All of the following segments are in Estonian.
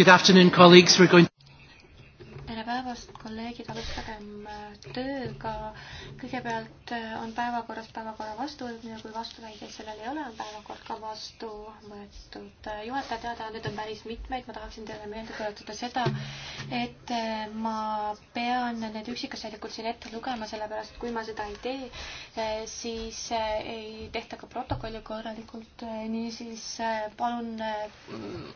Good afternoon, colleagues. We're going alustagem äh, tööga. kõigepealt äh, on päevakorras päevakorra vastuvõtmine, kui vastuväiteid sellel ei ole, on päevakord ka vastu võetud. Äh, juhataja teadaanded on päris mitmeid, ma tahaksin teile meelde tuletada seda, et ma pean need üksikasjalikult siin ette lugema, sellepärast kui ma seda ei tee, siis ei tehta ka protokolli korralikult. niisiis palun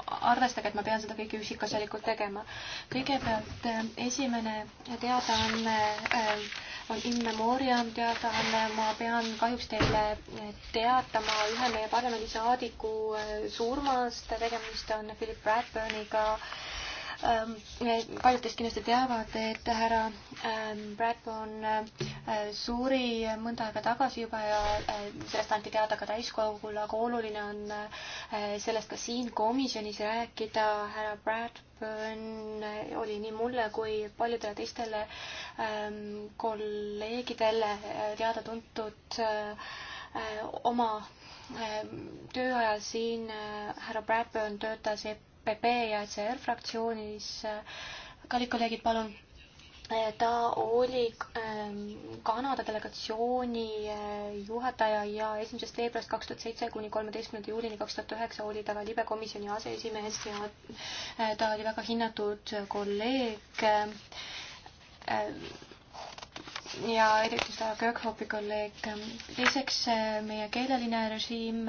arvestage, et ma pean seda kõike üksikasjalikult tegema. kõigepealt esimene teade teadaanne on, äh, on in memoriam teadaanne, äh, ma pean kahjuks teile äh, teatama ühe meie parlamendisaadiku surmast, tegemist on Philip Bradburniga Ähm, paljud teist kindlasti teavad, et härra ähm, Bradbon äh, suri mõnda aega tagasi juba ja äh, sellest anti teada ka täiskogul, aga oluline on äh, sellest ka siin komisjonis rääkida. härra Bradbon oli nii mulle kui paljudele teistele ähm, kolleegidele teada-tuntud oma tööajal siin härra Bradburn töötas EP EPP ja ECR fraktsioonis. kallid kolleegid, palun. ta oli ähm, Kanada delegatsiooni äh, juhataja ja esimesest veebruarist kaks tuhat seitse kuni kolmeteistkümnenda juulini kaks tuhat üheksa oli ta ka libekomisjoni aseesimees ja äh, ta oli väga hinnatud kolleeg äh, ja eriti seda Kirkhope'i kolleeg. teiseks meie keeleline režiim,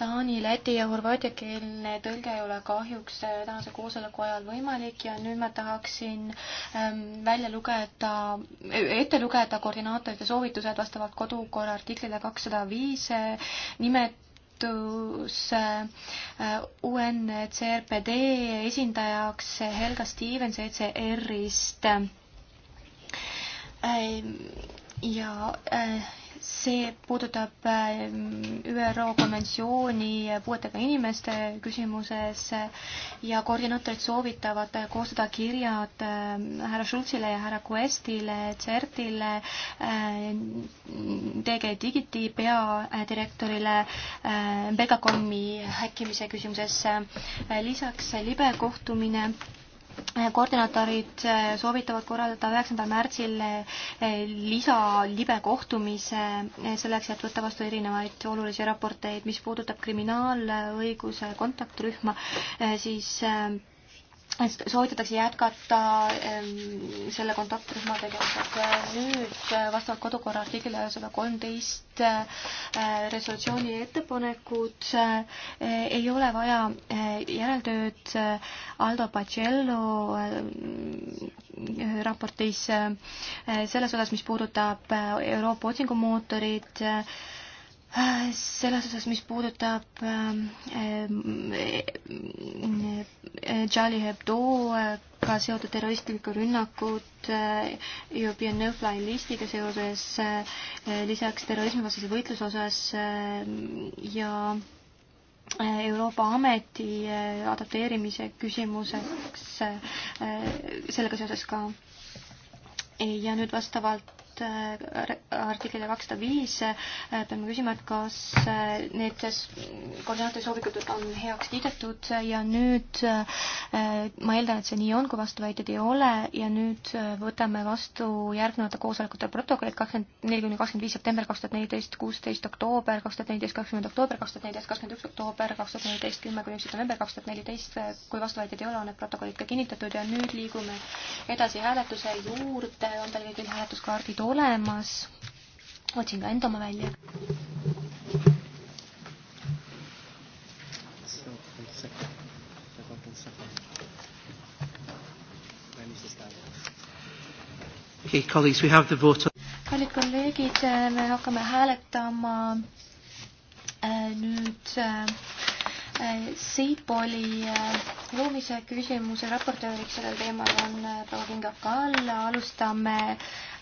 taani, läti ja horvaatiakeelne tõlge ei ole kahjuks äh, tänase koosoleku ajal võimalik ja nüüd ma tahaksin ähm, välja lugeda, ette lugeda koordinaatorite soovitused vastavalt kodukorra artiklile kakssada viis, nimet-, äh, nimetus äh, UNCRPD esindajaks Helga Stevens ECR-ist Äh, ja äh, see puudutab äh, ÜRO konventsiooni puuetega inimeste küsimuses ja koordinaatorid soovitavad koostada kirjad härra Schulzile ja härra Questile, CERT-ile, TG Digiti peadirektorile Begacomi häkkimise küsimuses. lisaks libe kohtumine Eh, koordinaatorid eh, soovitavad korraldada üheksandal märtsil eh, lisalibe kohtumise selleks, et võtta vastu erinevaid olulisi raporteid, mis puudutab kriminaalõiguse kontaktrühma, siis soovitatakse jätkata selle kontaktrühma tegevusega. nüüd eh, vastavalt kodukorra artiklile sada kolmteist eh, resolutsiooni ettepanekud eh, ei ole vaja järeltööd Aldo Pacello raportis selles osas, mis puudutab Euroopa otsingumootorid selles osas, mis puudutab ähm, ähm, äh, Charlie Hebdo'ga äh, seotud terroristlikku rünnakut äh, European No-Fly listiga seoses, lisaks terrorismivastase võitluse osas ja Euroopa ameti adapteerimise küsimuseks sellega seoses ka. ja nüüd vastavalt vastavalt äh, artiklile kakssada viis äh, peame küsima, et kas äh, need koordinaatori soovikud on heaks kiidetud ja nüüd ma eeldan, et see nii on, kui vastuväiteid ei ole ja nüüd võtame vastu järgnevate koosolekute protokollid kakskümmend neli kuni kakskümmend viis september kaks tuhat neliteist, kuusteist oktoober kaks tuhat neliteist, kakskümmend oktoober kaks tuhat neliteist, kakskümmend üks oktoober kaks tuhat neliteist, kümme kuni üksteist november kaks tuhat neliteist, kui vastuväiteid ei ole, on need protokollid ka kinnitatud ja nüüd liigume edasi hääletuse juurde, on teil kõigil hääletuskaardid olemas? olemas. otsin ka enda oma välja. Okay, colleagues, we have the vote. kallid kolleegid, me hakkame hääletama äh, nüüd äh, äh Seipoli äh, loomise küsimuse raportööriks sellel teemal on äh, proua Kinga Kall. alustame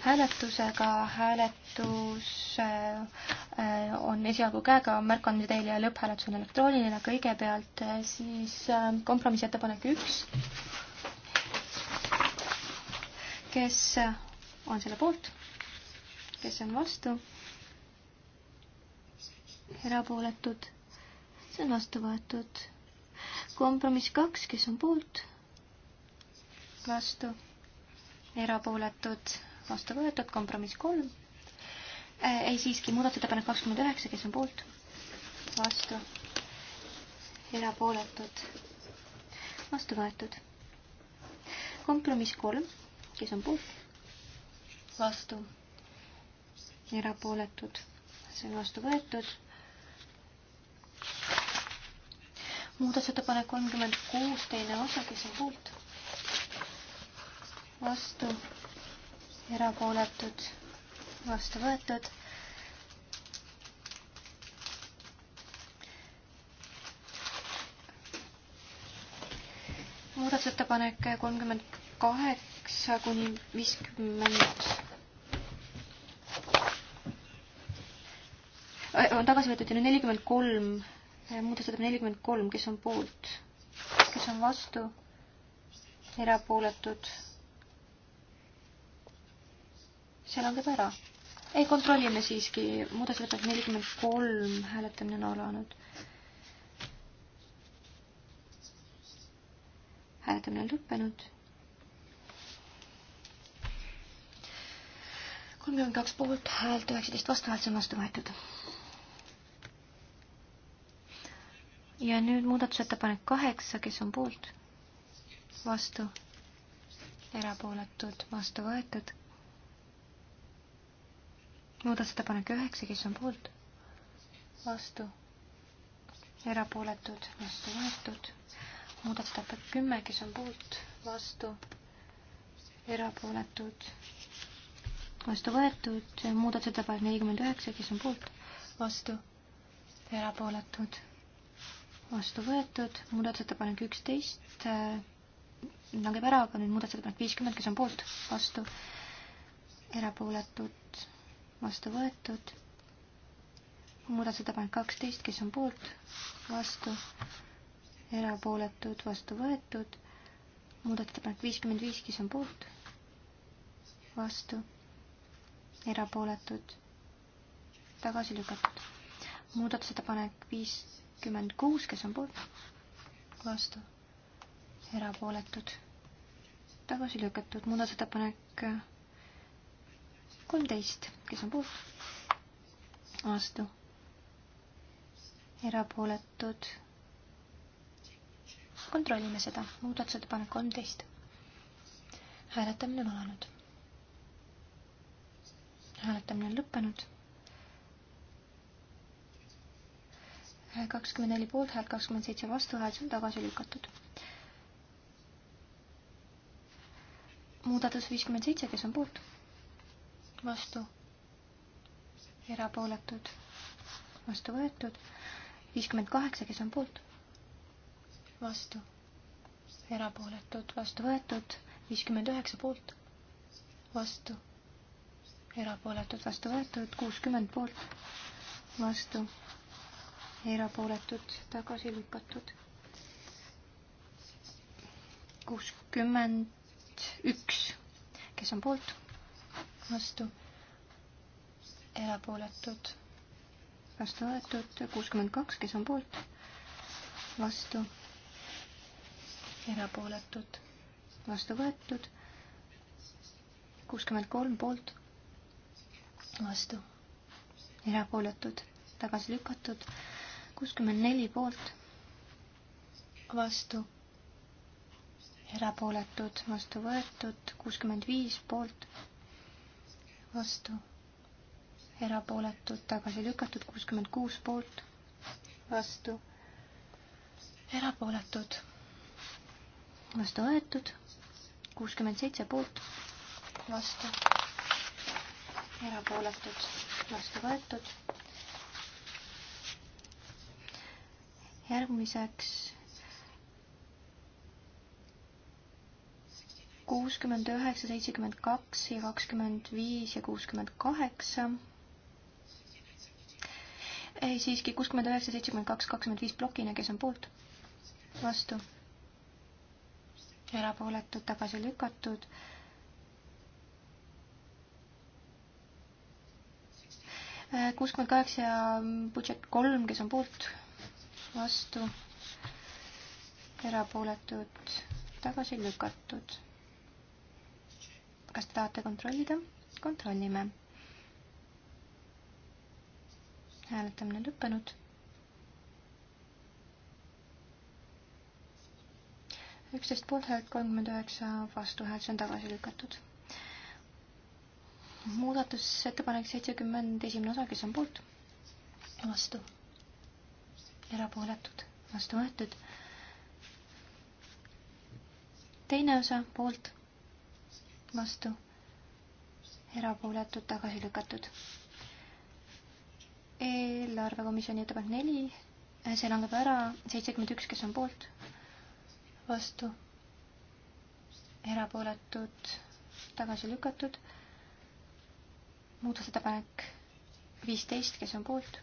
hääletusega. hääletus äh, äh, on esialgu käega märkanud teile ja lõpphääletus on elektrooniline. kõigepealt siis kompromissettepanek üks. kes on selle poolt? kes on vastu? erapooletud, see on vastu võetud kompromiss kaks, kes on poolt, vastu, erapooletud, vastu võetud, kompromiss kolm äh,. ei siiski, muudatusettepanek kakskümmend üheksa, kes on poolt, vastu, erapooletud, vastu võetud. kompromiss kolm, kes on poolt, vastu, erapooletud, see on vastu võetud muudatusettepanek kolmkümmend kuus, teine osa, kes on poolt? vastu, erapooletud, vastu võetud. muudatusettepanek kolmkümmend kaheksa kuni viiskümmend. Äh, on tagasi võetud ja nelikümmend kolm Äh, muudatusettepanek nelikümmend kolm, kes on poolt, kes on vastu, erapooletud. see langeb ära. ei, kontrollime siiski, muudatusettepanek nelikümmend kolm, hääletamine on alanud. hääletamine on lõppenud. kolmkümmend kaks poolt häält, üheksateist vastuhäält, see on vastu võetud ja nüüd muudatusettepanek kaheksa, kes on poolt, vastu, erapooletud, vastu võetud. muudatusettepanek üheksa, kes on poolt, vastu, erapooletud, vastu võetud. muudatusettepanek kümme, kes on poolt, vastu, erapooletud, vastu võetud. muudatusettepanek nelikümmend üheksa, kes on poolt, vastu, erapooletud vastu võetud, muudatusettepanek üksteist äh, langeb ära, aga nüüd muudatusettepanek viiskümmend, kes on poolt, vastu, erapooletud, vastu võetud, muudatusettepanek kaksteist, kes on poolt, vastu, erapooletud, vastu võetud, muudatusettepanek viiskümmend viis, kes on poolt, vastu, erapooletud, tagasi lükatud. muudatusettepanek viis kakskümmend kuus, kes on poolt, vastu, erapooletud, tagasi lükatud, muudatusettepanek äh, kolmteist, kes on poolt, vastu, erapooletud. kontrollime seda, muudatusettepanek kolmteist. hääletamine on alanud. hääletamine on lõppenud kakskümmend neli poolthäält, kakskümmend seitse vastuhäält, see on tagasi lükatud. muudatus viiskümmend seitse, kes on poolt? vastu? erapooletud? vastu võetud? viiskümmend kaheksa, kes on poolt? vastu? erapooletud, vastu võetud, viiskümmend üheksa poolt, vastu, erapooletud, vastu võetud, kuuskümmend poolt, vastu, erapooletud, tagasi lükatud. kuuskümmend üks, kes on poolt, vastu, erapooletud, vastu võetud, kuuskümmend kaks, kes on poolt, vastu, erapooletud, vastu võetud, kuuskümmend kolm poolt, vastu, erapooletud, tagasi lükatud kuuskümmend neli poolt, vastu, erapooletud, vastu võetud, kuuskümmend viis poolt, vastu, erapooletud, tagasi lükatud, kuuskümmend kuus poolt, vastu, erapooletud, vastu võetud, kuuskümmend seitse poolt, vastu, erapooletud, vastu võetud järgmiseks kuuskümmend üheksa, seitsekümmend kaks ja kakskümmend viis ja kuuskümmend kaheksa. ei, siiski kuuskümmend üheksa, seitsekümmend kaks, kakskümmend viis plokina, kes on poolt? vastu? erapooletud, tagasi lükatud. kuuskümmend kaheksa ja budžet kolm, kes on poolt? vastu, erapooletud, tagasi lükatud. kas te tahate kontrollida? kontrollime. hääletamine lõppenud. üksteist poolthäält, kolmkümmend üheksa vastuhäält, see on tagasi lükatud. muudatusettepanek seitsekümmend esimene osa, kes on poolt? vastu erapooletud, vastu võetud. teine osa poolt, vastu, erapooletud, tagasi lükatud. eelarvekomisjoni ettepanek neli, see langeb ära, seitsekümmend üks, kes on poolt, vastu, erapooletud, tagasi lükatud. muudatusettepanek viisteist, kes on poolt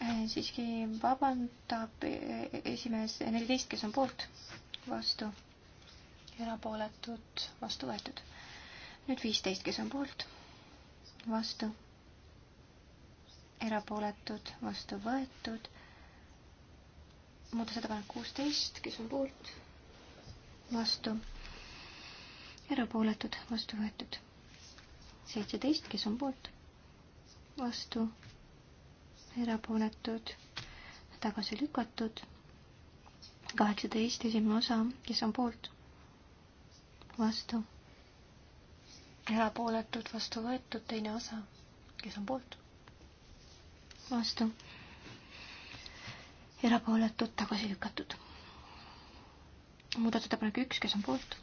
Äh, siiski vabandab äh, esimees neliteist, kes on poolt, vastu, erapooletud, vastu võetud. nüüd viisteist, kes on poolt, vastu, erapooletud, vastu võetud. muudatusettepanek kuusteist, kes on poolt, vastu, erapooletud, vastu võetud. seitseteist, kes on poolt, vastu erapooletud, tagasi lükatud. kaheksateist esimene osa, kes on poolt? vastu. erapooletud, vastu võetud, teine osa, kes on poolt? vastu. erapooletud, tagasi lükatud. muudatusettepanek üks, kes on poolt?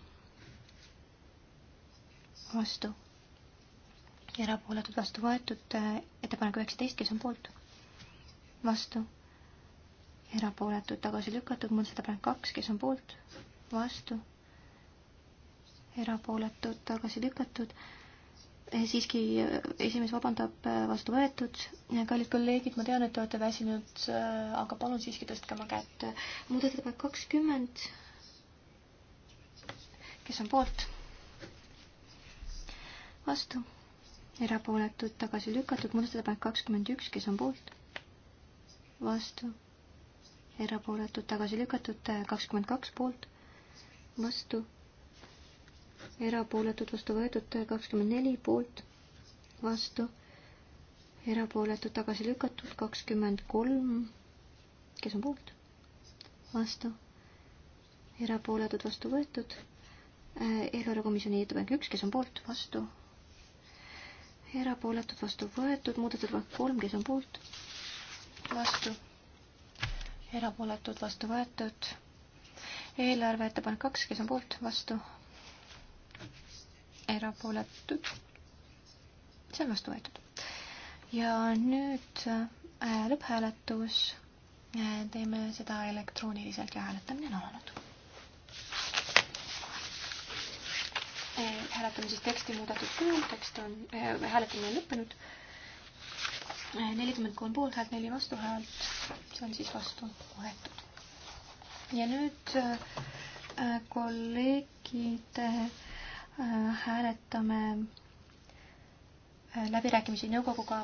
vastu erapooletud vastu võetud äh, ettepanek üheksateist, kes on poolt? vastu, erapooletud, tagasi lükatud, muudatusettepanek kaks, kes on poolt, vastu, erapooletud, tagasi lükatud, eh, siiski eh, esimees vabandab, eh, vastu võetud. kallid kolleegid, ma tean, et te olete väsinud, aga palun siiski tõstke oma kätt. muudatusettepanek kakskümmend, kes on poolt, vastu erapooletud tagasi lükatud, muudatusettepanek kakskümmend üks, kes on poolt? vastu, erapooletud, tagasi lükatud, kakskümmend kaks poolt, vastu, erapooletud, vastu võetud, kakskümmend neli poolt, vastu, erapooletud, tagasi lükatud, kakskümmend kolm, kes on poolt, vastu, erapooletud, vastu võetud, eelarvekomisjoni ettepanek üks, kes on poolt, vastu, erapooletud, vastu võetud, muudatusettepanek kolm, kes on poolt, vastu, erapooletud, vastu võetud. eelarve ettepanek kaks, kes on poolt, vastu, erapooletud. see on vastu võetud. ja nüüd äh, lõpphääletus äh,. teeme seda elektrooniliselt ja hääletamine on alanud äh,. hääletame siis teksti muudetud kujul, tekst on, äh, hääletamine on lõppenud nelikümmend kolm poolthäält, neli vastuhäält, see on siis vastu võetud. ja nüüd äh, kolleegid äh, hääletame äh, läbirääkimisi nõukoguga.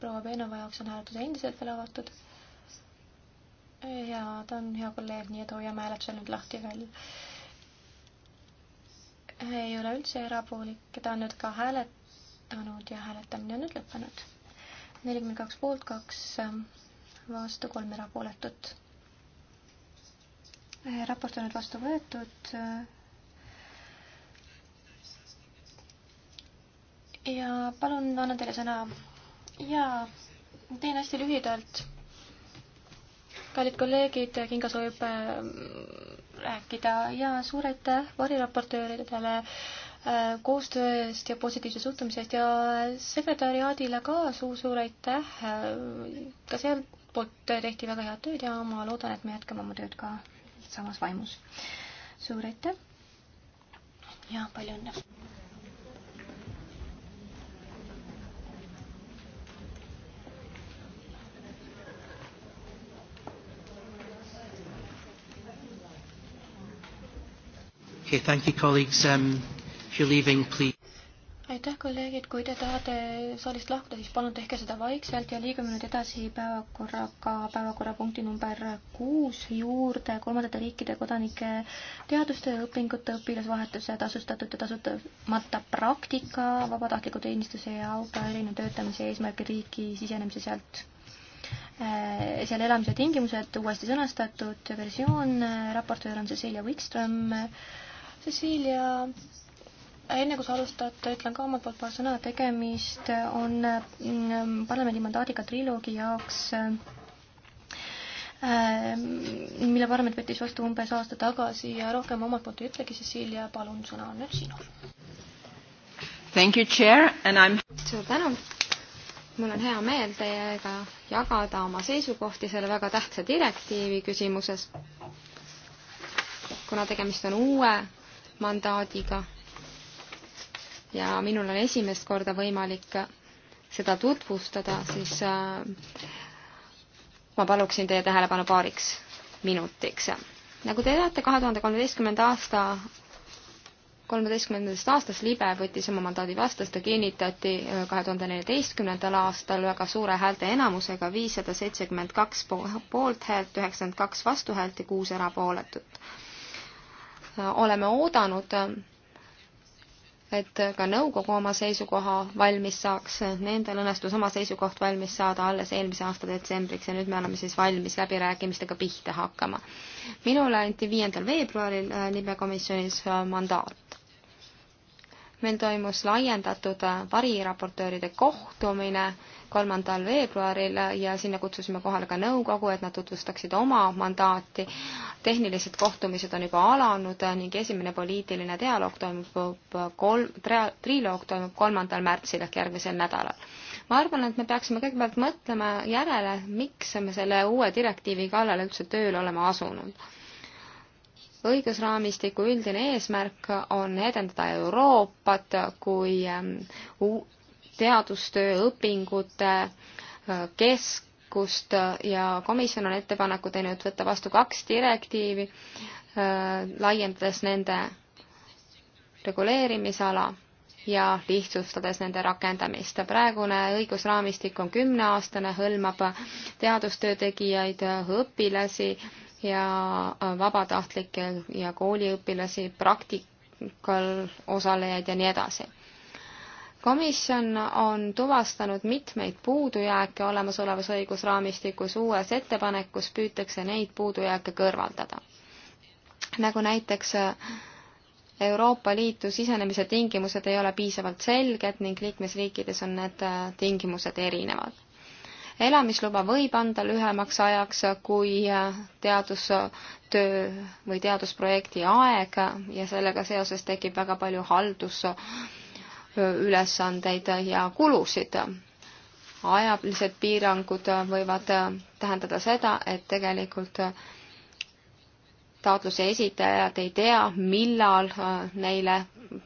proua Peenova jaoks on hääletus endiselt veel avatud. ja ta on hea kolleeg, nii et hoiame hääletuse nüüd lahti veel ei ole üldse erapoolik, keda on nüüd ka hääletanud ja hääletamine on nüüd lõppenud. nelikümmend kaks poolt, kaks ähm, vastu, kolm erapooletut. Äh, raport on nüüd vastu võetud. Äh. ja palun annan teile sõna ja teen hästi lühidalt kallid kolleegid, Kinga soovib äh, rääkida ja suur aitäh variraportööridele äh, koostöö eest ja positiivse suhtumise eest ja sekretäriaadile ka suur-suur aitäh. ka sealtpoolt tehti väga head tööd ja ma loodan, et me jätkame oma tööd ka samas vaimus. suur aitäh ja palju õnne! Okay, thank you, colleagues. Um, if you're leaving, please. aitäh, kolleegid, kui te tahate saalist lahkuda, siis palun tehke seda vaikselt ja liigume nüüd edasi päevakorraga päevakorrapunkti number kuus juurde, kolmandate riikide kodanike teaduste ja õpingute õpilasvahetuse tasustatud ja tasumata praktika vabatahtliku teenistuse ja aupairina töötamise eesmärgil riiki sisenemise sealt äh, seal elamise tingimused uuesti sõnastatud versioon, äh, raportöör on Cecilia Wikström, Cecilia, enne kui sa alustad, ütlen ka omalt poolt paar sõna, tegemist on mm, parlamendi mandaadiga triloogi jaoks, äh, mille parlament võttis vastu umbes aasta tagasi ja rohkem omalt poolt ei ütlegi, Cecilia, palun, sõna on nüüd sinul. Thank you, chair, and I am suur tänu! mul on hea meel teiega jagada oma seisukohti selle väga tähtsa direktiivi küsimuses. kuna tegemist on uue mandaadiga ja minul on esimest korda võimalik seda tutvustada, siis äh, ma paluksin teie tähelepanu paariks minutiks. nagu te teate, kahe tuhande kolmeteistkümnenda aasta kolmeteistkümnendast aastast libe võttis oma mandaadi vastu, seda kinnitati äh, kahe tuhande neljateistkümnendal aastal väga suure häälte enamusega, viissada seitsekümmend kaks poolthäält, üheksakümmend kaks vastuhäält ja kuus erapooletut oleme oodanud, et ka nõukogu oma seisukoha valmis saaks, nendel õnnestus oma seisukoht valmis saada alles eelmise aasta detsembriks ja nüüd me oleme siis valmis läbirääkimistega pihta hakkama. minule anti viiendal veebruaril äh, libekomisjonis äh, mandaat. meil toimus laiendatud äh, variraportööride kohtumine kolmandal veebruaril ja sinna kutsusime kohale ka nõukogu, et nad tutvustaksid oma mandaati. tehnilised kohtumised on juba alanud ning esimene poliitiline dialoog toimub kolm, triloog toimub kolmandal märtsil ehk järgmisel nädalal ma arvan, et me peaksime kõigepealt mõtlema järele, miks me selle uue direktiivi kallale üldse tööle oleme asunud. õigusraamistiku üldine eesmärk on edendada Euroopat kui ähm, teadustöö õpingute äh, keskust ja komisjon on ettepaneku teinud võtta vastu kaks direktiivi, äh, laiendades nende reguleerimisala ja lihtsustades nende rakendamist. praegune õigusraamistik on kümneaastane, hõlmab teadustöö tegijaid, õpilasi ja vabatahtlikke ja kooliõpilasi, praktikal osalejaid ja nii edasi komisjon on tuvastanud mitmeid puudujääke olemasolevas õigusraamistikus, uues ettepanekus püütakse neid puudujääke kõrvaldada. nagu näiteks äh, Euroopa Liitu sisenemise tingimused ei ole piisavalt selged ning liikmesriikides on need äh, tingimused erinevad. elamisluba võib anda lühemaks ajaks kui äh, teadustöö või teadusprojekti aeg ja sellega seoses tekib väga palju haldus- ülesandeid ja kulusid. ajalised piirangud võivad tähendada seda, et tegelikult taotluse esitajad ei tea, millal äh, neile,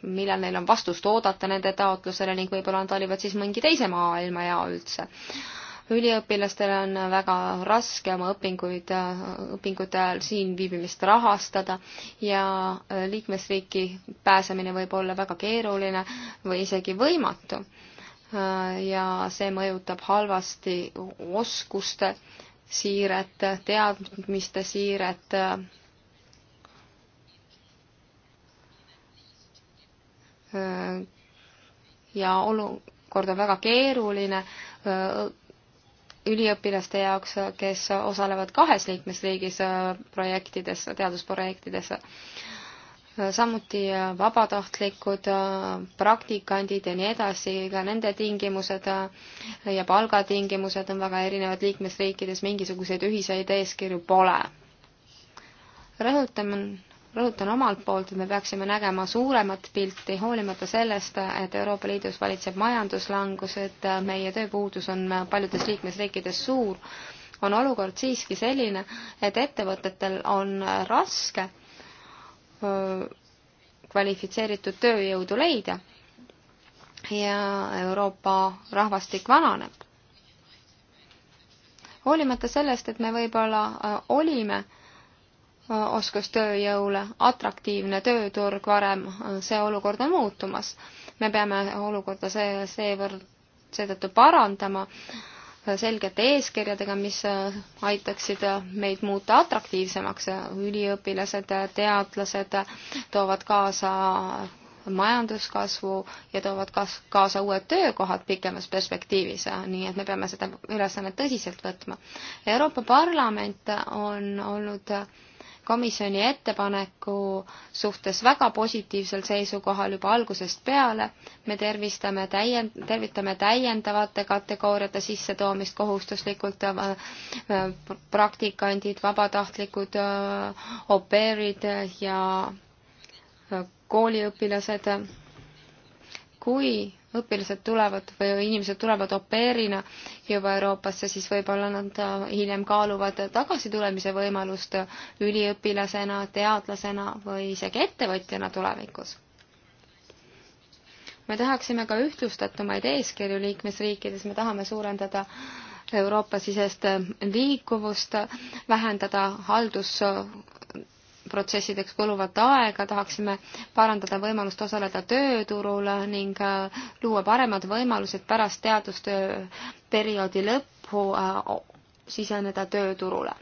millal neil on vastust oodata nende taotlusele ning võib-olla nad valivad siis mingi teise maailmajao üldse üliõpilastel on väga raske oma õpinguid, õpingute ajal siin viibimist rahastada ja äh, liikmesriiki pääsemine võib olla väga keeruline või isegi võimatu. Äh, ja see mõjutab halvasti oskuste siiret, teadmiste siiret äh, ja olukord on väga keeruline, üliõpilaste jaoks, kes osalevad kahes liikmesriigis äh, projektides, teadusprojektides. samuti äh, vabatahtlikud, äh, praktikandid ja nii edasi, ka nende tingimused ja palgatingimused on väga erinevad liikmesriikides, mingisuguseid ühiseid eeskirju pole. rõhutan rõhutan omalt poolt, et me peaksime nägema suuremat pilti, hoolimata sellest, et Euroopa Liidus valitseb majanduslangus, et meie tööpuudus on paljudes liikmesriikides suur, on olukord siiski selline, et ettevõtetel on raske kvalifitseeritud tööjõudu leida ja Euroopa rahvastik vananeb. hoolimata sellest, et me võib-olla olime oskustööjõule, atraktiivne tööturg varem, see olukord on muutumas. me peame olukorda see, seevõrd, seetõttu parandama selgete eeskirjadega, mis aitaksid meid muuta atraktiivsemaks. üliõpilased, teadlased toovad kaasa majanduskasvu ja toovad kas-, kaasa uued töökohad pikemas perspektiivis, nii et me peame seda ülesannet tõsiselt võtma. Euroopa Parlament on olnud komisjoni ettepaneku suhtes väga positiivsel seisukohal juba algusest peale. me tervistame täien-, tervitame täiendavate kategooriate sissetoomist kohustuslikult äh, praktikandid, vabatahtlikud äh, au pair'id ja äh, kooliõpilased kui õpilased tulevad või inimesed tulevad au pair'ina juba Euroopasse, siis võib-olla nad äh, hiljem kaaluvad tagasitulemise võimalust üliõpilasena, teadlasena või isegi ettevõtjana tulevikus. me tahaksime ka ühtlustatumaid eeskirju liikmesriikides, me tahame suurendada Euroopa-sisest liikuvust, vähendada haldus- protsessideks kuluvat aega, tahaksime parandada võimalust osaleda tööturul ning äh, luua paremad võimalused pärast teadustöö perioodi lõppu äh, siseneda tööturule.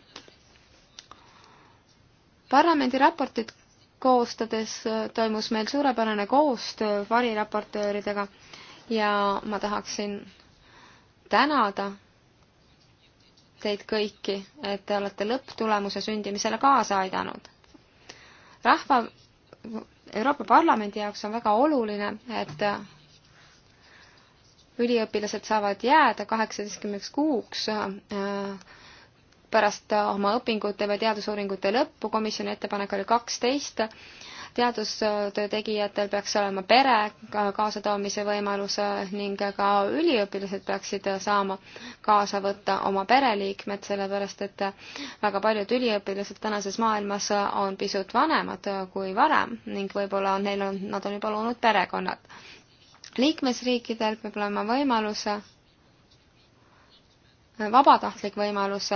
parlamendi raportit koostades äh, toimus meil suurepärane koostöö variraportööridega ja ma tahaksin tänada teid kõiki, et te olete lõpptulemuse sündimisele kaasa aidanud rahva, Euroopa Parlamendi jaoks on väga oluline, et üliõpilased saavad jääda kaheksateistkümneks kuuks äh, pärast oma õpingute või teadusuuringute lõppu, komisjoni ettepanek oli kaksteist teadustöö tegijatel peaks olema pere kaasatoomise võimalus äh, ning ka üliõpilased peaksid äh, saama kaasa võtta oma pereliikmed, sellepärast et äh, väga paljud üliõpilased tänases maailmas on pisut vanemad kui varem ning võib-olla neil on, nad on juba loonud perekonnad. liikmesriikidel peab olema võimalus, vabatahtlik võimalus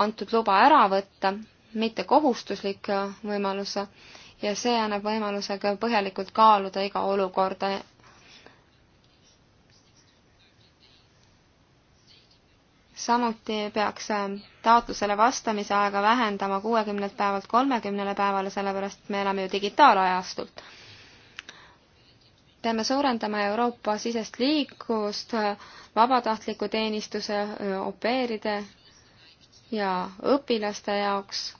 antud luba ära võtta mitte kohustuslik äh, võimalus ja see annab võimaluse ka põhjalikult kaaluda iga olukorda. samuti peaks äh, taotlusele vastamise aega vähendama kuuekümnelt päevalt kolmekümnele päevale, sellepärast me elame ju digitaalajastult. peame suurendama Euroopa-sisest liiklust, vabatahtliku teenistuse au pair'ide ja õpilaste jaoks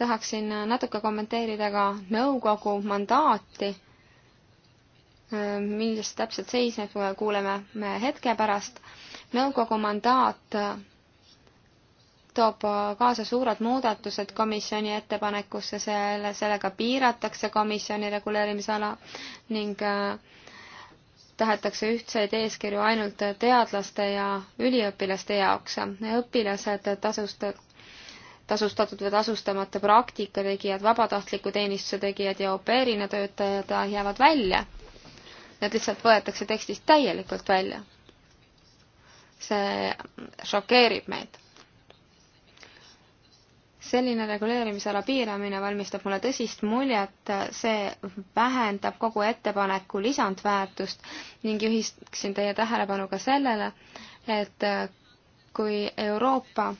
tahaksin natuke kommenteerida ka nõukogu mandaati, milles täpselt seisneb, kuuleme me hetke pärast. nõukogu mandaat toob kaasa suured muudatused komisjoni ettepanekusse, selle, sellega piiratakse komisjoni reguleerimisala ning äh, tahetakse ühtseid eeskirju ainult teadlaste ja üliõpilaste jaoks. õpilased tasust, tasustatud või tasustamata praktika tegijad, vabatahtliku teenistuse tegijad ja au pair'ina töötajad jäävad välja. Nad lihtsalt võetakse tekstist täielikult välja. see šokeerib meid. selline reguleerimisala piiramine valmistab mulle tõsist muljet, see vähendab kogu ettepaneku lisandväärtust ning juhiksin teie tähelepanu ka sellele, et kui Euroopa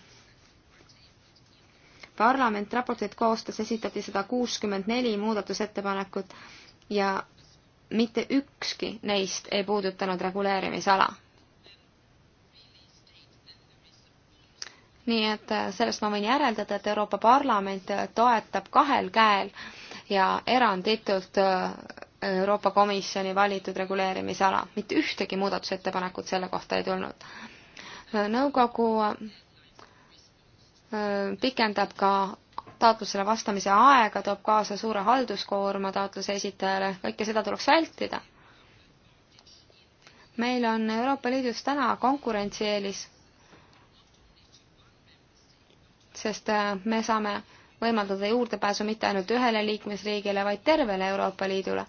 parlament raportit koostas, esitati sada kuuskümmend neli muudatusettepanekut ja mitte ükski neist ei puudutanud reguleerimisala. nii et äh, sellest ma võin järeldada, et Euroopa Parlament äh, toetab kahel käel ja eranditult äh, Euroopa Komisjoni valitud reguleerimisala. mitte ühtegi muudatusettepanekut selle kohta ei tulnud. nõukogu pikendab ka taotlusele vastamise aega, toob kaasa suure halduskoorma taotluse esitajale, kõike seda tuleks vältida. meil on Euroopa Liidus täna konkurentsieelis, sest me saame võimaldada juurdepääsu mitte ainult ühele liikmesriigile, vaid tervele Euroopa Liidule.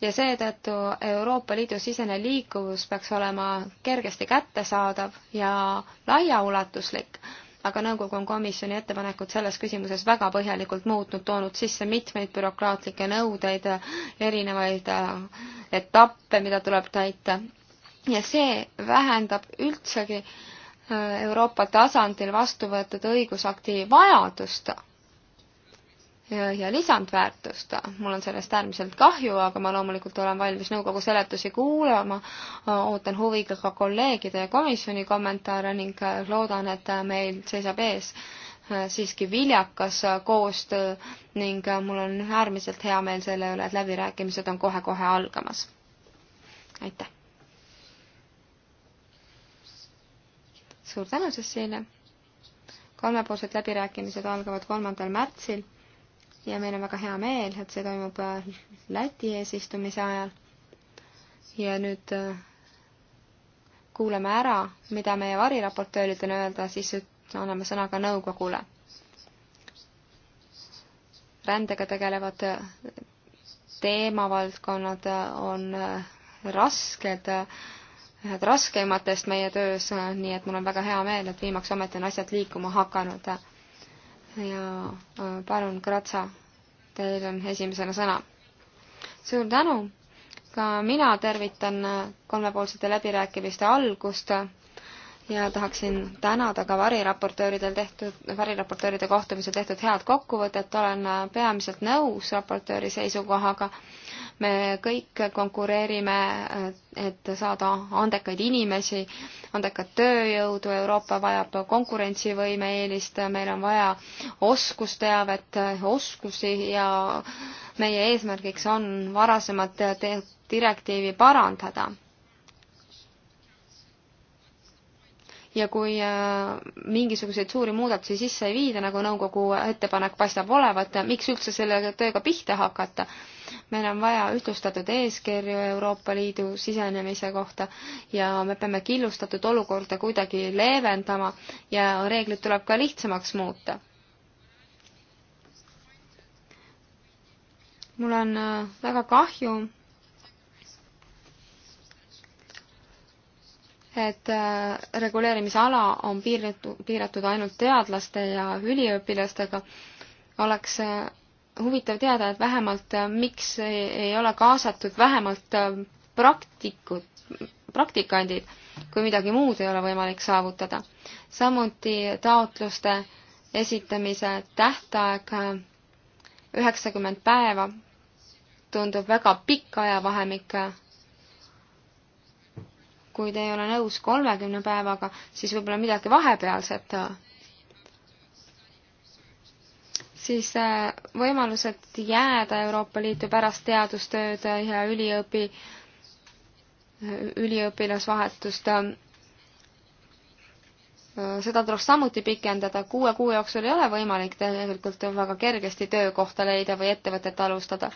ja seetõttu Euroopa Liidu sisene liikuvus peaks olema kergesti kättesaadav ja laiaulatuslik aga nõukogu on komisjoni ettepanekut selles küsimuses väga põhjalikult muutnud, toonud sisse mitmeid bürokraatlikke nõudeid, erinevaid äh, etappe, mida tuleb täita. ja see vähendab üldsegi äh, Euroopa tasandil vastu võetud õigusakti vajadust ja lisandväärtust. mul on sellest äärmiselt kahju, aga ma loomulikult olen valmis nõukogu seletusi kuulama, ootan huviga ka kolleegide ja komisjoni kommentaare ning loodan, et meil seisab ees siiski viljakas koostöö ning mul on äärmiselt hea meel selle üle, et läbirääkimised on kohe-kohe algamas. aitäh! suur tänu, Cecilia! kolmepoolsed läbirääkimised algavad kolmandal märtsil ja meil on väga hea meel, et see toimub äh, Läti eesistumise ajal. ja nüüd äh, kuulame ära, mida meie variraportöörid on öelda, siis anname sõna ka nõukogule. rändega tegelevad äh, teemavaldkonnad on rasked, ühed raskematest meie töös, nii et mul on väga hea meel, et viimaks ometi on asjad liikuma hakanud ja äh, palun, Kratsa, teil on esimesena sõna. suur tänu, ka mina tervitan äh, kolmepoolsete läbirääkimiste algust ja tahaksin tänada ka variraportööridel tehtud, variraportööride kohtumisel tehtud head kokkuvõtet, olen äh, peamiselt nõus raportööri seisukohaga me kõik konkureerime, et saada andekaid inimesi, andekat tööjõudu, Euroopa vajab konkurentsivõime eelist, meil on vaja oskusteavet, oskusi ja meie eesmärgiks on varasemat direktiivi parandada ja kui äh, mingisuguseid suuri muudatusi sisse ei viida, nagu nõukogu ettepanek paistab olevat, miks üldse selle tööga pihta hakata? meil on vaja ühtlustatud eeskirju Euroopa Liidu sisenemise kohta ja me peame killustatud olukorda kuidagi leevendama ja reeglid tuleb ka lihtsamaks muuta. mul on äh, väga kahju, et äh, reguleerimisala on piiratud, piiratud ainult teadlaste ja üliõpilastega, oleks äh, huvitav teada, et vähemalt äh, miks ei, ei ole kaasatud vähemalt äh, praktikud, praktikandid, kui midagi muud ei ole võimalik saavutada. samuti taotluste esitamise tähtaeg äh, üheksakümmend päeva tundub väga pikk ajavahemik. kui te ei ole nõus kolmekümne päevaga, siis võib-olla midagi vahepealset siis äh, võimalused jääda Euroopa Liitu pärast teadustööd ja üliõpi, üliõpilasvahetust. Äh, seda tuleks samuti pikendada, kuue kuu jooksul ei ole võimalik tegelikult väga kergesti töökohta leida või ettevõtet alustada.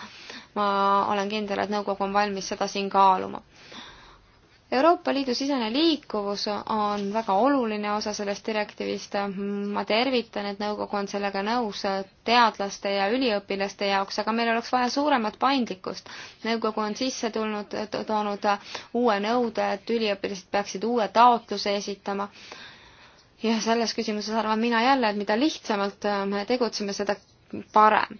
ma olen kindel, et nõukogu on valmis seda siin kaaluma Euroopa Liidu sisene liikuvus on väga oluline osa sellest direktiivist. ma tervitan, et nõukogu on sellega nõus teadlaste ja üliõpilaste jaoks, aga meil oleks vaja suuremat paindlikkust. nõukogu on sisse tulnud, toonud uue nõude, et üliõpilased peaksid uue taotluse esitama. ja selles küsimuses arvan mina jälle, et mida lihtsamalt me tegutseme, seda parem.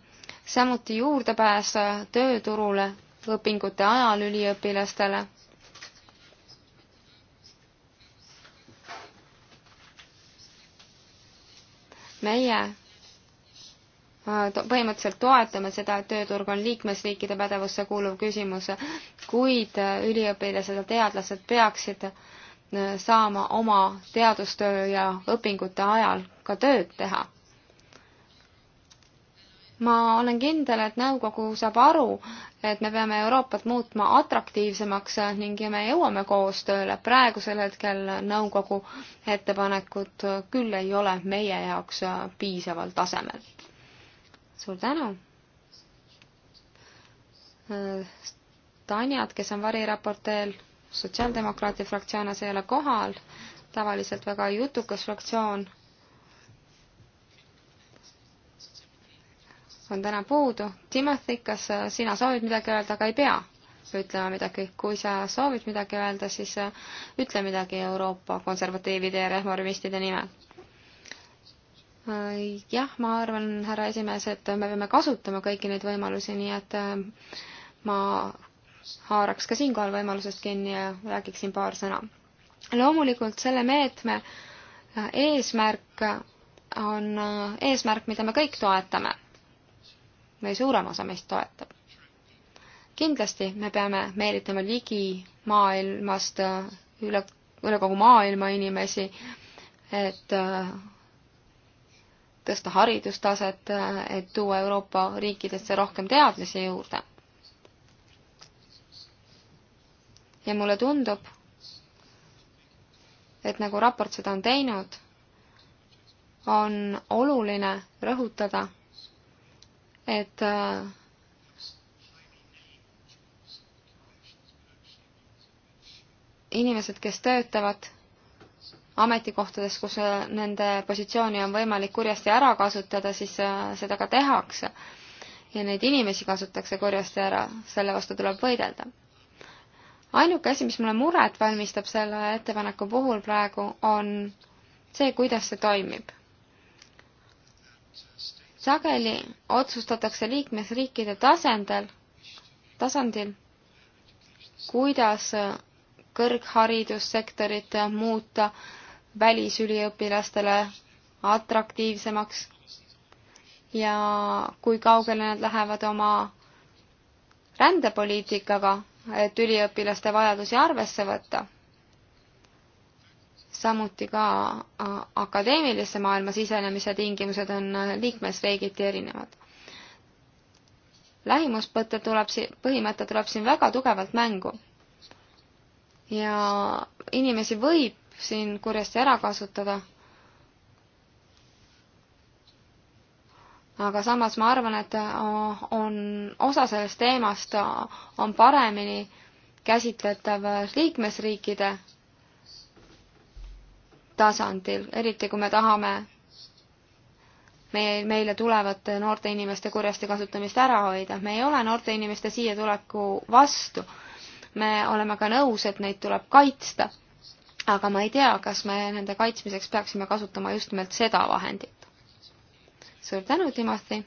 samuti juurdepääs tööturule õpingute ajal üliõpilastele meie äh, põhimõtteliselt toetame seda, et tööturg on liikmesriikide pädevusse kuuluv küsimus, kuid äh, üliõpilased ja teadlased peaksid äh, saama oma teadustöö ja õpingute ajal ka tööd teha ma olen kindel, et nõukogu saab aru, et me peame Euroopat muutma atraktiivsemaks ning me jõuame koostööle. praegusel hetkel nõukogu ettepanekud küll ei ole meie jaoks piisaval tasemel. suur tänu. Tanjat, kes on variraporteel sotsiaaldemokraatide fraktsioonis, ei ole kohal, tavaliselt väga jutukas fraktsioon on täna puudu. Timothy, kas äh, sina soovid midagi öelda, aga ei pea ütlema midagi. kui sa soovid midagi öelda, siis äh, ütle midagi Euroopa konservatiivide ja reformistide nimel. Äh, jah, ma arvan, härra esimees, et me peame kasutama kõiki neid võimalusi, nii et ma haaraks ka siinkohal võimalusest kinni ja räägiksin paar sõna. loomulikult selle meetme eesmärk on eesmärk, mida me kõik toetame või suurem osa meist toetab. kindlasti me peame meelitama ligi maailmast üle, üle kogu maailma inimesi, et äh, tõsta haridustaset, äh, et tuua Euroopa riikidesse rohkem teadmisi juurde. ja mulle tundub, et nagu raport seda on teinud, on oluline rõhutada et äh, inimesed, kes töötavad ametikohtades, kus äh, nende positsiooni on võimalik kurjasti ära kasutada, siis äh, seda ka tehakse. ja neid inimesi kasutatakse kurjasti ära, selle vastu tuleb võidelda. ainuke asi, mis mulle muret valmistab selle ettepaneku puhul praegu, on see, kuidas see toimib sageli otsustatakse liikmesriikide tasandil, tasandil, kuidas kõrgharidussektorit muuta välisüliõpilastele atraktiivsemaks ja kui kaugele nad lähevad oma rändepoliitikaga, et üliõpilaste vajadusi arvesse võtta samuti ka äh, akadeemilisse maailma sisenemise tingimused on äh, liikmesriigiti erinevad. lähimuspõte tuleb siin, põhimõte tuleb siin väga tugevalt mängu. ja inimesi võib siin kurjasti ära kasutada. aga samas ma arvan, et äh, on, osa sellest teemast on paremini käsitletav liikmesriikide tasandil, eriti kui me tahame meie, meile tulevate noorte inimeste kurjasti kasutamist ära hoida. me ei ole noorte inimeste siia tuleku vastu. me oleme ka nõus, et neid tuleb kaitsta. aga ma ei tea, kas me nende kaitsmiseks peaksime kasutama just nimelt seda vahendit. suur tänu, Timothy!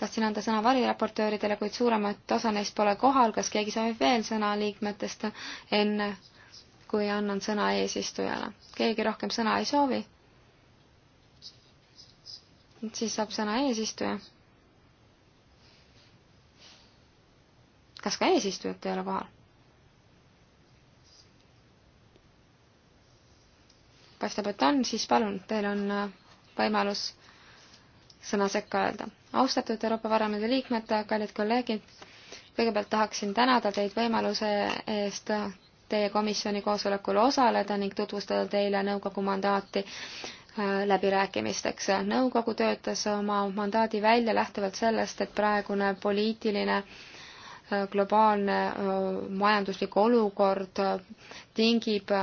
tahtsin anda sõna variraportööridele, kuid suuremat osa neist pole kohal. kas keegi soovib veel sõna liikmetest enne? kui annan sõna eesistujale. keegi rohkem sõna ei soovi? siis saab sõna eesistuja. kas ka eesistujat ei ole kohal? paistab, et on, siis palun, teil on äh, võimalus sõna sekka öelda. austatud Euroopa Parlamendi liikmed, kallid kolleegid, kõigepealt tahaksin tänada teid võimaluse eest teie komisjoni koosolekul osaleda ning tutvustada teile nõukogu mandaati äh, läbirääkimisteks. nõukogu töötas oma mandaadi välja lähtuvalt sellest, et praegune poliitiline äh, globaalne äh, majanduslik olukord tingib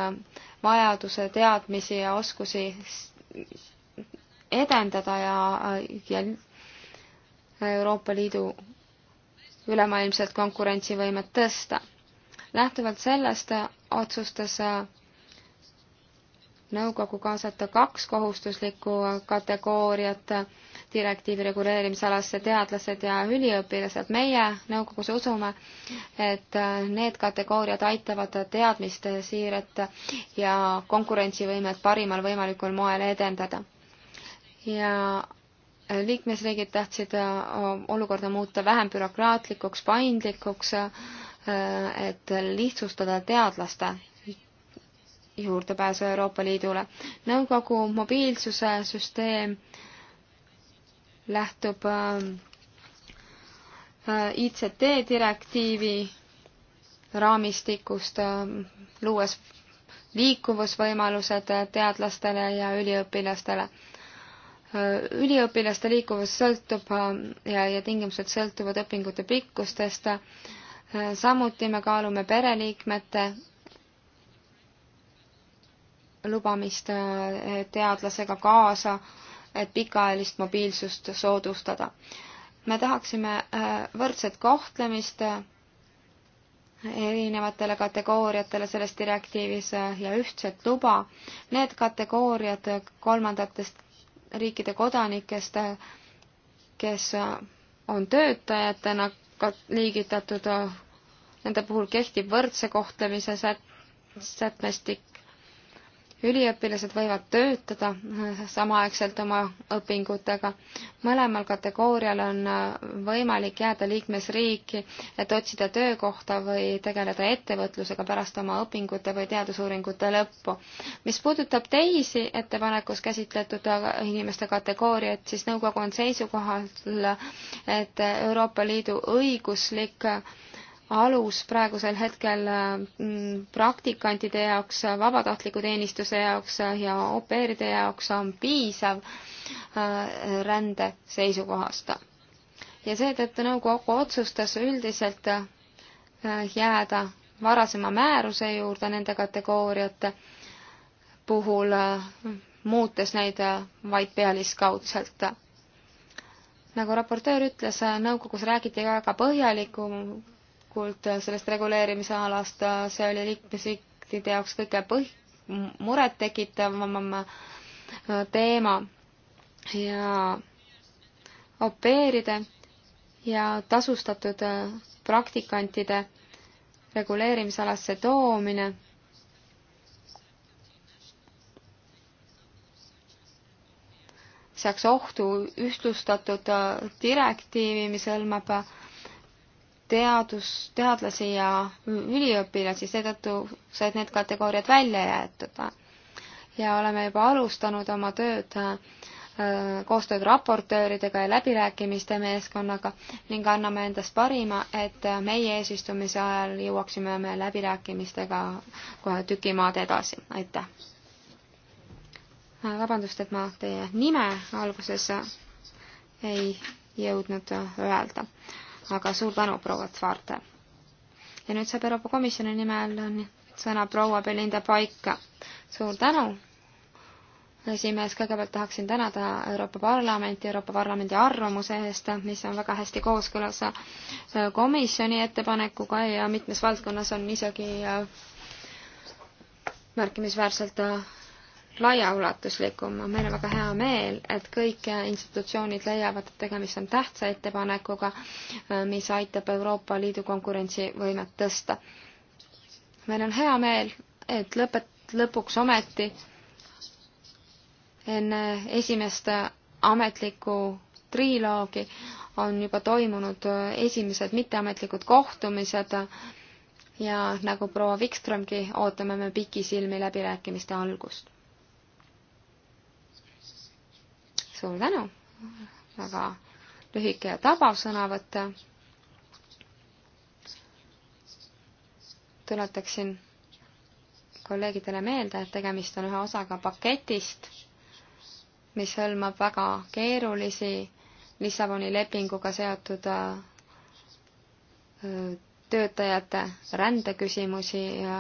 vajaduse teadmisi ja oskusi edendada ja, ja Euroopa Liidu ülemaailmselt konkurentsivõimet tõsta lähtuvalt sellest otsustas äh, nõukogu kaasata kaks kohustuslikku kategooriat direktiivi reguleerimisalasse teadlased ja üliõpilased. meie nõukogus usume, et äh, need kategooriad aitavad teadmiste äh, siiret ja konkurentsivõimet parimal võimalikul moel edendada. ja liikmesriigid tahtsid olukorda muuta vähem bürokraatlikuks, paindlikuks Äh, et lihtsustada teadlaste juurdepääsu Euroopa Liidule. nõukogu mobiilsuse süsteem lähtub äh, ICT direktiivi raamistikust, äh, luues liikuvusvõimalused teadlastele ja üliõpilastele. üliõpilaste liikuvus sõltub ja, ja tingimused sõltuvad õpingute pikkustest samuti me kaalume pereliikmete lubamist eh, teadlasega kaasa, et pikaajalist mobiilsust soodustada. me tahaksime eh, võrdset kohtlemist eh, erinevatele kategooriatele selles direktiivis ja ühtset luba. Need kategooriad kolmandatest riikide kodanikest, kes on töötajatena liigitatud, nende puhul kehtib võrdse kohtlemise sätmestik üliõpilased võivad töötada äh, samaaegselt oma õpingutega. mõlemal kategoorial on äh, võimalik jääda liikmesriiki, et otsida töökohta või tegeleda ettevõtlusega pärast oma õpingute või teadusuuringute lõppu. mis puudutab teisi ettepanekus käsitletud äh, inimeste kategooriaid, siis nõukogu on seisukohal, et Euroopa Liidu õiguslik alus praegusel hetkel mm, praktikantide jaoks, vabatahtliku teenistuse jaoks ja au pair'ide jaoks on piisav äh, rände seisukohast. ja seetõttu nõukogu otsustas üldiselt äh, jääda varasema määruse juurde nende kategooriate puhul, äh, muutes neid vaid pealiskaudselt nagu raportöör ütles, nõukogus räägiti väga põhjaliku, tegelikult sellest reguleerimise alast, see oli liikmesriikide jaoks kõige põh-, murettekitavam äh, teema ja au pair'ide ja tasustatud äh, praktikantide reguleerimisalasse toomine seaks ohtu ühtlustatud äh, direktiivi, mis hõlmab teadus, teadlasi ja üliõpilasi, seetõttu said need kategooriad välja jäetud. ja oleme juba alustanud oma tööd äh, koostööd raportööridega ja läbirääkimiste meeskonnaga ning anname endast parima, et meie eesistumise ajal jõuaksime me läbirääkimistega kohe tüki maad edasi, aitäh. Äh, vabandust, et ma teie nime alguses ei jõudnud öelda aga suur tänu, proua Tvaarte. ja nüüd saab Euroopa Komisjoni nimel sõna proua Belinda Paika. suur tänu, esimees, kõigepealt tahaksin tänada Euroopa Parlamenti, Euroopa Parlamendi arvamuse eest, mis on väga hästi kooskõlas komisjoni ettepanekuga ja mitmes valdkonnas on isegi märkimisväärselt laiaulatuslikum. meil on väga hea meel, et kõik institutsioonid leiavad, et tegemist on tähtsa ettepanekuga, mis aitab Euroopa Liidu konkurentsivõimet tõsta. meil on hea meel, et lõpet-, lõpuks ometi enne esimest ametlikku triloogi on juba toimunud esimesed mitteametlikud kohtumised ja nagu proua Wikströmgi, ootame me pikisilmi läbirääkimiste algust. suur tänu, väga lühike ja tabav sõnavõtt. tuletaksin kolleegidele meelde, et tegemist on ühe osaga paketist, mis hõlmab väga keerulisi Lissaboni lepinguga seotud äh, töötajate rändeküsimusi ja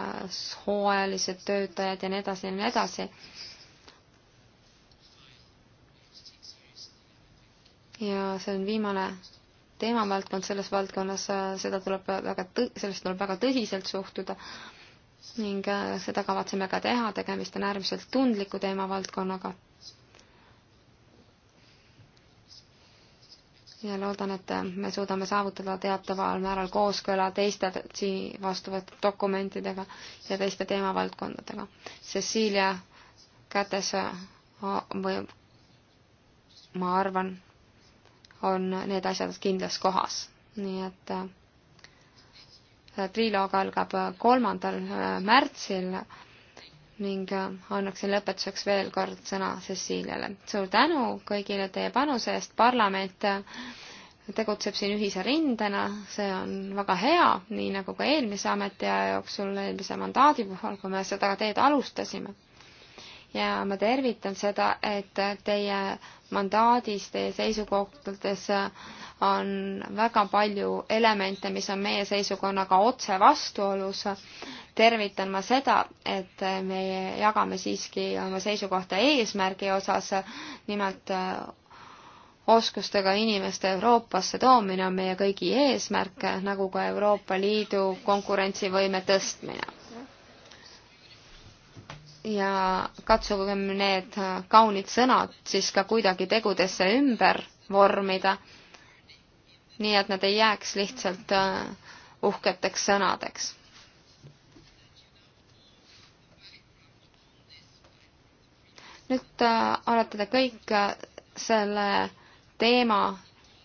hooajalised töötajad ja nii edasi ja nii edasi ja see on viimane teemavaldkond selles valdkonnas, seda tuleb väga tõ-, sellest tuleb väga tõsiselt suhtuda ning äh, seda kavatseme ka teha, tegemist on äärmiselt tundliku teemavaldkonnaga. ja loodan, et äh, me suudame saavutada teataval määral kooskõla teiste siin vastu võetud dokumentidega ja teiste teemavaldkondadega. Cecilia kätes äh, või ma arvan, on need asjad kindlas kohas. nii et äh, triloog algab äh, kolmandal äh, märtsil ning annaksin lõpetuseks veel kord sõna Ceciliale. suur tänu kõigile teie panuse eest, parlament tegutseb siin ühise rindena, see on väga hea, nii nagu ka eelmise ametiaja jooksul, eelmise mandaadi puhul, kui me seda teed alustasime ja ma tervitan seda, et teie mandaadis, teie seisukohtades on väga palju elemente, mis on meie seisukonnaga otse vastuolus. tervitan ma seda, et me jagame siiski oma seisukohta eesmärgi osas, nimelt oskustega inimeste Euroopasse toomine on meie kõigi eesmärk, nagu ka Euroopa Liidu konkurentsivõime tõstmine ja katsugem need kaunid sõnad siis ka kuidagi tegudesse ümber vormida, nii et nad ei jääks lihtsalt äh, uhketeks sõnadeks. nüüd äh, olete te kõik äh, selle teema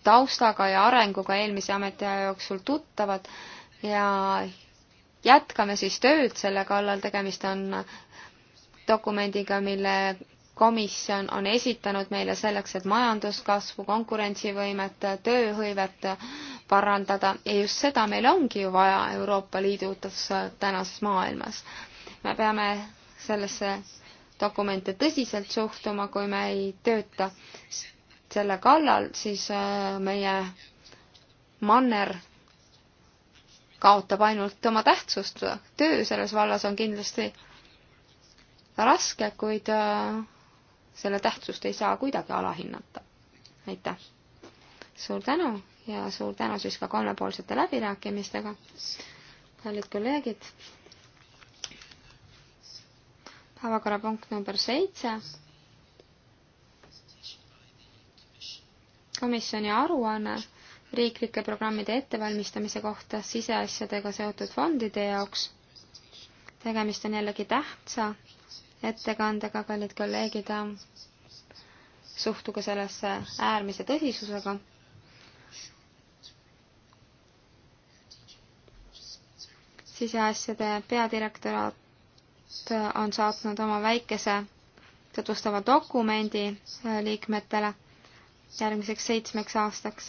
taustaga ja arenguga eelmise ametiaja jooksul tuttavad ja jätkame siis tööd selle kallal, tegemist on dokumendiga, mille komisjon on esitanud meile selleks, et majanduskasvu, konkurentsivõimet, tööhõivet parandada ja just seda meil ongi ju vaja Euroopa Liidus tänases maailmas. me peame sellesse dokumente tõsiselt suhtuma, kui me ei tööta selle kallal, siis äh, meie manner kaotab ainult oma tähtsust. töö selles vallas on kindlasti raske, kuid äh, selle tähtsust ei saa kuidagi alahinnata. aitäh! suur tänu ja suur tänu siis ka kolmepoolsete läbirääkimistega, kallid kolleegid. päevakorrapunkt number seitse. komisjoni aruanne riiklike programmide ettevalmistamise kohta siseasjadega seotud fondide jaoks. tegemist on jällegi tähtsa ettekandega, kallid kolleegid. suhtuge sellesse äärmise tõsisusega. siseasjade peadirektoraat on saatnud oma väikese tutvustava dokumendi liikmetele järgmiseks seitsmeks aastaks.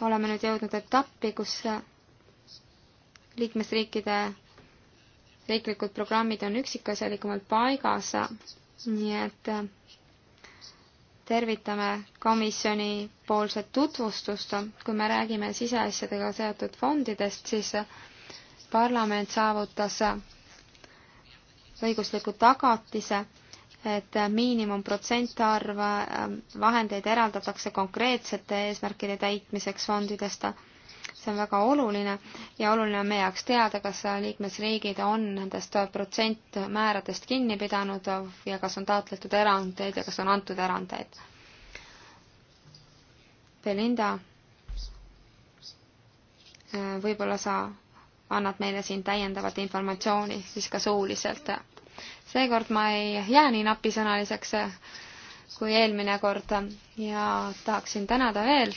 oleme nüüd jõudnud etappi, kus liikmesriikide riiklikud programmid on üksikasjalikumalt paigas, nii et äh, tervitame komisjoni poolset tutvustust. kui me räägime siseasjadega seotud fondidest, siis äh, parlament saavutas äh, õigusliku tagatise, et miinimumprotsentarv vahendeid eraldatakse konkreetsete eesmärkide täitmiseks fondidest see on väga oluline ja oluline on meie jaoks teada, kas liikmesriigid on nendest protsentmääradest kinni pidanud ja kas on taotletud erandeid ja kas on antud erandeid. Belinda, võib-olla sa annad meile siin täiendavat informatsiooni siis ka suuliselt. seekord ma ei jää nii napisõnaliseks kui eelmine kord ja tahaksin tänada veel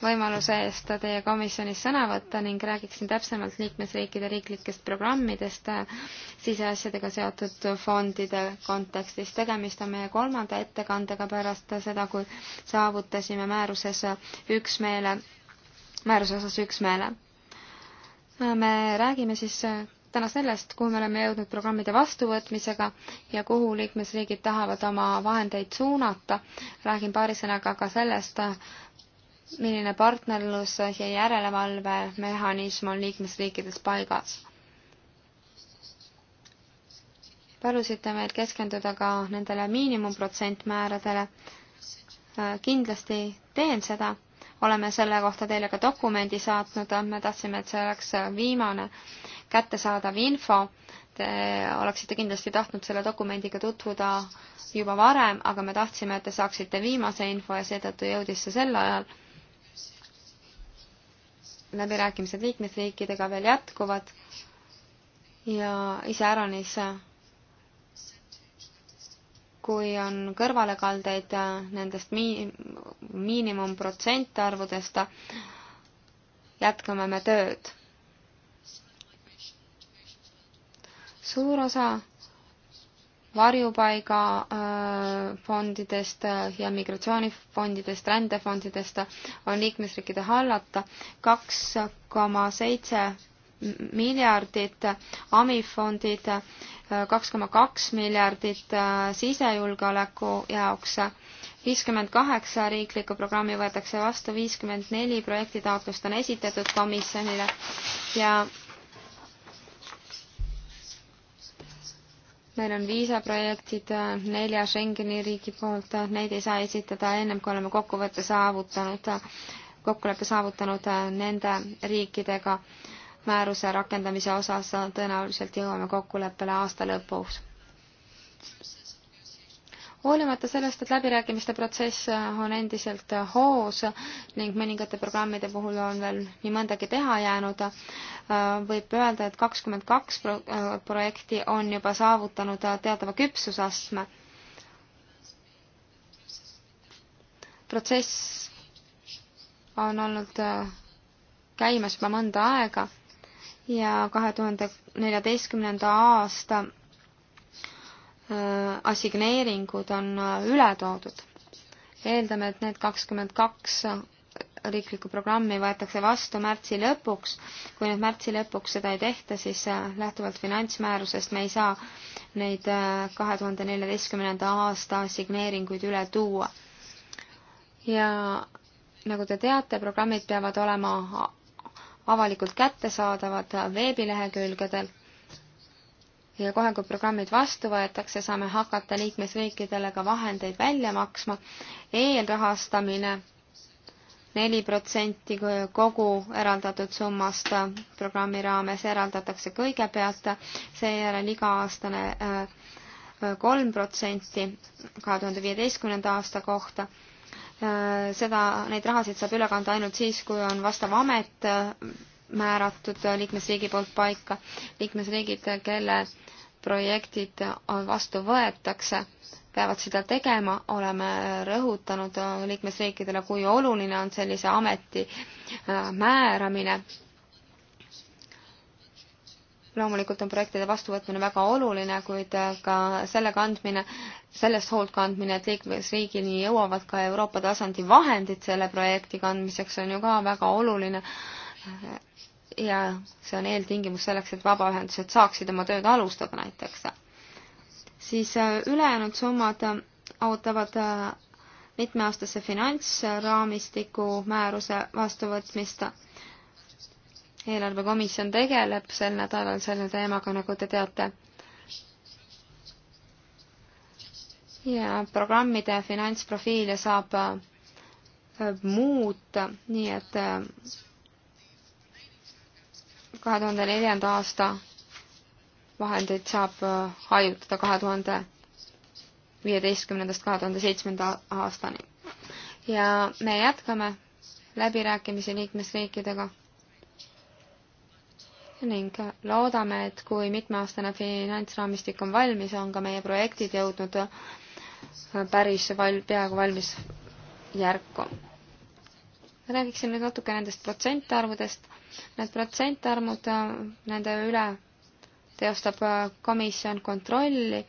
võimaluse eest teie komisjonis sõna võtta ning räägiksin täpsemalt liikmesriikide riiklikest programmidest äh, siseasjadega seotud fondide kontekstis. tegemist on meie kolmanda ettekandega pärast seda, kui saavutasime määruses üksmeele, määruse osas üksmeele. Äh, me räägime siis äh, täna sellest, kuhu me oleme jõudnud programmide vastuvõtmisega ja kuhu liikmesriigid tahavad oma vahendeid suunata. räägin paari sõnaga ka sellest, milline partnerlus ja järelevalvemehhanism on liikmesriikides paigas. palusite meil keskenduda ka nendele miinimumprotsentmääradele. Äh, kindlasti teen seda, oleme selle kohta teile ka dokumendi saatnud, me tahtsime, et see oleks viimane kättesaadav info. Te oleksite kindlasti tahtnud selle dokumendiga tutvuda juba varem, aga me tahtsime, et te saaksite viimase info ja seetõttu jõudis see sel ajal läbirääkimised liikmesriikidega veel jätkuvad ja iseäranis kui on kõrvalekaldeid nendest mi-, miinimumprotsentarvudest, jätkame me tööd. suur osa varjupaigafondidest äh, äh, ja migratsioonifondidest, rändefondidest on liikmesriikide hallata kaks koma seitse miljardit, amifondid äh, kaks koma kaks miljardit sisejulgeoleku jaoks, viiskümmend kaheksa riiklikku programmi võetakse vastu, viiskümmend neli projektitaotlust on esitatud komisjonile ja meil on viisaprojektid äh, nelja Schengeni riigi poolt, äh, neid ei saa esitada ennem, kui oleme kokkuvõtte saavutanud, äh, kokkuleppe saavutanud nende riikidega määruse rakendamise osas, tõenäoliselt jõuame kokkuleppele aasta lõpus hoolimata sellest, et läbirääkimiste protsess äh, on endiselt äh, hoos ning mõningate programmide puhul on veel nii mõndagi teha jäänud, äh, võib öelda, et kakskümmend kaks projekti on juba saavutanud teatava küpsusastme. protsess on olnud käimas juba mõnda aega ja kahe tuhande neljateistkümnenda aasta assigneeringud on äh, üle toodud. eeldame, et need kakskümmend kaks riiklikku programmi võetakse vastu märtsi lõpuks. kui nüüd märtsi lõpuks seda ei tehta, siis äh, lähtuvalt finantsmäärusest me ei saa neid äh, kahe tuhande neljateistkümnenda aasta signeeringuid üle tuua. ja nagu te teate, programmid peavad olema avalikult kättesaadavad veebilehekülgedel ja kohe, kui programmid vastu võetakse, saame hakata liikmesriikidele ka vahendeid välja maksma e. eelrahastamine neli protsenti kogu eraldatud summast programmi raames eraldatakse kõigepealt, seejärel iga-aastane äh, kolm protsenti kahe tuhande viieteistkümnenda aasta kohta äh, seda, neid rahasid saab üle kanda ainult siis, kui on vastav amet äh, määratud liikmesriigi poolt paika. liikmesriigid, kelle projektid vastu võetakse, peavad seda tegema, oleme rõhutanud liikmesriikidele, kui oluline on sellise ameti äh, määramine. loomulikult on projektide vastuvõtmine väga oluline, kuid äh, ka selle kandmine, sellest hoolt kandmine, et liikmesriigini jõuavad ka Euroopa tasandi vahendid selle projekti kandmiseks, on ju ka väga oluline ja see on eeltingimus selleks, et vabaühendused saaksid oma tööd alustada näiteks. siis äh, ülejäänud summad äh, ootavad äh, mitmeaastase finantsraamistiku määruse vastuvõtmist. eelarvekomisjon tegeleb sel nädalal selle teemaga, nagu te teate. ja programmide finantsprofiile saab muuta, nii et kahe tuhande neljanda aasta vahendeid saab äh, hajutada kahe tuhande viieteistkümnendast kahe tuhande seitsmenda aastani. ja me jätkame läbirääkimisi liikmesriikidega ning loodame, et kui mitmeaastane finantsraamistik on valmis, on ka meie projektid jõudnud äh, päris val-, peaaegu valmis järku räägiksin nüüd natuke nendest protsentarvudest. Need protsentarvud, äh, nende üle teostab äh, komisjon kontrolli,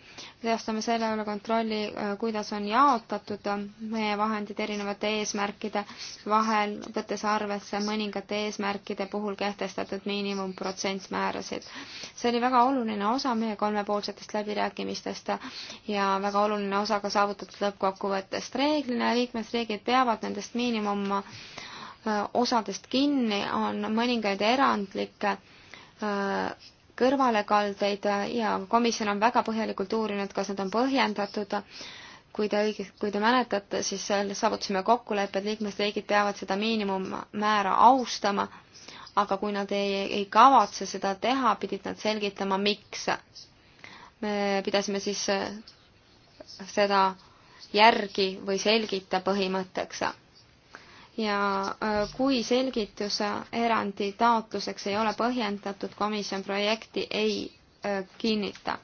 teostame selle üle kontrolli, äh, kuidas on jaotatud meie vahendid erinevate eesmärkide vahel, võttes arvesse mõningate eesmärkide puhul kehtestatud miinimumprotsentsmäärasid. see oli väga oluline osa meie kolmepoolsetest läbirääkimistest ja väga oluline osa ka saavutatud lõppkokkuvõttest. reeglina liikmesriigid peavad nendest miinimum Äh, osadest kinni, on mõningaid erandlikke äh, kõrvalekaldeid äh, ja komisjon on väga põhjalikult uurinud, kas nad on põhjendatud. kui te õige, kui te mäletate, siis saavutasime kokkuleppe, et liikmesriigid peavad seda miinimummäära austama, aga kui nad ei, ei kavatse seda teha, pidid nad selgitama, miks. me pidasime siis seda järgi või selgita põhimõtteks ja äh, kui selgitus erandi taotluseks ei ole põhjendatud, komisjon projekti ei äh, kinnita.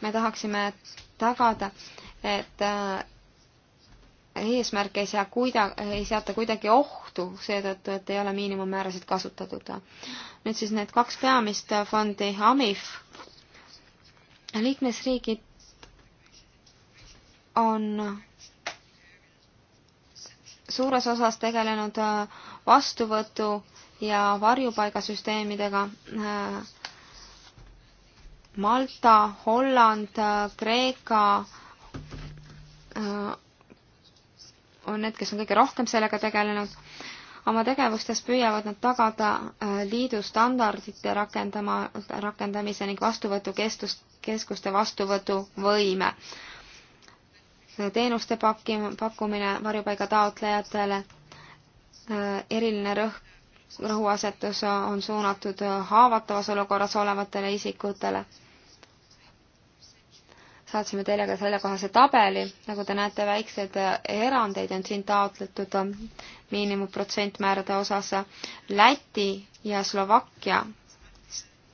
me tahaksime tagada, et äh, eesmärk ei sea kuida-, ei seata kuidagi ohtu seetõttu, et ei ole miinimummäärasid kasutatud. nüüd siis need kaks peamist fondi, AMIF, liikmesriigid on suures osas tegelenud äh, vastuvõtu ja varjupaigasüsteemidega. Äh, Malta, Holland, äh, Kreeka on need, kes on kõige rohkem sellega tegelenud. oma tegevustes püüavad nad tagada liidu standardite rakendama, rakendamise ning vastuvõtukeskuste vastuvõtuvõime teenuste pakki, pakkumine varjupaiga taotlejatele, äh, eriline rõhk, rõhuasetus on suunatud haavatavas olukorras olevatele isikutele. saatsime teile ka sellekohase tabeli, nagu te näete, väikseid erandeid on siin taotletud miinimumprotsentmäärade osas Läti ja Slovakkia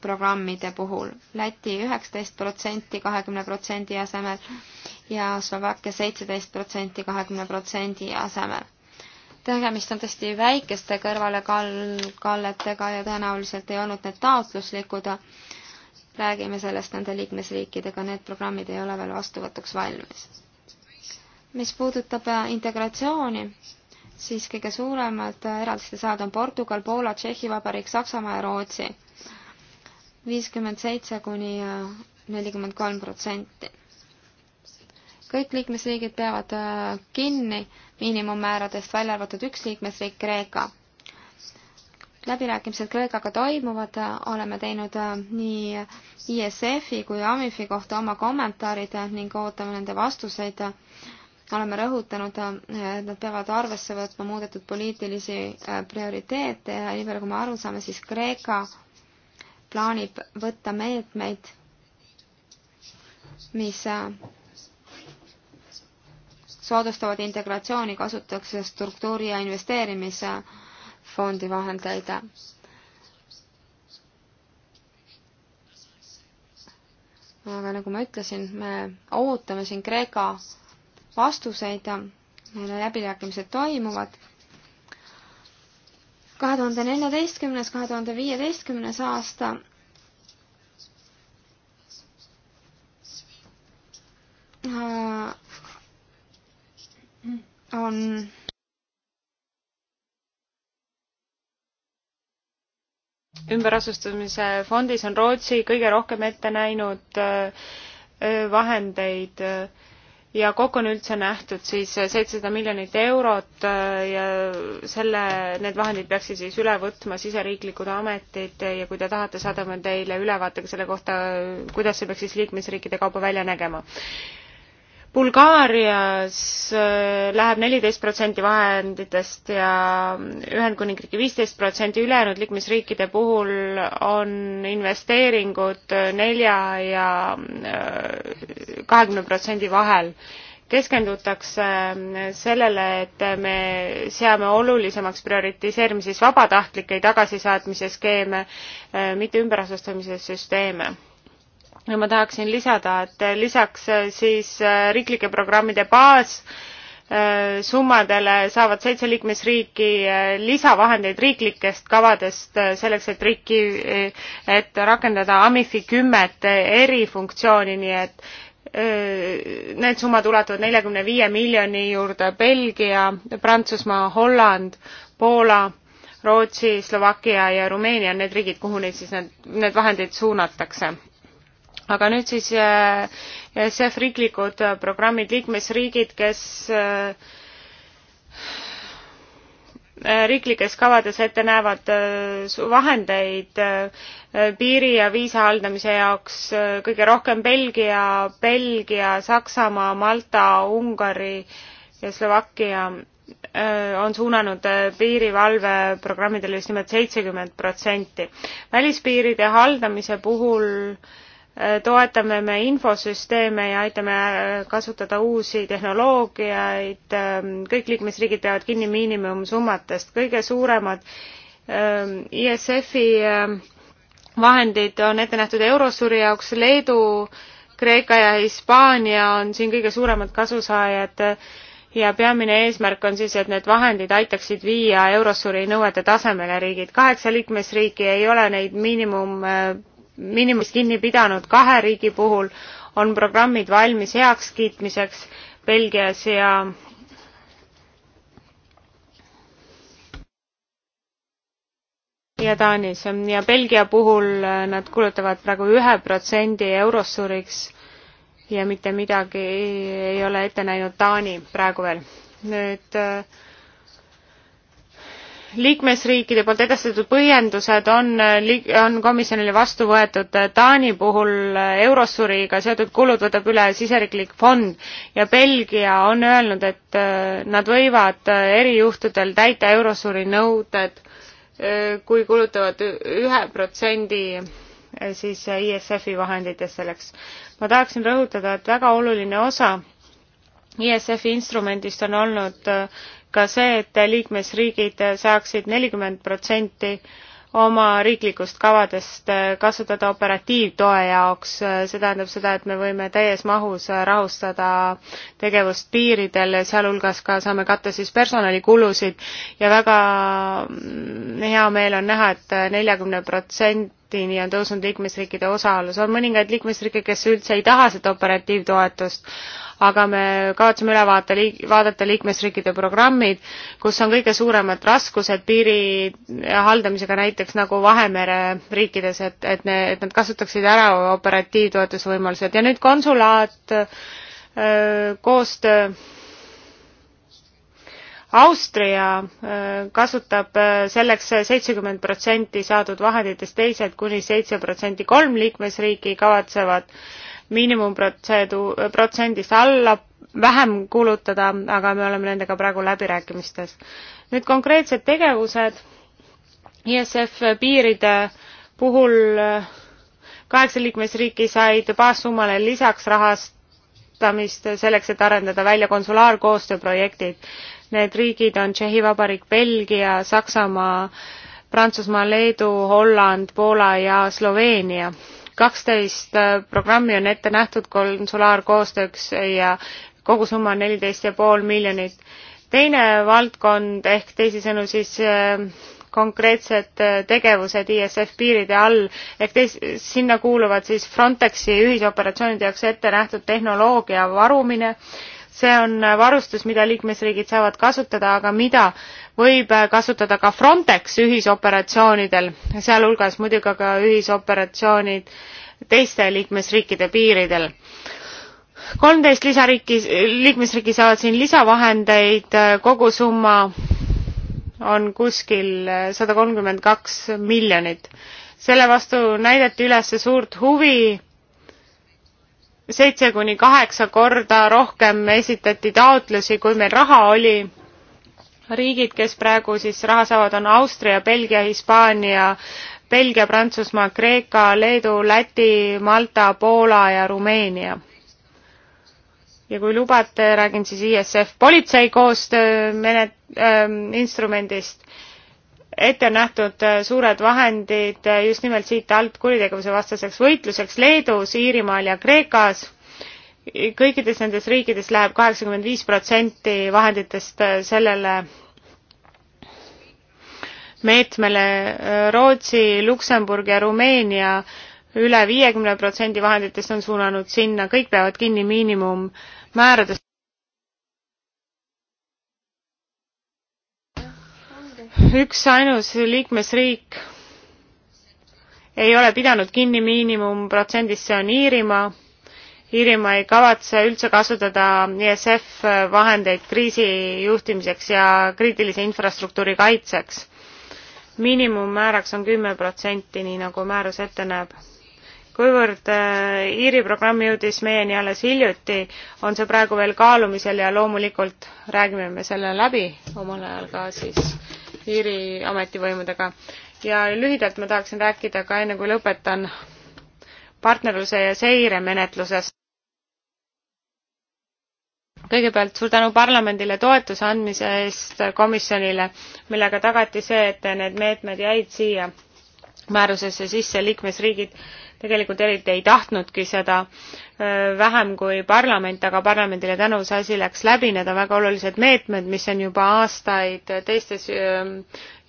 programmide puhul. Läti üheksateist protsenti kahekümne protsendi asemel ja Slovakkia seitseteist protsenti kahekümne protsendi asemel. tegemist on tõesti väikeste kõrvalekalletega ja tõenäoliselt ei olnud need taotluslikud. räägime sellest nende liikmesriikidega, need programmid ei ole veel vastuvõtuks valmis. mis puudutab integratsiooni, siis kõige suuremad eraldiste saajad on Portugal, Poola, Tšehhi Vabariik, Saksamaa ja Rootsi viiskümmend seitse kuni nelikümmend kolm protsenti. kõik liikmesriigid peavad äh, kinni miinimummääradest, välja arvatud üks liikmesriik, Kreeka. läbirääkimised Kreekaga toimuvad, äh, oleme teinud äh, nii ISF-i kui AMIF-i kohta oma kommentaarid ning ootame nende vastuseid. oleme rõhutanud, et nad peavad arvesse võtma muudetud poliitilisi prioriteete ja nii palju, kui me aru saame, siis Kreeka plaanib võtta meetmeid, mis äh, soodustavad integratsiooni, kasutatakse struktuuri- ja investeerimisfondi vahendeid. aga nagu ma ütlesin, me ootame siin Kreeka vastuseid, meil läbirääkimised toimuvad kahe tuhande neljateistkümnes, kahe tuhande viieteistkümnes aasta äh, on ümberasustamise fondis on Rootsi kõige rohkem ette näinud äh, vahendeid äh, ja kokku on üldse nähtud siis seitsesada miljonit eurot äh, ja selle, need vahendid peaksid siis üle võtma siseriiklikud ametid äh, ja kui te tahate, saadame teile ülevaate ka selle kohta, kuidas see peaks siis liikmesriikide kaupa välja nägema. Bulgaarias äh, läheb neliteist protsenti vahenditest ja Ühendkuningriigi viisteist protsenti, ülejäänud liikmesriikide puhul on investeeringud nelja ja äh, kahekümne protsendi vahel. keskendutakse äh, sellele, et me seame olulisemaks prioritiseerimises vabatahtlikke tagasisaatmise skeeme, mitte ümberasustamise süsteeme ja ma tahaksin lisada, et lisaks äh, siis äh, riiklike programmide baas äh, summadele saavad seitse liikmesriiki lisavahendeid riiklikest kavadest selleks, et riiki, et rakendada AMIFi kümmet erifunktsiooni, nii et need summad ulatuvad neljakümne viie miljoni juurde Belgia, Prantsusmaa, Holland, Poola, Rootsi, Slovakkia ja Rumeenia on need riigid, kuhu neid siis need, need vahendid suunatakse aga nüüd siis äh, ESF riiklikud äh, programmid, liikmesriigid, kes äh, riiklikes kavades ette näevad vahendeid piiri ja viisa haldamise jaoks kõige rohkem Belgia, Belgia, Saksamaa, Malta, Ungari ja Slovakkia on suunanud piirivalveprogrammidele just nimelt seitsekümmend protsenti. välispiiride haldamise puhul äh, toetame me infosüsteeme ja aitame äh, kasutada uusi tehnoloogiaid, ähm, kõik liikmesriigid peavad kinni miinimumsummatest, kõige suuremad ähm, ISF-i ähm, vahendid on ette nähtud Eurosuri jaoks, Leedu, Kreeka ja Hispaania on siin kõige suuremad kasusaajad äh, ja peamine eesmärk on siis, et need vahendid aitaksid viia Eurosuri nõuete tasemele riigid. kaheksa liikmesriiki ei ole neid miinimum äh, miinimumist kinni pidanud kahe riigi puhul on programmid valmis heakskiitmiseks Belgias ja ja Taanis ja Belgia puhul äh, nad kulutavad praegu ühe protsendi Eurosuriks ja mitte midagi ei ole ette näinud Taani praegu veel. nüüd äh, liikmesriikide poolt edastatud põhjendused on, on komisjonile vastu võetud. Taani puhul Eurosuriga seotud kulud võtab üle siseriiklik fond ja Belgia on öelnud, et äh, nad võivad äh, erijuhtudel täita Eurosuri nõuded, äh, kui kulutavad ühe protsendi siis ISF-i vahenditest selleks. ma tahaksin rõhutada, et väga oluline osa ISF-i instrumendist on olnud ka see, et liikmesriigid saaksid nelikümmend protsenti oma riiklikust kavadest kasutada operatiivtoe jaoks, see tähendab seda, et me võime täies mahus rahustada tegevust piiridel, sealhulgas ka saame katta siis personalikulusid ja väga hea meel on näha et, et neljakümne protsent protsendini on tõusnud liikmesriikide osalus. on mõningaid liikmesriike, kes üldse ei taha seda operatiivtoetust, aga me kavatseme üle vaata, vaadata liikmesriikide programmid, kus on kõige suuremad raskused piiri haldamisega, näiteks nagu Vahemere riikides, et, et ne-, et nad kasutaksid ära operatiivtoetuse võimalused ja nüüd konsulaat, koostöö Austria äh, kasutab äh, selleks seitsekümmend protsenti saadud vahenditest, teised kuni seitse protsenti, kolm liikmesriiki kavatsevad miinimumprotsedu-, protsendist alla vähem kulutada, aga me oleme nendega praegu läbirääkimistes. nüüd konkreetsed tegevused ISF piiride puhul äh, kaheksa liikmesriiki said baassummale lisaks rahastamist selleks, et arendada välja konsulaarkoostööprojektid Need riigid on Tšehhi Vabariik, Belgia, Saksamaa, Prantsusmaa, Leedu, Holland, Poola ja Sloveenia. kaksteist äh, programmi on ette nähtud konsulaarkoostööks ja kogusumma on neliteist ja pool miljonit. teine valdkond ehk teisisõnu siis äh, konkreetsed äh, tegevused ISF piiride all ehk teis-, sinna kuuluvad siis Frontexi ühisoperatsioonide jaoks ette nähtud tehnoloogia varumine, see on varustus, mida liikmesriigid saavad kasutada, aga mida võib kasutada ka Frontex ühisoperatsioonidel, sealhulgas muidugi aga ühisoperatsioonid teiste liikmesriikide piiridel kolmteist lisariiki liikmesriiki saavad siin lisavahendeid kogusumma on kuskil sada kolmkümmend kaks miljonit selle vastu näidati üles suurt huvi seitse kuni kaheksa korda rohkem esitati taotlusi, kui meil raha oli. riigid, kes praegu siis raha saavad, on Austria, Belgia, Hispaania, Belgia, Prantsusmaa, Kreeka, Leedu, Läti, Malta, Poola ja Rumeenia. ja kui lubate, räägin siis ISF politsei koostöö menet- ähm,, instrumendist ette on nähtud äh, suured vahendid äh, just nimelt siit alt kuritegevuse vastaseks võitluseks Leedus, Iirimaal ja Kreekas. kõikides nendes riikides läheb kaheksakümmend viis protsenti vahenditest äh, sellele meetmele Rootsi, Luksemburg ja Rumeenia üle viiekümne protsendi vahenditest on suunanud sinna, kõik peavad kinni miinimummääradest. üksainus liikmesriik ei ole pidanud kinni miinimumprotsendist, see on Iirimaa. Iirimaa ei kavatse üldse kasutada ISF e vahendeid kriisi juhtimiseks ja kriitilise infrastruktuuri kaitseks. miinimummääraks on kümme protsenti, nii nagu määrus ette näeb. kuivõrd äh, Iiri programm jõudis meieni alles hiljuti, on see praegu veel kaalumisel ja loomulikult räägime me selle läbi omal ajal ka siis Iiri ametivõimudega. ja lühidalt ma tahaksin rääkida ka enne, kui lõpetan, partnerluse ja seire menetlusest. kõigepealt suur tänu parlamendile toetuse andmise eest komisjonile, millega tagati see, et need meetmed jäid siia määrusesse sisse liikmesriigid tegelikult eriti ei tahtnudki seda vähem kui parlament, aga parlamendile tänu see asi läks läbi, need on väga olulised meetmed, mis on juba aastaid teistes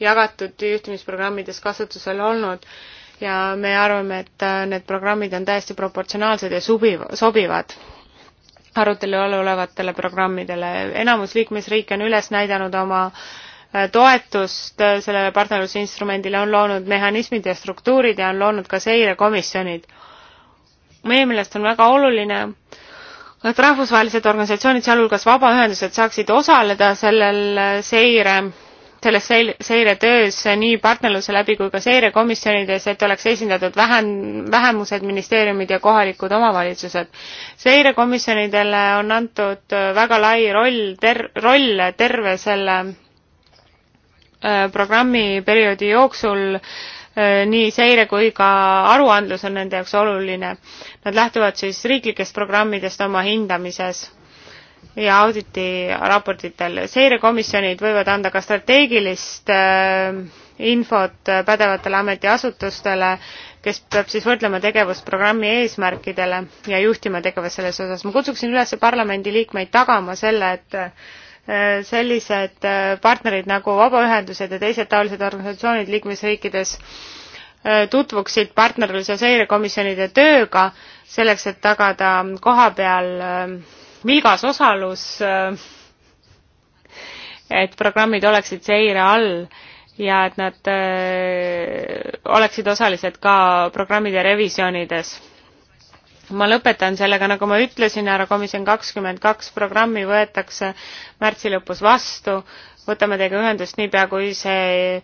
jagatud juhtimisprogrammides kasutusel olnud ja me arvame, et need programmid on täiesti proportsionaalsed ja subiv-, sobivad arutelu all olevatele programmidele. enamus liikmesriike on üles näidanud oma äh, Äh, toetust äh, sellele partnerlusinstrumendile on loonud mehhanismid ja struktuurid ja on loonud ka seirekomisjonid. meie meelest on väga oluline, et rahvusvahelised organisatsioonid, sealhulgas vabaühendused, saaksid osaleda sellel äh, seire, selles seire, seiretöös nii partnerluse läbi kui ka seirekomisjonides, et oleks esindatud vähem, vähemused, ministeeriumid ja kohalikud omavalitsused. seirekomisjonidele on antud väga lai roll, ter-, roll terve selle Äh, programmiperioodi jooksul äh, nii seire kui ka aruandlus on nende jaoks oluline. Nad lähtuvad siis riiklikest programmidest oma hindamises ja auditi raportitel. seirekomisjonid võivad anda ka strateegilist äh, infot pädevatele ametiasutustele, kes peab siis võrdlema tegevust programmi eesmärkidele ja juhtima tegevust selles osas. ma kutsuksin üles parlamendiliikmeid tagama selle, et Äh, sellised äh, partnerid nagu vabaühendused ja teised taolised organisatsioonid liikmesriikides äh, tutvuksid partnerluse seirekomisjonide tööga selleks, et tagada kohapeal vilgas osalus, et programmid oleksid seire all ja et nad oleksid osalised ka programmide revisjonides ma lõpetan sellega, nagu ma ütlesin, härra komisjon kakskümmend kaks programmi võetakse märtsi lõpus vastu, võtame teiega ühendust niipea, kui see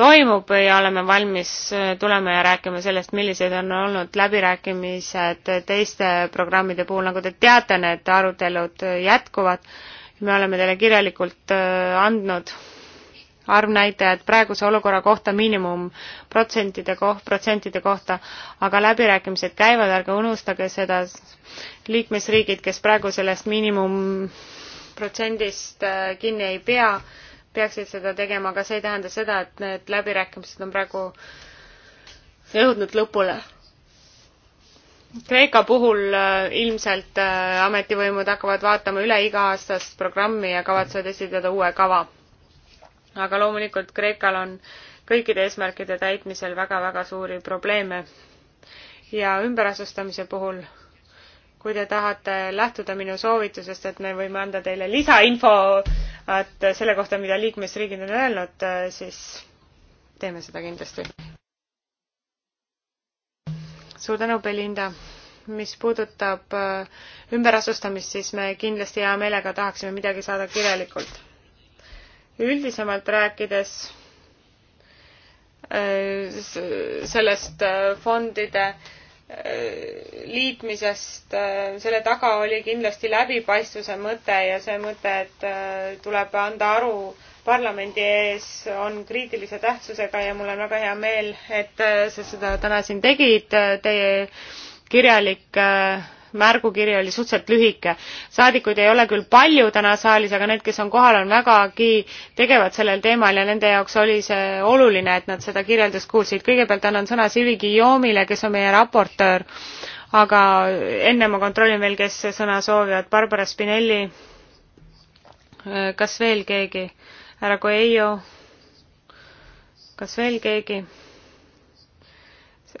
toimub ja oleme valmis äh, tulema ja rääkima sellest, millised on olnud läbirääkimised teiste programmide puhul, nagu te teate, need arutelud jätkuvad. me oleme teile kirjalikult äh, andnud arvnäitajad praeguse olukorra kohta miinimumprotsentide koht, protsentide kohta, aga läbirääkimised käivad, ärge unustage seda, liikmesriigid, kes praegu sellest miinimumprotsendist äh, kinni ei pea, peaksid seda tegema, aga see ei tähenda seda, et need läbirääkimised on praegu jõudnud lõpule Kreeka puhul äh, ilmselt äh, ametivõimud hakkavad vaatama üle iga-aastast programmi ja kavatsevad esitada uue kava aga loomulikult Kreekal on kõikide eesmärkide täitmisel väga-väga suuri probleeme. ja ümberasustamise puhul, kui te tahate lähtuda minu soovitusest, et me võime anda teile lisainfot selle kohta, mida liikmesriigid on öelnud, siis teeme seda kindlasti. suur tänu, Belinda. mis puudutab äh, ümberasustamist, siis me kindlasti hea meelega tahaksime midagi saada kirjalikult üldisemalt rääkides äh, sellest äh, fondide äh, liitmisest, selle taga oli kindlasti läbipaistvuse mõte ja see mõte, et tuleb anda aru parlamendi ees, on kriitilise tähtsusega ja mul on väga hea meel, et sa seda täna siin tegid, teie kirjalik äh, märgukiri oli suhteliselt lühike. saadikuid ei ole küll palju täna saalis, aga need, kes on kohal, on vägagi tegevad sellel teemal ja nende jaoks oli see oluline, et nad seda kirjeldust kuulsid. kõigepealt annan sõna Sivi Guillaume'ile, kes on meie raportöör, aga enne ma kontrollin veel, kes sõna soovivad. Barbara Spinelli, kas veel keegi? härra Coelho, kas veel keegi?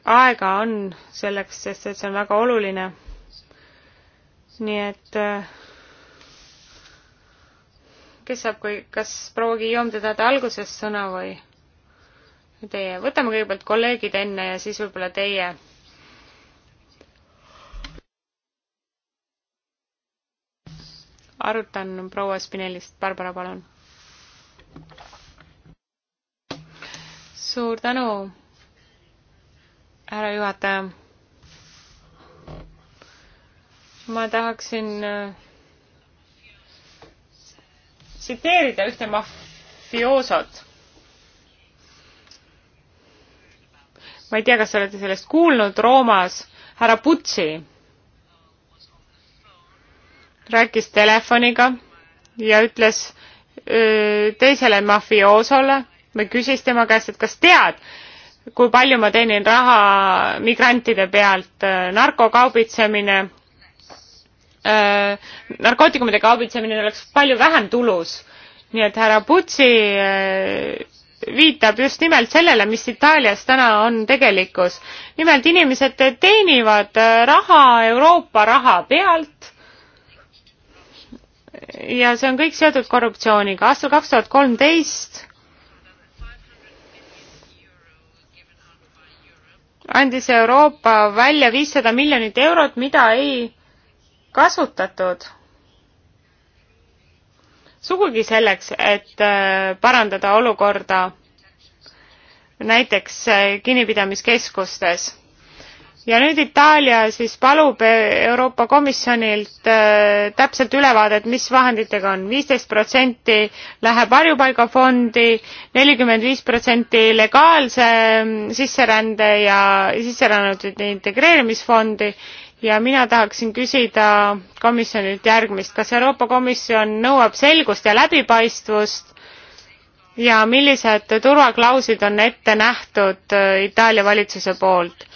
aega on selleks, sest et see on väga oluline nii et äh, kes saab, kui, kas proua Guillaume, te tahate alguses sõna või teie? võtame kõigepealt kolleegid enne ja siis võib-olla teie. arutan proua Spinellist, Barbara, palun. suur tänu, härra juhataja ma tahaksin äh, tsiteerida ühte mafioosot. ma ei tea, kas olete sellest kuulnud Roomas, härra Putsi rääkis telefoniga ja ütles öö, äh, teisele mafioosole või küsis tema käest, et kas tead, kui palju ma teenin raha migrantide pealt, äh, narkokaubitsemine Äh, narkootikumide kaubitsemine oleks palju vähem tulus. nii et härra Putsi äh, viitab just nimelt sellele, mis Itaalias täna on tegelikkus. nimelt inimesed teenivad äh, raha Euroopa raha pealt ja see on kõik seotud korruptsiooniga. aastal kaks tuhat kolmteist andis Euroopa välja viissada miljonit eurot, mida ei kasutatud sugugi selleks, et äh, parandada olukorda näiteks äh, kinnipidamiskeskustes. ja nüüd Itaalia siis palub äh, Euroopa Komisjonilt täpselt ülevaadet, mis vahenditega on. viisteist protsenti läheb varjupaigafondi, nelikümmend viis protsenti legaalse mm, sisserände ja sisserännanute integreerimisfondi ja mina tahaksin küsida komisjonilt järgmist. kas Euroopa Komisjon nõuab selgust ja läbipaistvust ja millised turvaklausid on ette nähtud äh, Itaalia valitsuse poolt?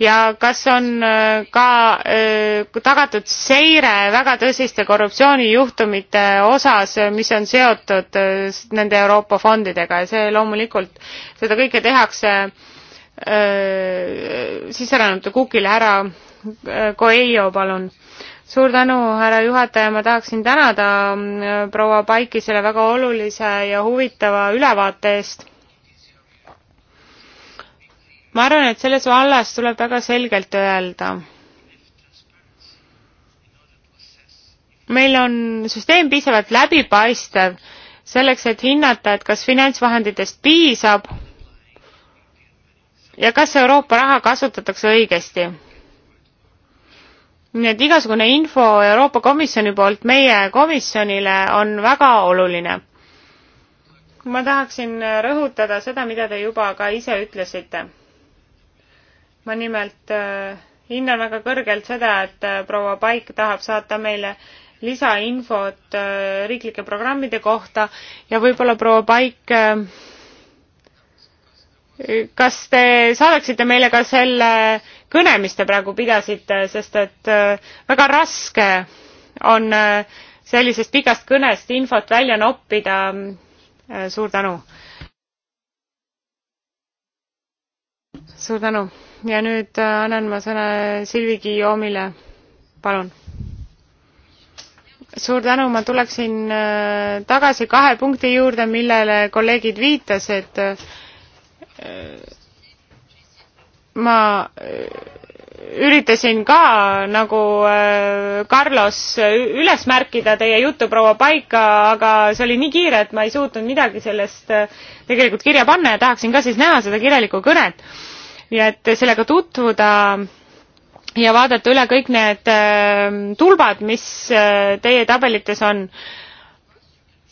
ja kas on äh, ka äh, tagatud seire väga tõsiste korruptsioonijuhtumite osas, mis on seotud äh, nende Euroopa fondidega ja see loomulikult, seda kõike tehakse äh, sisserännute kukile ära Coelho, palun. suur tänu, härra juhataja, ma tahaksin tänada mm, proua Paiki selle väga olulise ja huvitava ülevaate eest. ma arvan, et selles vallas tuleb väga selgelt öelda. meil on süsteem piisavalt läbipaistev selleks, et hinnata, et kas finantsvahenditest piisab ja kas Euroopa raha kasutatakse õigesti nii et igasugune info Euroopa Komisjoni poolt meie komisjonile on väga oluline. ma tahaksin rõhutada seda, mida te juba ka ise ütlesite. ma nimelt äh, hindan väga kõrgelt seda, et äh, proua Paik tahab saata meile lisainfot äh, riiklike programmide kohta ja võib-olla proua Paik kas te saadaksite meile ka selle kõne, mis te praegu pidasite, sest et äh, väga raske on äh, sellisest pikast kõnest infot välja noppida. Äh, suur tänu. suur tänu ja nüüd annan ma sõna Silvi Guillaume'ile, palun. suur tänu, ma tuleksin tagasi kahe punkti juurde, millele kolleegid viitasid ma äh, üritasin ka nagu äh, Carlos äh, üles märkida teie juttu proua Paika, aga see oli nii kiire, et ma ei suutnud midagi sellest tegelikult kirja panna ja tahaksin ka siis näha seda kirjalikku kõnet. nii et sellega tutvuda ja vaadata üle kõik need tulbad, mis teie tabelites on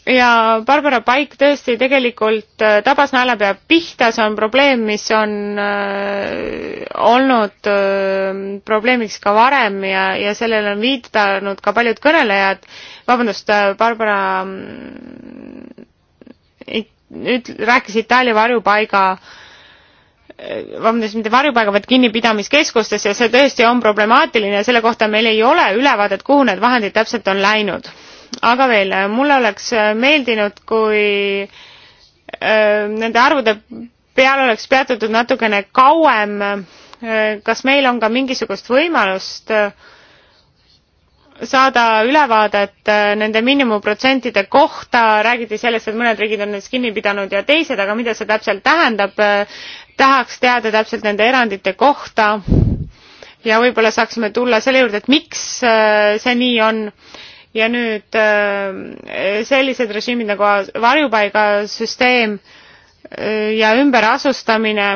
ja Barbara Paik tõesti tegelikult äh, tabas naelapea pihta, see on probleem, mis on äh, olnud äh, probleemiks ka varem ja, ja sellele on viidanud ka paljud kõnelejad. vabandust, äh, Barbara äh, mm, üt-, rääkis Itaalia varjupaiga äh, vabandust, mitte varjupaiga, vaid kinnipidamiskeskustes ja see tõesti on problemaatiline ja selle kohta meil ei ole ülevaadet, kuhu need vahendid täpselt on läinud aga veel, äh, mulle oleks äh, meeldinud, kui öö, äh, nende arvude peal oleks peatutud natukene kauem. kas meil on ka mingisugust võimalust saada ülevaadet nende miinimumprotsentide kohta, räägiti sellest, et mõned riigid on nendest kinni pidanud ja teised, aga mida see täpselt tähendab, tahaks teada täpselt nende erandite kohta ja võib-olla saaksime tulla selle juurde, et miks see nii on ja nüüd äh, sellised režiimid nagu varjupaigasüsteem äh, ja ümberasustamine.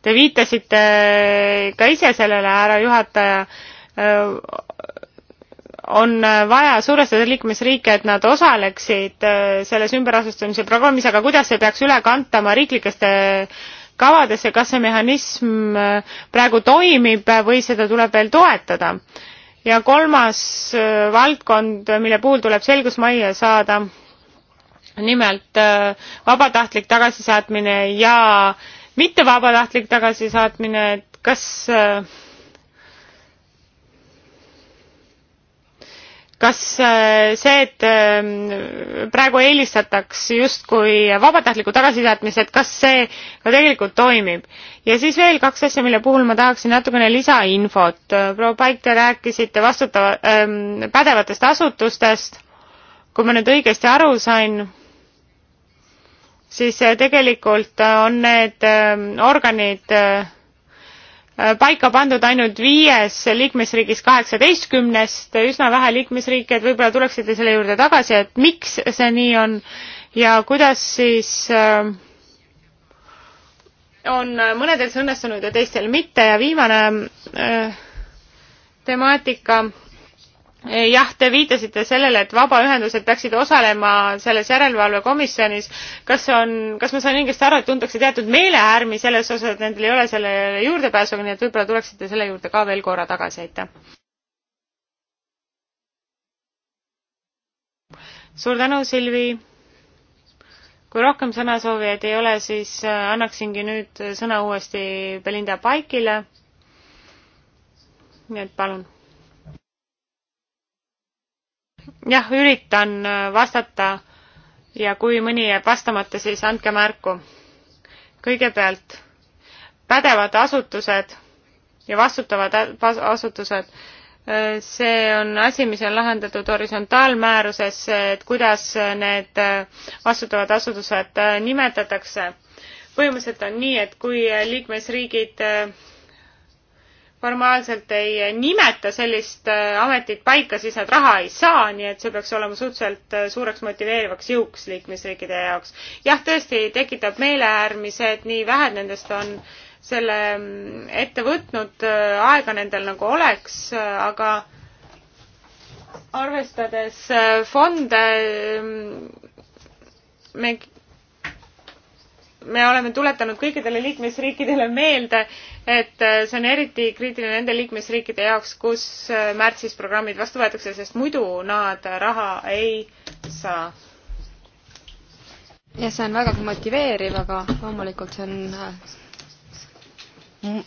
Te viitasite äh, ka ise sellele, härra juhataja, on vaja suurestada liikmesriike, et nad osaleksid selles ümberasustamise programmis, aga kuidas see peaks üle kantama riiklikesse kavadesse, kas see mehhanism praegu toimib või seda tuleb veel toetada? ja kolmas äh, valdkond, mille puhul tuleb selgus majja saada, nimelt äh, vabatahtlik tagasisaatmine ja mittevabatahtlik tagasisaatmine, et kas äh, kas äh, see, et ähm, praegu eelistatakse justkui vabatahtlikku tagasisaatmist, et kas see ka tegelikult toimib? ja siis veel kaks asja, mille puhul ma tahaksin natukene lisainfot. Äh, proua Paik, te rääkisite vastutava ähm,, pädevatest asutustest. kui ma nüüd õigesti aru sain, siis äh, tegelikult on need ähm, organid äh, Äh, paika pandud ainult viies liikmesriigis kaheksateistkümnest, üsna vähe liikmesriike, et võib-olla tuleksite selle juurde tagasi, et miks see nii on ja kuidas siis äh, on mõnedel see õnnestunud ja teistel mitte ja viimane äh, temaatika jah, te viitasite sellele, et vabaühendused peaksid osalema selles järelevalvekomisjonis. kas on, kas ma saan õigesti aru, et tuntakse teatud meeleäärmi selles osas, et nendel ei ole sellele juurdepääsu, nii et võib-olla tuleksite selle juurde ka veel korra tagasi, aitäh. suur tänu, Silvi. kui rohkem sõnasoovijaid ei ole, siis äh, annaksingi nüüd sõna uuesti Belinda Paikile. nii et palun jah, üritan äh, vastata ja kui mõni jääb vastamata, siis andke märku. kõigepealt pädevad asutused ja vastutavad asutused, äh, see on asi, mis on lahendatud horisontaalmääruses, et kuidas need äh, vastutavad asutused nimetatakse. põhimõtteliselt on nii, et kui liikmesriigid formaalselt ei nimeta sellist äh, ametit paika, siis nad raha ei saa, nii et see peaks olema suhteliselt äh, suureks motiveerivaks jõuks liikmesriikide jaoks. jah, tõesti tekitab meeleäärmised, nii vähed nendest on selle mm, ette võtnud, äh, aega nendel nagu oleks, aga arvestades fonde, mm, me me oleme tuletanud kõikidele liikmesriikidele meelde, et äh, see on eriti kriitiline nende liikmesriikide jaoks, kus äh, märtsis programmid vastu võetakse, sest muidu nad raha ei saa. ja see on väga motiveeriv, aga loomulikult see on äh,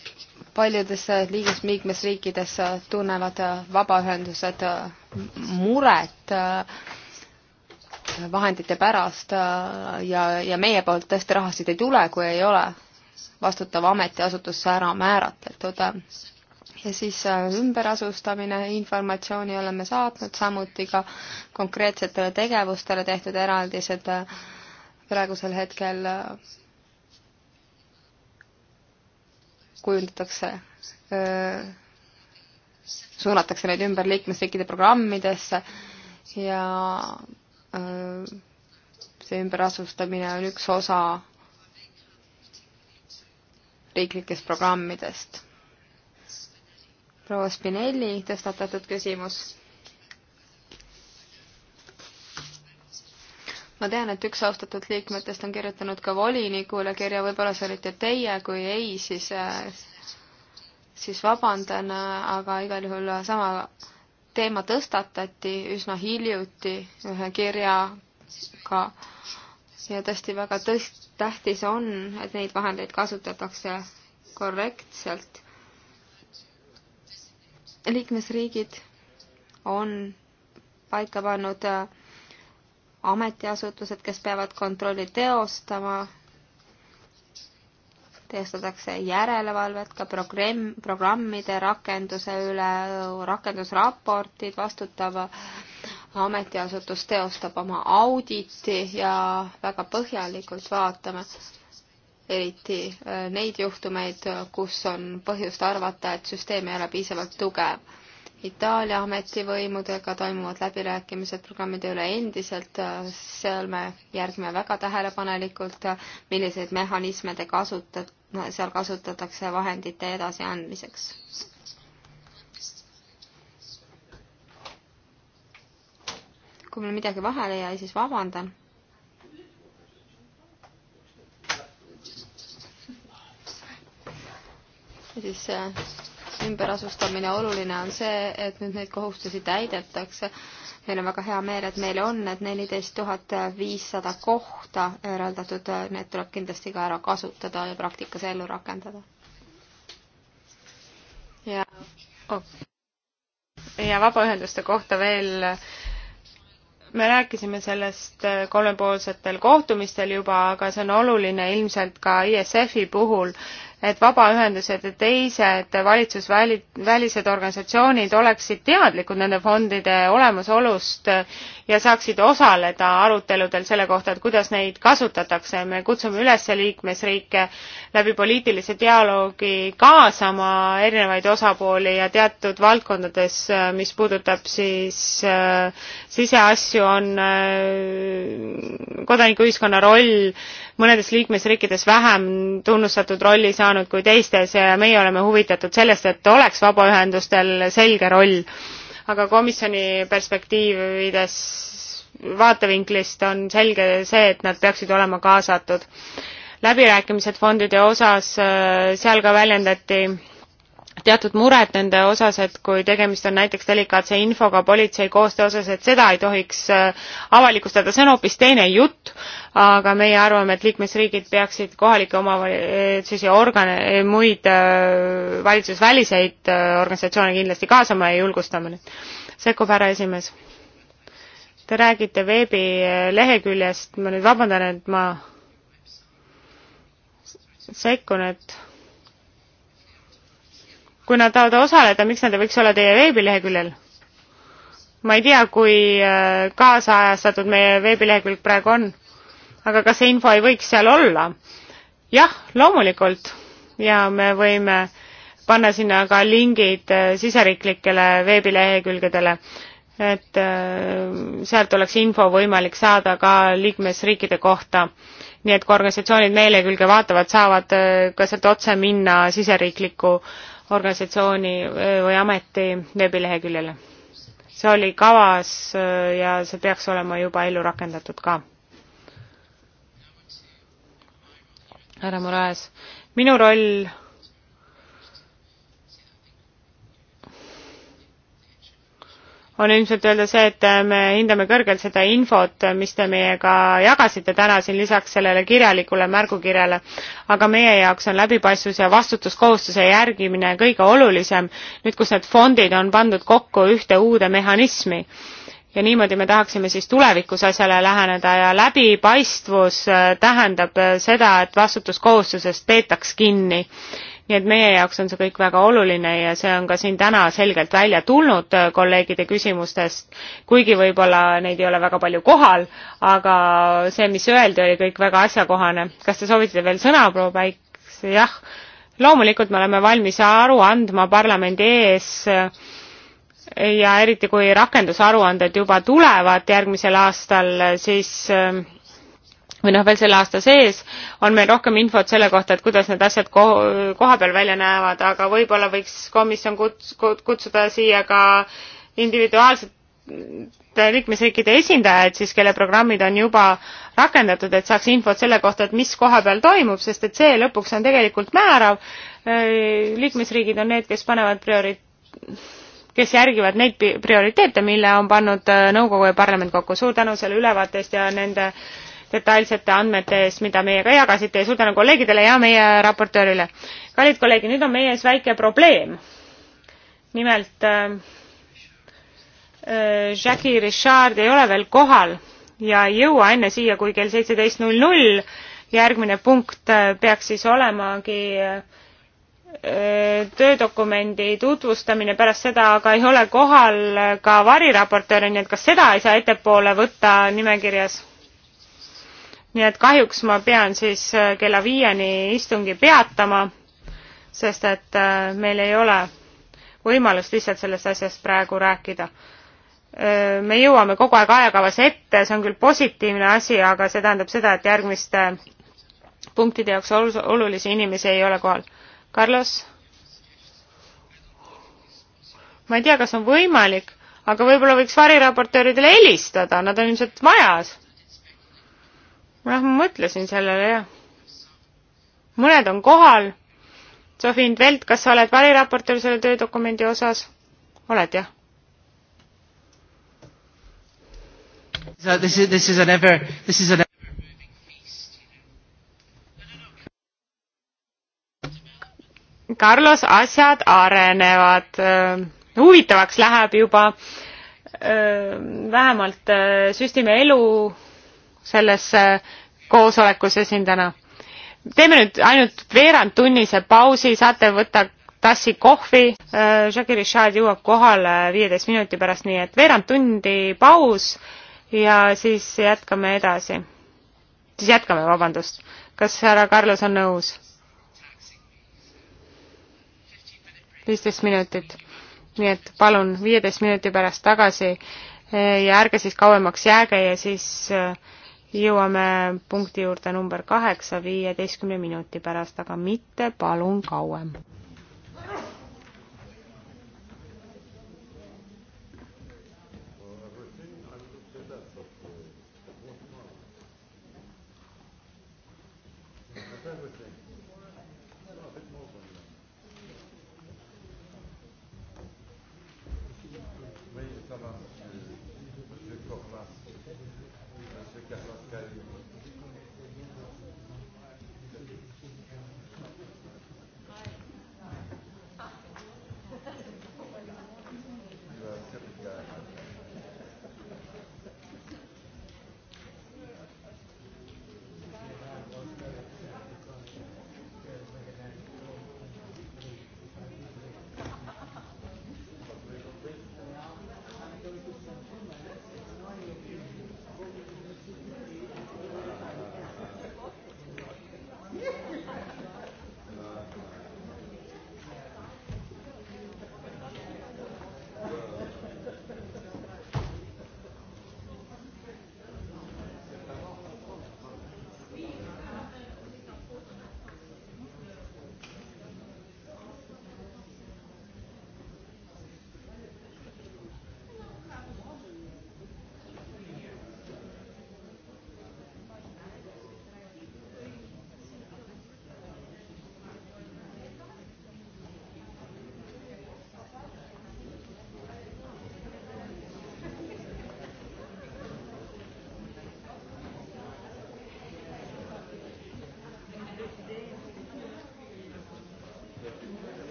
paljudes liiges liikmesriikides tunnevad vabaühendused muret vahendite pärast ja, ja meie poolt tõesti rahasid ei tule, kui ei ole vastutav ametiasutus ära määratletud. ja siis äh, ümberasustamine, informatsiooni oleme saatnud, samuti ka konkreetsetele tegevustele tehtud eraldised äh, praegusel hetkel äh, kujundatakse, suunatakse neid ümber liikmesriikide programmidesse ja öö, see ümberasustamine on üks osa riiklikest programmidest. proua Spinelli tõstatatud küsimus. ma tean, et üks austatud liikmetest on kirjutanud ka volinikule kirja, võib-olla see olite teie, kui ei, siis, äh, siis vabandan, aga igal juhul sama teema tõstatati üsna hiljuti ühe kirjaga ja tõesti väga tõst-, tähtis on, et neid vahendeid kasutatakse korrektselt. liikmesriigid on paika pannud äh, ametiasutused, kes peavad kontrolli teostama, teostatakse järelevalvet ka programm, programmide rakenduse üle, rakendusraportid, vastutav äh, ametiasutus teostab oma auditi ja väga põhjalikult vaatame eriti äh, neid juhtumeid, kus on põhjust arvata, et süsteem ei ole piisavalt tugev. Itaalia ametivõimudega toimuvad läbirääkimised programmide üle endiselt, äh, seal me järgime väga tähelepanelikult, milliseid mehhanisme te kasutate, seal kasutatakse vahendite edasiandmiseks kui mul midagi vahele jäi, siis vabandan. ja siis äh, ümberasustamine oluline on see, et nüüd neid kohustusi täidetakse. meil on väga hea meel, et meil on need neliteist tuhat viissada kohta eraldatud, need tuleb kindlasti ka ära kasutada ja praktikas ellu rakendada. ja oh., ja vabaühenduste kohta veel me rääkisime sellest äh, kolmepoolsetel kohtumistel juba, aga see on oluline ilmselt ka ISF-i puhul, et vabaühendused ja teised valitsusvälised organisatsioonid oleksid teadlikud nende fondide olemasolust ja saaksid osaleda aruteludel selle kohta, et kuidas neid kasutatakse. me kutsume üles liikmesriike läbi poliitilise dialoogi kaasama erinevaid osapooli ja teatud valdkondades, mis puudutab siis äh, siseasju, on äh, kodanikuühiskonna roll mõnedes liikmesriikides vähem tunnustatud rolli saanud pidanud kui teistes ja meie oleme huvitatud sellest, et oleks vabaühendustel selge roll. aga komisjoni perspektiivides, vaatevinklist on selge see, et nad peaksid olema kaasatud. läbirääkimised fondide osas, äh, seal ka väljendati teatud mured nende osas, et kui tegemist on näiteks delikaatse infoga politsei koostöö osas, et seda ei tohiks äh, avalikustada, see on hoopis teine jutt, aga meie arvame, et liikmesriigid peaksid kohalikke omavalitsusi, organe, muid äh, valitsusväliseid äh, organisatsioone kindlasti kaasama ja julgustama. sekkub härra esimees. Te räägite veebileheküljest, ma nüüd vabandan, et ma sekkun, et kui nad tahavad osaleda, miks nad ei võiks olla teie veebileheküljel? ma ei tea, kui äh, kaasajastatud meie veebilehekülg praegu on, aga kas see info ei võiks seal olla? jah, loomulikult ja me võime panna sinna ka lingid äh, siseriiklikele veebilehekülgedele, et äh, sealt oleks info võimalik saada ka liikmesriikide kohta. nii et kui organisatsioonid meile külge vaatavad, saavad ka sealt otse minna siseriikliku äh, organisatsiooni eh, või ameti veebileheküljele. see oli kavas eh, ja see peaks olema juba ellu rakendatud ka. härra Moraes, minu roll on ilmselt öelda see, et me hindame kõrgelt seda infot, mis te meiega jagasite täna siin lisaks sellele kirjalikule märgukirjale, aga meie jaoks on läbipaistvus ja vastutuskohustuse järgimine kõige olulisem, nüüd kus need fondid on pandud kokku ühte uude mehhanismi. ja niimoodi me tahaksime siis tulevikus asjale läheneda ja läbipaistvus äh, tähendab äh, seda, et vastutuskohustusest peetaks kinni nii et meie jaoks on see kõik väga oluline ja see on ka siin täna selgelt välja tulnud äh, kolleegide küsimustest, kuigi võib-olla neid ei ole väga palju kohal, aga see, mis öeldi, oli kõik väga asjakohane. kas te soovite veel sõna, proua Päiks? jah, loomulikult me oleme valmis aru andma parlamendi ees äh, ja eriti, kui rakendusaruanded juba tulevad järgmisel aastal, äh, siis või noh, veel selle aasta sees on meil rohkem infot selle kohta, et kuidas need asjad ko-, koha peal välja näevad, aga võib-olla võiks komisjon kuts-, kutsuda siia ka individuaalsete liikmesriikide esindajaid siis, kelle programmid on juba rakendatud, et saaks infot selle kohta, et mis koha peal toimub, sest et see lõpuks on tegelikult määrav. Äh, liikmesriigid on need, kes panevad priori-, kes järgivad neid prioriteete, mille on pannud äh, nõukogu ja parlament kokku. suur tänu selle ülevaate eest ja nende detailsete andmete eest, mida meiega jagasite ja suur tänu kolleegidele ja meie raportöörile. kallid kolleegid, nüüd on meie ees väike probleem. nimelt äh, äh, Jackie Richard ei ole veel kohal ja ei jõua enne siia, kui kell seitseteist null null järgmine punkt äh, peaks siis olemagi äh, töödokumendi tutvustamine pärast seda, aga ei ole kohal ka variraportööre, nii et kas seda ei saa ettepoole võtta nimekirjas? nii et kahjuks ma pean siis äh, kella viieni istungi peatama, sest et äh, meil ei ole võimalust lihtsalt sellest asjast praegu rääkida. Äh, me jõuame kogu aeg ajakavas ette, see on küll positiivne asi, aga see tähendab seda, et järgmiste punktide jaoks olulisi inimesi ei ole kohal. Carlos? ma ei tea, kas on võimalik, aga võib-olla võiks variraportööridele helistada, nad on ilmselt majas noh, ma mõtlesin sellele, jah. mõned on kohal. Sofi Intvelt, kas sa oled variraportöör selle töödokumendi osas? oled, jah? So this is, this is an ever, this is an ever Carlos, asjad arenevad. Äh, huvitavaks läheb juba. Äh, vähemalt äh, süstime elu selles äh, koosolekus esindajana. teeme nüüd ainult veerandtunnise pausi, saate võtta tassi kohvi. Äh, Jackie Richard jõuab kohale viieteist minuti pärast, nii et veerand tundi paus ja siis jätkame edasi. siis jätkame, vabandust. kas härra Carlos on nõus? viisteist minutit. nii et palun viieteist minuti pärast tagasi ja ärge siis kauemaks jääge ja siis äh, jõuame punkti juurde number kaheksa viieteistkümne minuti pärast, aga mitte palun kauem.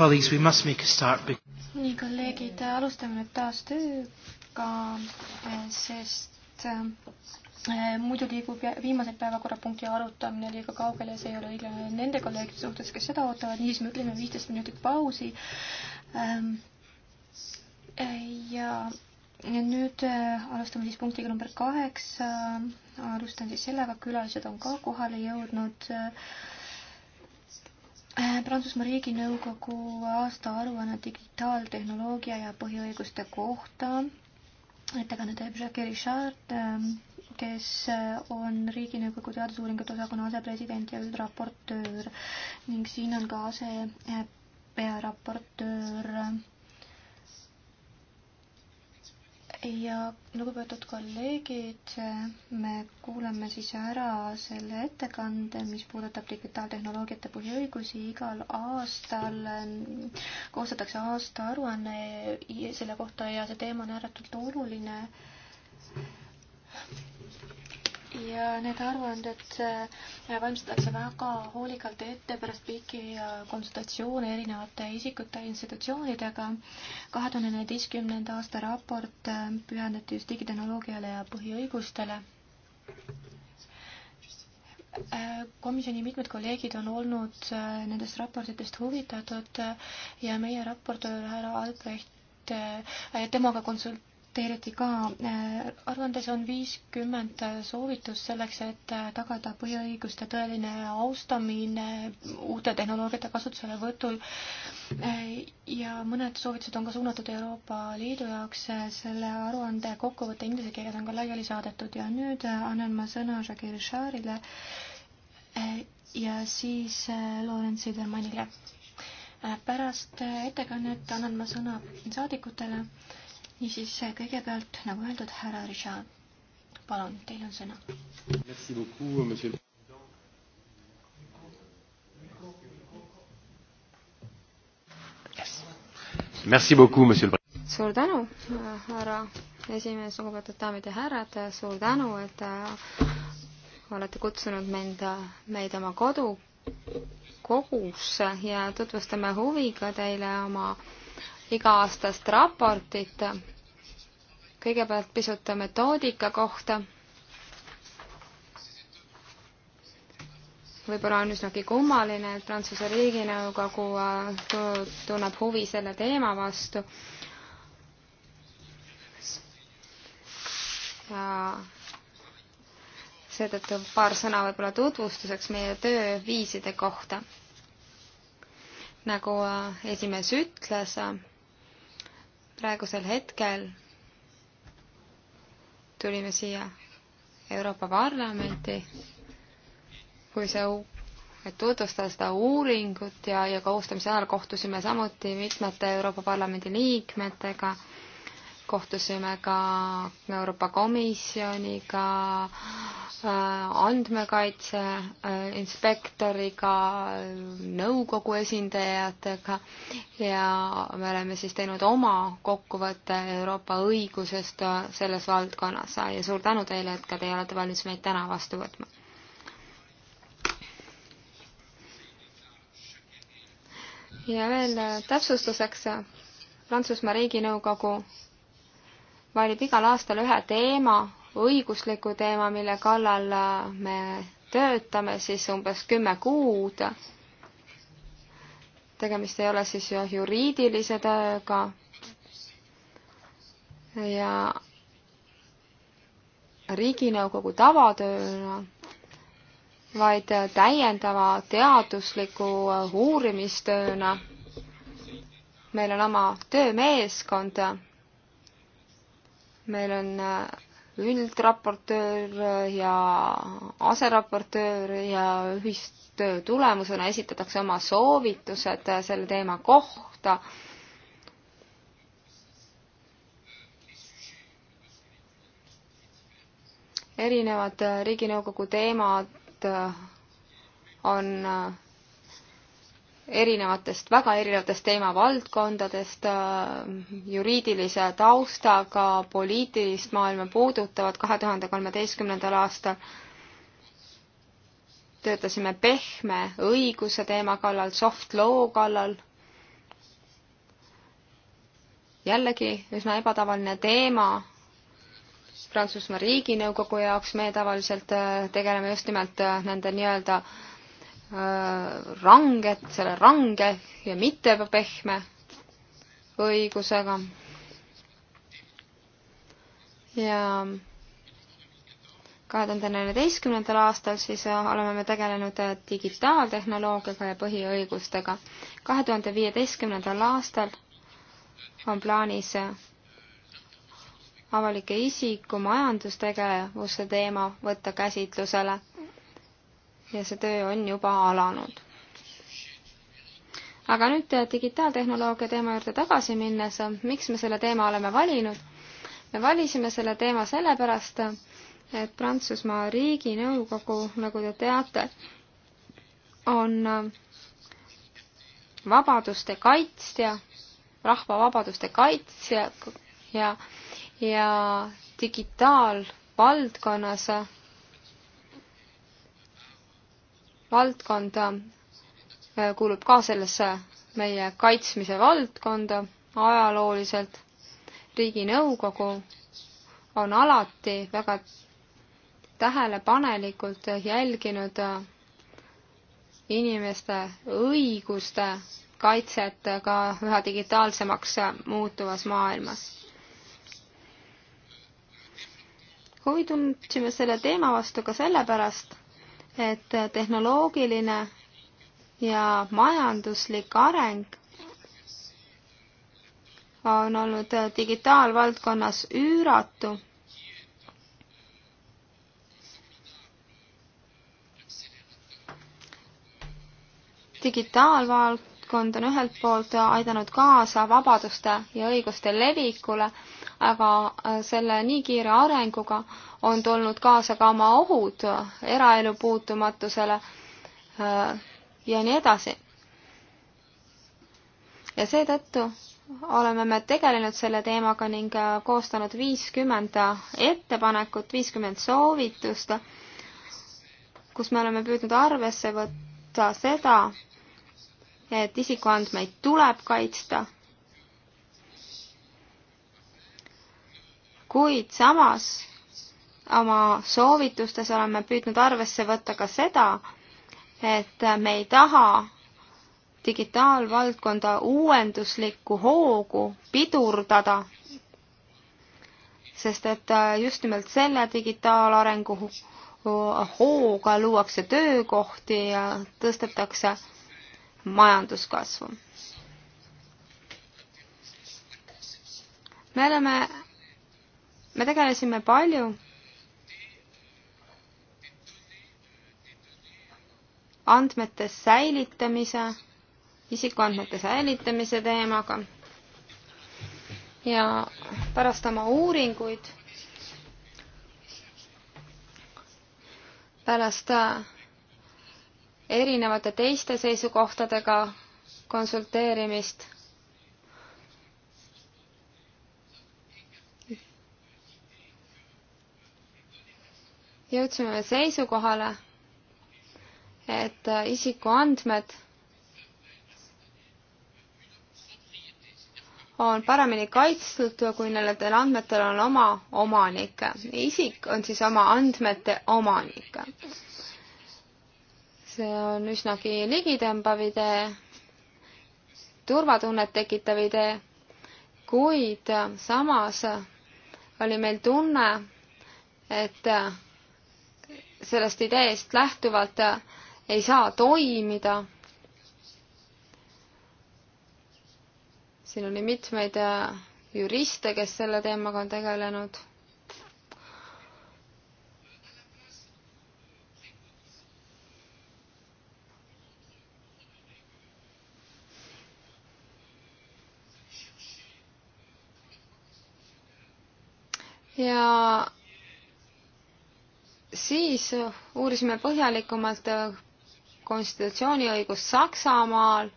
Colleagues, we must make a start. nii, kolleegid, alustame nüüd taas tööga, sest äh, muidu liigub viimase päevakorrapunkti arutamine liiga kaugele ja see ei ole õiglane nende kolleegide suhtes, kes seda ootavad, niisiis me ütleme viisteist minutit pausi. ja ähm, ja nüüd äh, alustame siis punktiga number kaheksa. alustan siis sellega, külalised on ka kohale jõudnud äh, Äh, Prantsusmaa Riiginõukogu aastaaruanne digitaaltehnoloogia ja põhiõiguste kohta. ettekanne teeb Jacques Richard, ähm, kes äh, on Riiginõukogu teadusuuringute osakonna asepresident ja üldraportöör ning siin on ka ase pearaportöör ja lugupeetud kolleegid, me kuulame siis ära selle ettekande, mis puudutab digitaaltehnoloogiate põhiõigusi. igal aastal ähm, koostatakse aastaaruanne selle kohta ja see teema on ääretult oluline ja need aruanded äh, valmistatakse väga hoolikalt ette pärast pikki konsultatsioone erinevate isikute ja institutsioonidega. kahe tuhande neljateistkümnenda aasta raport äh, pühendati just digitehnoloogiale ja põhiõigustele. Äh, komisjoni mitmed kolleegid on olnud nendest raportitest huvitatud ja meie raportöör härra Albrecht, temaga konsult-, konsulteeriti ka. Äh, aruandes on viiskümmend soovitust selleks, et äh, tagada põhiõiguste tõeline austamine uute tehnoloogiate kasutuselevõtul. Äh, ja mõned soovitused on ka suunatud Euroopa Liidu jaoks. selle aruande kokkuvõte inglise keeles on ka laiali saadetud ja nüüd annan ma sõna Shakir Sharile ja siis Loren Sidermannile. pärast ettekannet annan ma sõna saadikutele niisiis kõigepealt, nagu öeldud, härra Richard, palun, teil on sõna. Merci beaucoup, monsieur le président. suur tänu, härra esimees, lugupeetud daamid ja härrad, suur tänu, et äh, olete kutsunud mind, äh, meid oma kodu kogusse ja tutvustame huviga teile oma äh, iga-aastast raportit. kõigepealt pisut metoodika kohta. võib-olla on üsnagi kummaline, et Prantsuse Riiginõukogu äh, tunneb huvi selle teema vastu. ja seetõttu paar sõna võib-olla tutvustuseks meie tööviiside kohta. nagu äh, esimees ütles, praegusel hetkel tulime siia Euroopa Parlamenti, kui see, et tutvustada seda uuringut ja, ja koostamise ajal kohtusime samuti mitmete Euroopa Parlamendi liikmetega kohtusime ka Euroopa Komisjoniga, äh, andmekaitse äh, inspektoriga, nõukogu esindajatega ja me oleme siis teinud oma kokkuvõtte Euroopa õigusest äh, selles valdkonnas ja suur tänu teile, et ka teie olete valmis meid täna vastu võtma. ja veel täpsustuseks Prantsusmaa Riiginõukogu valib igal aastal ühe teema, õigusliku teema, mille kallal äh, me töötame siis umbes kümme kuud. tegemist ei ole siis ju juriidilise tööga. ja riiginõukogu tavatööna, vaid täiendava teadusliku äh, uurimistööna. meil on oma töömeeskond meil on äh, üldraportöör äh, ja aseraportöör ja ühistöö tulemusena esitatakse oma soovitused äh, selle teema kohta. erinevad Riiginõukogu teemad on erinevatest, väga erinevatest teemavaldkondadest, äh, juriidilise taustaga, poliitilist maailma puudutavad, kahe tuhande kolmeteistkümnendal aastal töötasime pehme õiguse teema kallal, soft law kallal. jällegi üsna ebatavaline teema Prantsusmaa Riiginõukogu jaoks, me tavaliselt äh, tegeleme just nimelt äh, nende nii-öelda Äh, ranged, selle range ja mitte pehme õigusega. ja kahe tuhande neljateistkümnendal aastal siis oleme me tegelenud digitaaltehnoloogiaga ja põhiõigustega. kahe tuhande viieteistkümnendal aastal on plaanis avalike isiku majandustegevuse teema võtta käsitlusele ja see töö on juba alanud. aga nüüd digitaaltehnoloogia teema juurde tagasi minnes, miks me selle teema oleme valinud? me valisime selle teema sellepärast, et Prantsusmaa Riiginõukogu, nagu te teate, on vabaduste kaitsja, rahva vabaduste kaitsja ja, ja digitaalvaldkonnas valdkond äh, kuulub ka sellesse meie kaitsmise valdkonda ajalooliselt. riiginõukogu on alati väga tähelepanelikult jälginud äh, inimeste õiguste kaitset ka üha digitaalsemaks muutuvas maailmas. huvi tundsime selle teema vastu ka sellepärast, et tehnoloogiline ja majanduslik areng on olnud digitaalvaldkonnas üüratu digitaalvaldkond on ühelt poolt aidanud kaasa vabaduste ja õiguste levikule aga äh, selle nii kiire arenguga on tulnud kaasa ka oma ohud eraelu puutumatusele äh, ja nii edasi. ja seetõttu oleme me tegelenud selle teemaga ning äh, koostanud viiskümmend ettepanekut, viiskümmend soovitust, kus me oleme püüdnud arvesse võtta seda, et isikuandmeid tuleb kaitsta kuid samas oma soovitustes oleme püüdnud arvesse võtta ka seda, et me ei taha digitaalvaldkonda uuenduslikku hoogu pidurdada, sest et äh, just nimelt selle digitaalarengu hooga luuakse töökohti ja tõstetakse majanduskasvu. me oleme me tegelesime palju andmete säilitamise, isikuandmete säilitamise teemaga. ja pärast oma uuringuid, pärast äh, erinevate teiste seisukohtadega konsulteerimist jõudsime seisukohale, et äh, isikuandmed on paremini kaitstud, kui nendel andmetel on oma omanik. isik on siis oma andmete omanik. see on üsnagi ligitõmbav idee, turvatunnet tekitav idee, kuid samas oli meil tunne, et äh, sellest ideest lähtuvalt äh, ei saa toimida. siin oli mitmeid äh, juriste, kes selle teemaga on tegelenud. ja siis uurisime põhjalikumalt konstitutsiooniõigust Saksamaal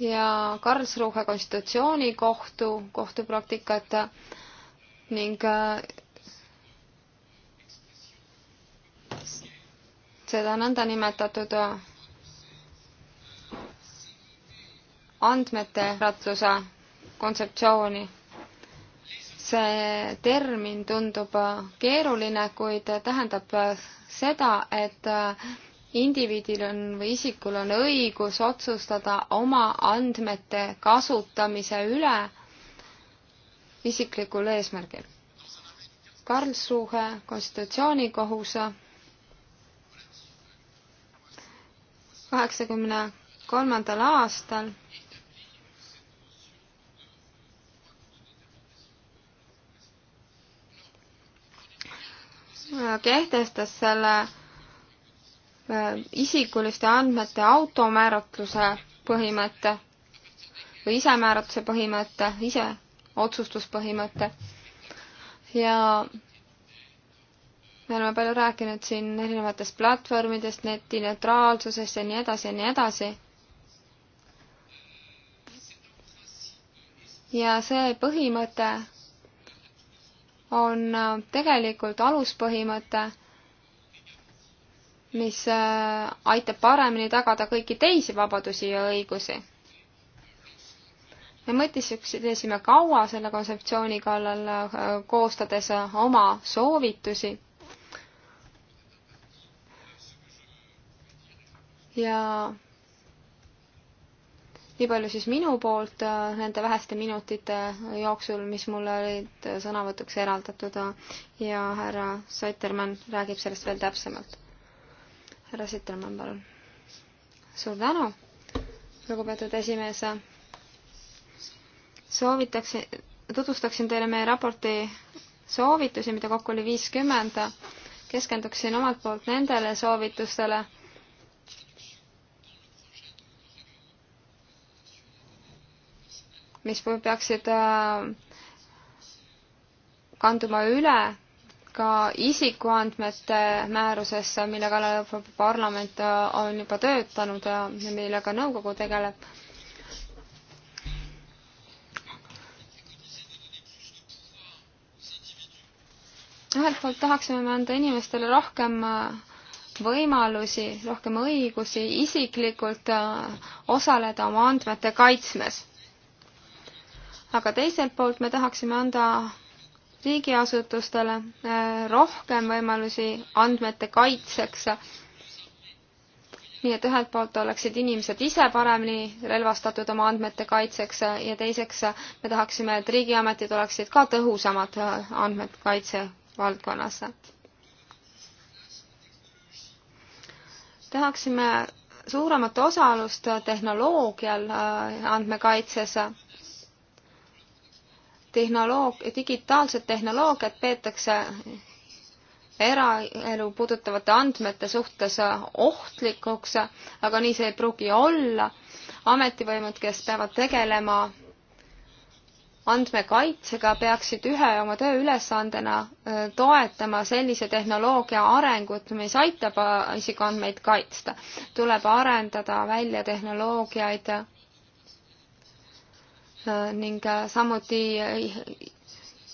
ja Karlsruhe konstitutsioonikohtu kohtupraktikat ning äh, seda nõndanimetatud andmete ratluse kontseptsiooni see termin tundub äh, keeruline, kuid tähendab äh, seda, et äh, indiviidil on või isikul on õigus otsustada oma andmete kasutamise üle isiklikul eesmärgil. Karlsruhe konstitutsioonikohus kaheksakümne kolmandal aastal kehtestas selle äh, isikuliste andmete automääratluse põhimõtte või isemääratuse põhimõtte, iseotsustuspõhimõtte. ja me oleme palju rääkinud siin erinevatest platvormidest, netineutraalsusest ja nii edasi ja nii edasi. ja see põhimõte on äh, tegelikult aluspõhimõte, mis äh, aitab paremini tagada kõiki teisi vabadusi ja õigusi. me mõtisklesime kaua selle kontseptsiooni kallal, äh, koostades oma soovitusi. ja nii palju siis minu poolt äh, nende väheste minutite jooksul, mis mulle olid sõnavõtuks eraldatud ja härra Soitermann räägib sellest veel täpsemalt. härra Soitermann, palun. suur tänu, lugupeetud esimees. soovitaksin, tutvustaksin teile meie raporti soovitusi, mida kokku oli viiskümmend. keskenduksin omalt poolt nendele soovitustele mis peaksid äh, kanduma üle ka isikuandmete määrusesse, mille kallal Euroopa Parlament äh, on juba töötanud ja millega nõukogu tegeleb ühelt poolt tahaksime me anda inimestele rohkem äh, võimalusi, rohkem õigusi isiklikult osaleda oma andmete kaitsmes aga teiselt poolt me tahaksime anda riigiasutustele äh, rohkem võimalusi andmete kaitseks. nii et ühelt poolt oleksid inimesed ise paremini relvastatud oma andmete kaitseks ja teiseks me tahaksime, et riigiametid oleksid ka tõhusamad äh, andmete kaitse valdkonnas. tahaksime suuremat osalust tehnoloogial äh, andmekaitses tehnoloog-, digitaalset tehnoloogiat peetakse eraelu puudutavate andmete suhtes ohtlikuks, aga nii see ei pruugi olla. ametivõimud, kes peavad tegelema andmekaitsega, peaksid ühe oma tööülesandena toetama sellise tehnoloogia arengut, mis aitab isikuandmeid kaitsta. tuleb arendada välja tehnoloogiaid ning äh, samuti äh,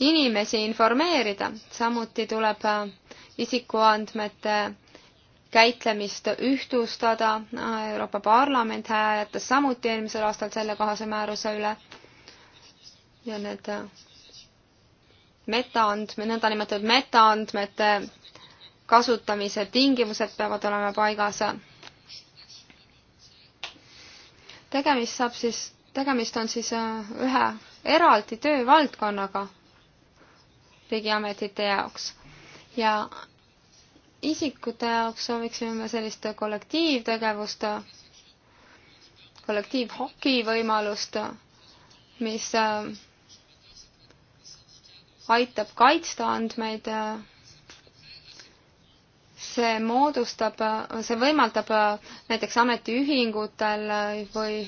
inimesi informeerida, samuti tuleb äh, isikuandmete käitlemist ühtlustada, Euroopa Parlament hääletas samuti eelmisel aastal sellekohase määruse üle ja need metaandmed, nõndanimetatud metaandmete kasutamise tingimused peavad olema paigas. tegemist saab siis tegemist on siis äh, ühe eraldi töövaldkonnaga riigiametite jaoks ja isikute jaoks sooviksime me sellist kollektiivtegevust, kollektiivhoki võimalust, mis äh, aitab kaitsta andmeid. Äh, see moodustab, see võimaldab näiteks ametiühingutel või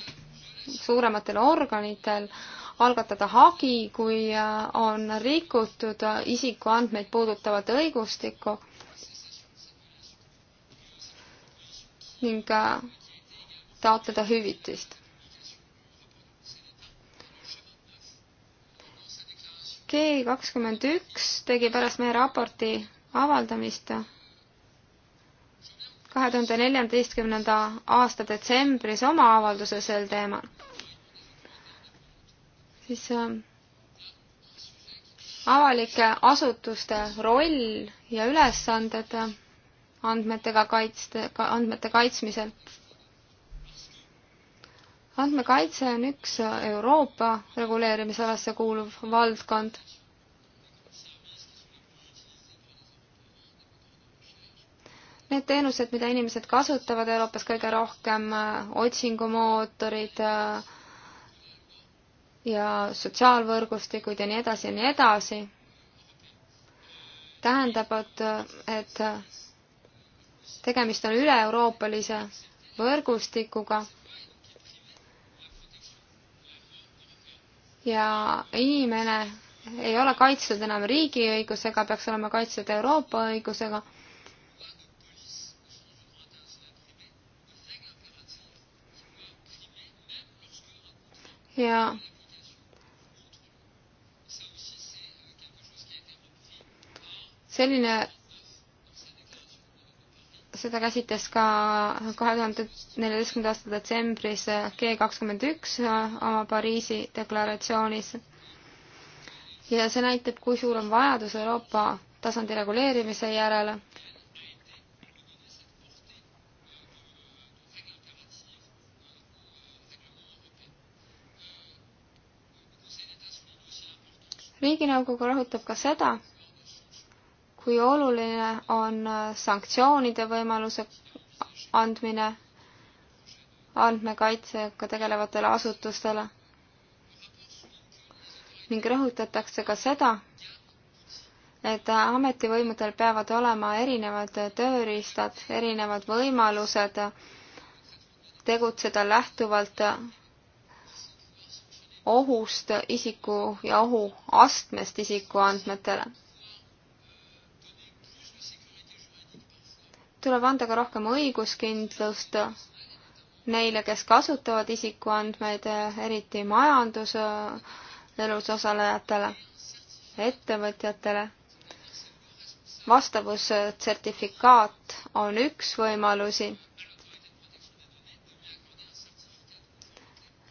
suurematel organitel algatada hagi, kui äh, on rikutud isikuandmeid puudutavat õigustikku ning äh, taotleda hüvitist. G kakskümmend üks tegi pärast meie raporti avaldamist kahe tuhande neljateistkümnenda aasta detsembris oma avalduse sel teemal, siis äh, avalike asutuste roll ja ülesanded äh, andmetega kaitste, andmete kaitsmisel. andmekaitse on üks äh, Euroopa reguleerimisalasse kuuluv valdkond Need teenused, mida inimesed kasutavad Euroopas kõige rohkem, äh, otsingumootorid äh, ja sotsiaalvõrgustikud ja nii edasi ja nii edasi, tähendavad, äh, et tegemist on üle-euroopalise võrgustikuga ja inimene ei ole kaitstud enam riigiõigusega, peaks olema kaitstud Euroopa õigusega ja selline, seda käsitles ka kahe tuhande neljateistkümnenda aasta detsembris G kakskümmend üks oma Pariisi deklaratsioonis. ja see näitab, kui suur on vajadus Euroopa tasandi reguleerimise järele riiginõukogu rõhutab ka seda, kui oluline on äh, sanktsioonide võimaluse andmine andmekaitsega tegelevatele asutustele ning rõhutatakse ka seda, et ametivõimudel peavad olema erinevad tööriistad, erinevad võimalused tegutseda lähtuvalt ohust isiku ja ohuastmest isikuandmetele. tuleb anda ka rohkem õiguskindlust neile, kes kasutavad isikuandmeid, eriti majanduselus osalejatele, ettevõtjatele. vastavussertifikaat on üks võimalusi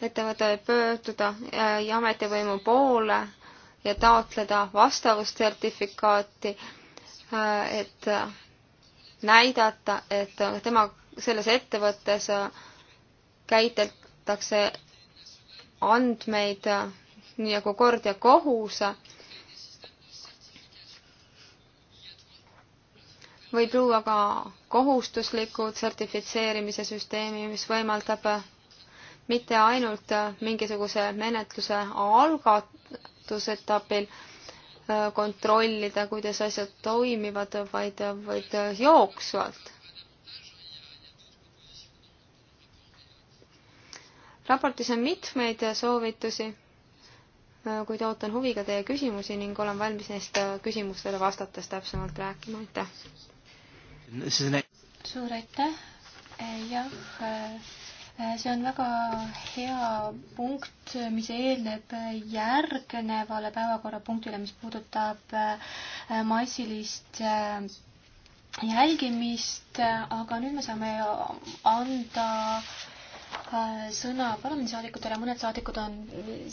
ettevõte võib pöörduda äh, ametivõimu poole ja taotleda vastavussertifikaati, äh, et äh, näidata, et tema selles ettevõttes käideldakse andmeid nii nagu kord ja kohus. võib luua ka kohustusliku sertifitseerimise süsteemi, mis võimaldab mitte ainult äh, mingisuguse menetluse algatusetapil äh, kontrollida, kuidas asjad toimivad, vaid, äh, vaid jooksvalt. raportis on mitmeid soovitusi, kuid ootan huviga teie küsimusi ning olen valmis neist küsimustele vastates täpsemalt rääkima, aitäh! suur aitäh, jah Äh, see on väga hea punkt, mis eelneb järgnevale päevakorrapunktile, mis puudutab äh, massilist äh, jälgimist, aga nüüd me saame anda sõna parlamendisaadikutele, mõned saadikud on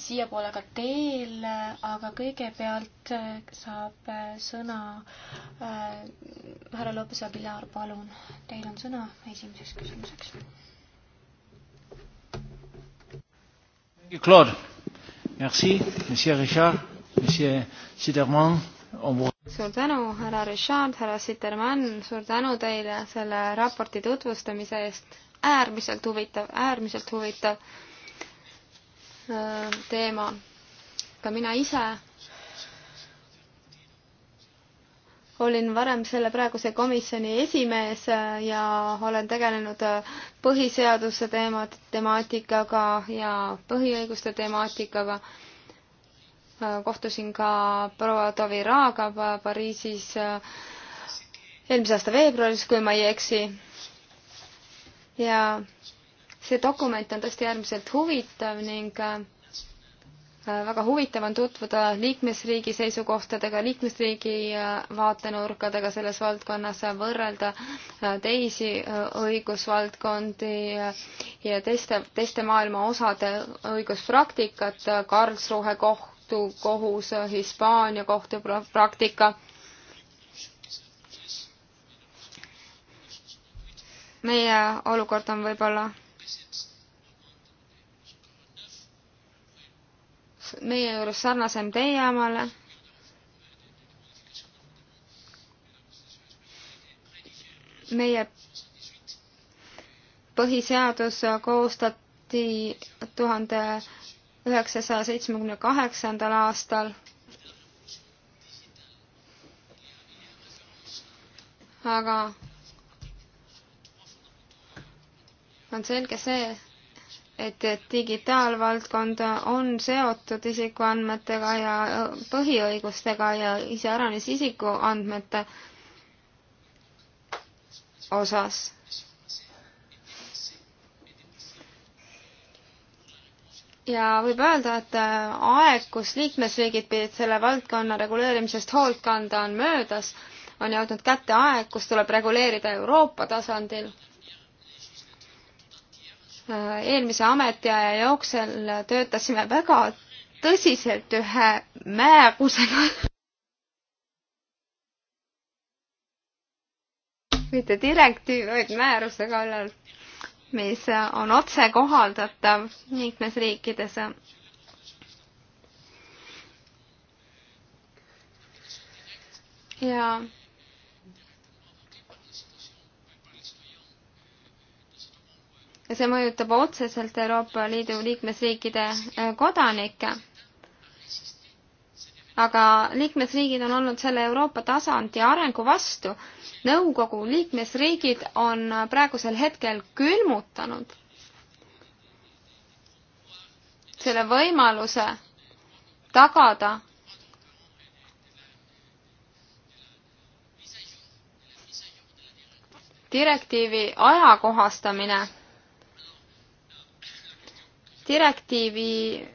siiapoole ka teel, aga kõigepealt saab sõna härra Lopes Aguilar, palun, teil on sõna esimeseks küsimuseks Claude, merci, monsieur Richard, monsieur Sidermann. suur tänu, härra Richard, härra Sidermann, suur tänu teile selle raporti tutvustamise eest. äärmiselt huvitav, äärmiselt huvitav äh, teema. ka mina ise olin varem selle praeguse komisjoni esimees äh, ja olen tegelenud äh, põhiseaduse teema, temaatikaga ja põhiõiguste temaatikaga. Äh, kohtusin ka proua Toviraga Pariisis eelmise aasta veebruaris, kui ma ei eksi. ja see dokument on tõesti äärmiselt huvitav ning Äh, väga huvitav on tutvuda liikmesriigi seisukohtadega, liikmesriigi äh, vaatenurkadega selles valdkonnas, võrrelda äh, teisi õigusvaldkondi ja teiste, teiste maailma osade õiguspraktikat, Karlsruhe kohtu, kohus, Hispaania kohtupraktika meie olukord on võib-olla meie juures sarnasem teie omale. meie põhiseadus koostati tuhande üheksasaja seitsmekümne kaheksandal aastal. aga on selge see, et digitaalvaldkond on seotud isikuandmetega ja põhiõigustega ja iseäranis isikuandmete osas. ja võib öelda, et aeg, kus liikmesriigid pidid selle valdkonna reguleerimisest hoolt kanda, on möödas, on jõudnud kätte aeg, kus tuleb reguleerida Euroopa tasandil eelmise ametiaja jooksul töötasime väga tõsiselt ühe määrusega. mitte direktiivi, vaid määruse kallal, mis on otsekohaldatav liikmesriikides ja ja see mõjutab otseselt Euroopa Liidu liikmesriikide äh, kodanikke. aga liikmesriigid on olnud selle Euroopa tasandi arengu vastu. nõukogu liikmesriigid on äh, praegusel hetkel külmutanud selle võimaluse tagada direktiivi ajakohastamine direktiivi,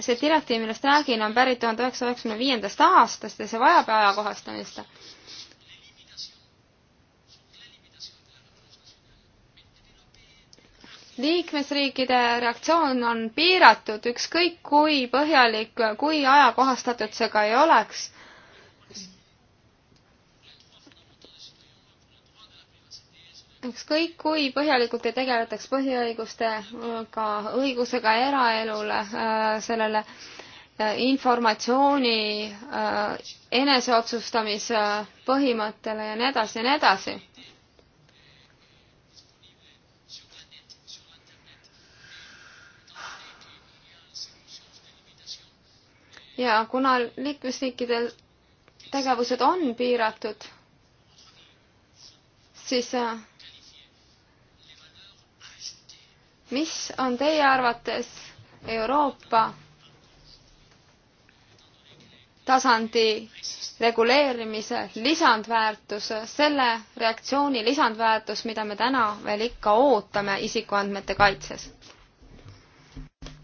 see direktiiv, millest räägin, on pärit tuhande üheksasaja üheksakümne viiendast aastast ja see vajab ajakohastamist. liikmesriikide reaktsioon on piiratud, ükskõik kui põhjalik, kui ajakohastatud see ka ei oleks ükskõik kui põhjalikult ei tegeletaks põhiõigustega, õigusega eraelule, äh, sellele äh, informatsiooni äh, eneseotsustamise põhimõttele ja nii edasi ja nii edasi. ja kuna liikmesriikidel tegevused on piiratud, siis mis on teie arvates Euroopa tasandi reguleerimise lisandväärtus, selle reaktsiooni lisandväärtus, mida me täna veel ikka ootame isikuandmete kaitses?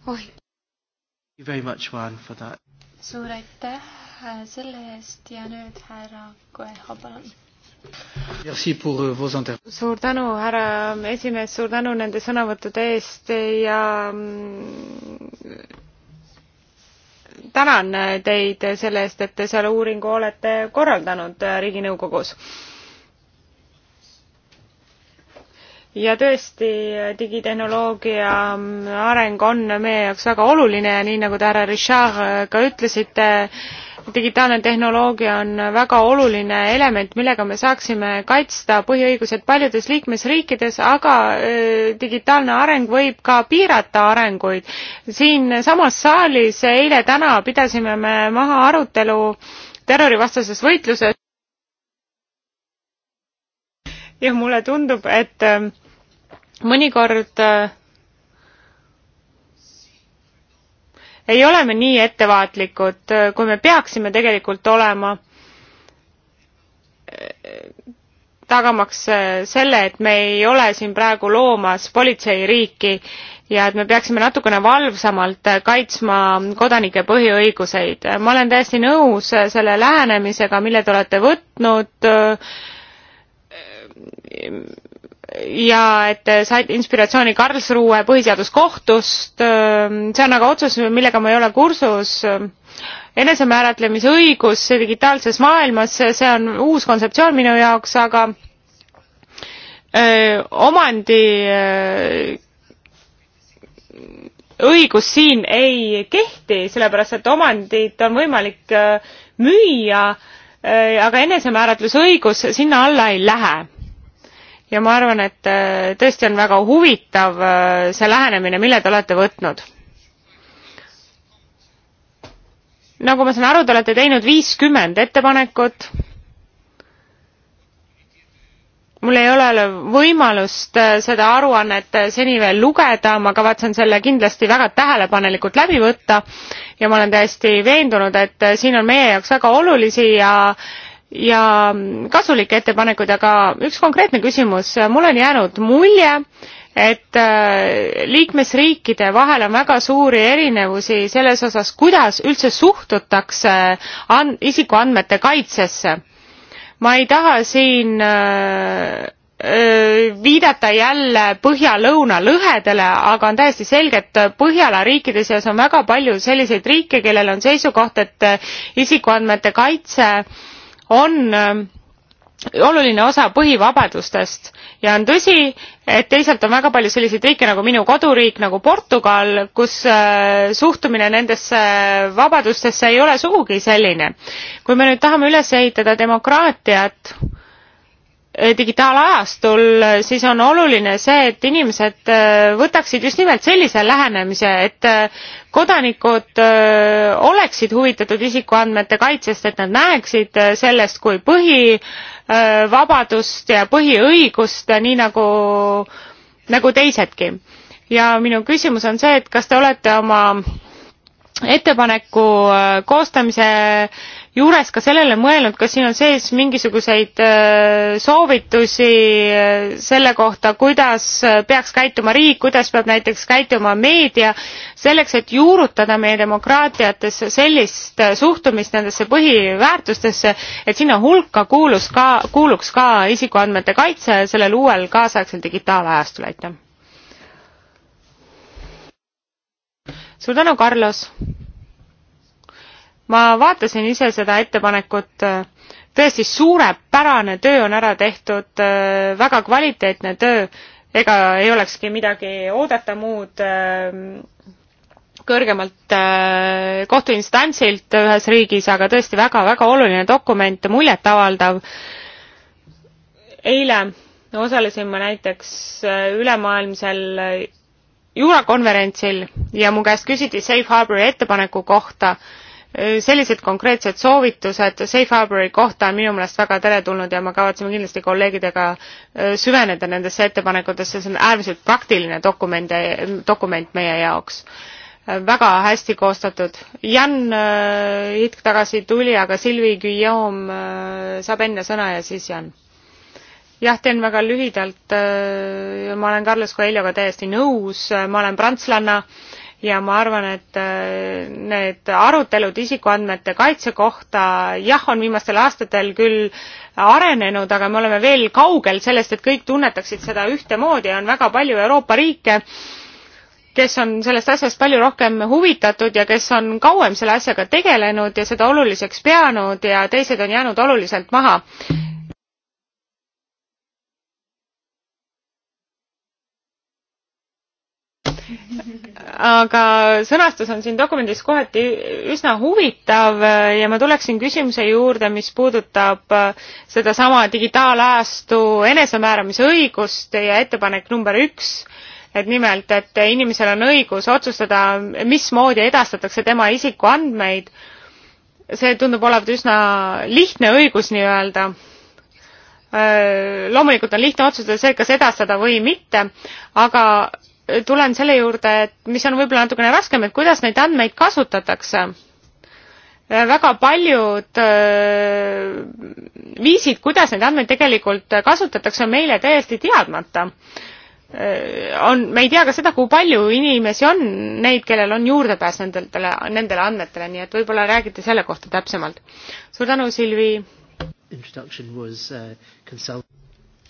oih. suur aitäh äh, selle eest ja nüüd härra Koeha, palun Euh, suur tänu, härra esimees, suur tänu nende sõnavõttude eest ja mm, tänan teid selle eest, et te selle uuringu olete korraldanud äh, Riiginõukogus. ja tõesti, äh, digitehnoloogia mm, areng on meie jaoks väga oluline ja nii nagu te, härra Richard, äh, ka ütlesite, digitaalne tehnoloogia on väga oluline element, millega me saaksime kaitsta põhiõigused paljudes liikmesriikides, aga digitaalne areng võib ka piirata arenguid. siinsamas saalis eile-täna pidasime me maha arutelu terrorivastases võitluses. ja mulle tundub, et mõnikord ei ole me nii ettevaatlikud, kui me peaksime tegelikult olema, tagamaks selle, et me ei ole siin praegu loomas politseiriiki ja et me peaksime natukene valvsamalt kaitsma kodanike põhiõiguseid. ma olen täiesti nõus selle lähenemisega, mille te olete võtnud ja et said inspiratsiooni Karlsruhe põhiseaduskohtust, see on aga otsus, millega ma ei ole kursus. enesemääratlemisõigus digitaalses maailmas, see on uus kontseptsioon minu jaoks, aga öö, omandi öö, õigus siin ei kehti, sellepärast et omandit on võimalik öö, müüa, aga enesemääratlusõigus sinna alla ei lähe ja ma arvan, et äh, tõesti on väga huvitav äh, see lähenemine, mille te olete võtnud. nagu ma saan aru, te olete teinud viiskümmend ettepanekut. mul ei ole võimalust äh, seda aruannet seni veel lugeda, ma kavatsen selle kindlasti väga tähelepanelikult läbi võtta ja ma olen täiesti veendunud, et siin on meie jaoks väga olulisi ja ja kasulikke ettepanekuid, aga üks konkreetne küsimus, mul on jäänud mulje, et äh, liikmesriikide vahel on väga suuri erinevusi selles osas, kuidas üldse suhtutakse an-, isikuandmete kaitsesse. ma ei taha siin öö, äh, äh, viidata jälle põhja-lõuna lõhedele, aga on täiesti selge, et Põhjala riikide seas on väga palju selliseid riike, kellel on seisukoht, et isikuandmete kaitse äh, on ähm, oluline osa põhivabadustest ja on tõsi, et teisalt on väga palju selliseid riike nagu minu koduriik nagu Portugal, kus äh, suhtumine nendesse vabadustesse ei ole sugugi selline. kui me nüüd tahame üles ehitada demokraatiat, Äh, digitaalajastul, äh, siis on oluline see, et inimesed äh, võtaksid just nimelt sellise lähenemise, et kodanikud oleksid huvitatud isikuandmete kaitsest, et nad näeksid sellest kui põhivabadust ja põhiõigust, nii nagu, nagu teisedki. ja minu küsimus on see, et kas te olete oma ettepaneku koostamise juures ka sellele mõelnud, kas siin on sees mingisuguseid äh, soovitusi äh, selle kohta, kuidas äh, peaks käituma riik, kuidas peab näiteks käituma meedia, selleks, et juurutada meie demokraatiatesse sellist suhtumist nendesse põhiväärtustesse, et sinna hulka kuulus ka, kuuluks ka isikuandmete kaitse sellel uuel kaasaegsel digitaalajastul, aitäh! suur tänu, Carlos! ma vaatasin ise seda ettepanekut, tõesti suurepärane töö on ära tehtud, väga kvaliteetne töö, ega ei olekski midagi oodata muud kõrgemalt äh, kohtuinstantsilt ühes riigis, aga tõesti väga-väga oluline dokument, muljetavaldav. eile osalesin ma näiteks äh, ülemaailmsel äh, juurakonverentsil ja mu käest küsiti Safe Harbori ettepaneku kohta Äh, sellised konkreetsed soovitused Safe Harbori kohta on minu meelest väga teretulnud ja me kavatseme kindlasti kolleegidega äh, süveneda nendesse ettepanekutesse, see on äärmiselt praktiline dokument, dokument meie jaoks. Äh, väga hästi koostatud. Jan hetk tagasi tuli, aga Silvi Guillaume saab enne sõna ja siis Jan jah, teen väga lühidalt, ma olen Carlos Coelhoga täiesti nõus, ma olen prantslanna äh, ja ma arvan, et äh, need arutelud isikuandmete kaitse kohta jah, on viimastel aastatel küll arenenud, aga me oleme veel kaugel sellest, et kõik tunnetaksid seda ühtemoodi ja on väga palju Euroopa riike, kes on sellest asjast palju rohkem huvitatud ja kes on kauem selle asjaga tegelenud ja seda oluliseks peanud ja teised on jäänud oluliselt maha. aga sõnastus on siin dokumendis kohati üsna huvitav ja ma tuleksin küsimuse juurde, mis puudutab äh, sedasama digitaalajastu enesemääramise õigust ja ettepanek number üks, et nimelt, et inimesel on õigus otsustada, mismoodi edastatakse tema isikuandmeid. see tundub olevat üsna lihtne õigus nii-öelda äh, loomulikult on lihtne otsustada see, kas edastada või mitte, aga tulen selle juurde, et mis on võib-olla natukene raskem, et kuidas neid andmeid kasutatakse. väga paljud äh, viisid, kuidas neid andmeid tegelikult kasutatakse, on meile täiesti teadmata äh, on, me ei tea ka seda, kui palju inimesi on neid, kellel on juurdepääs nendele, nendele andmetele, nii et võib-olla räägite selle kohta täpsemalt. suur tänu, Silvi!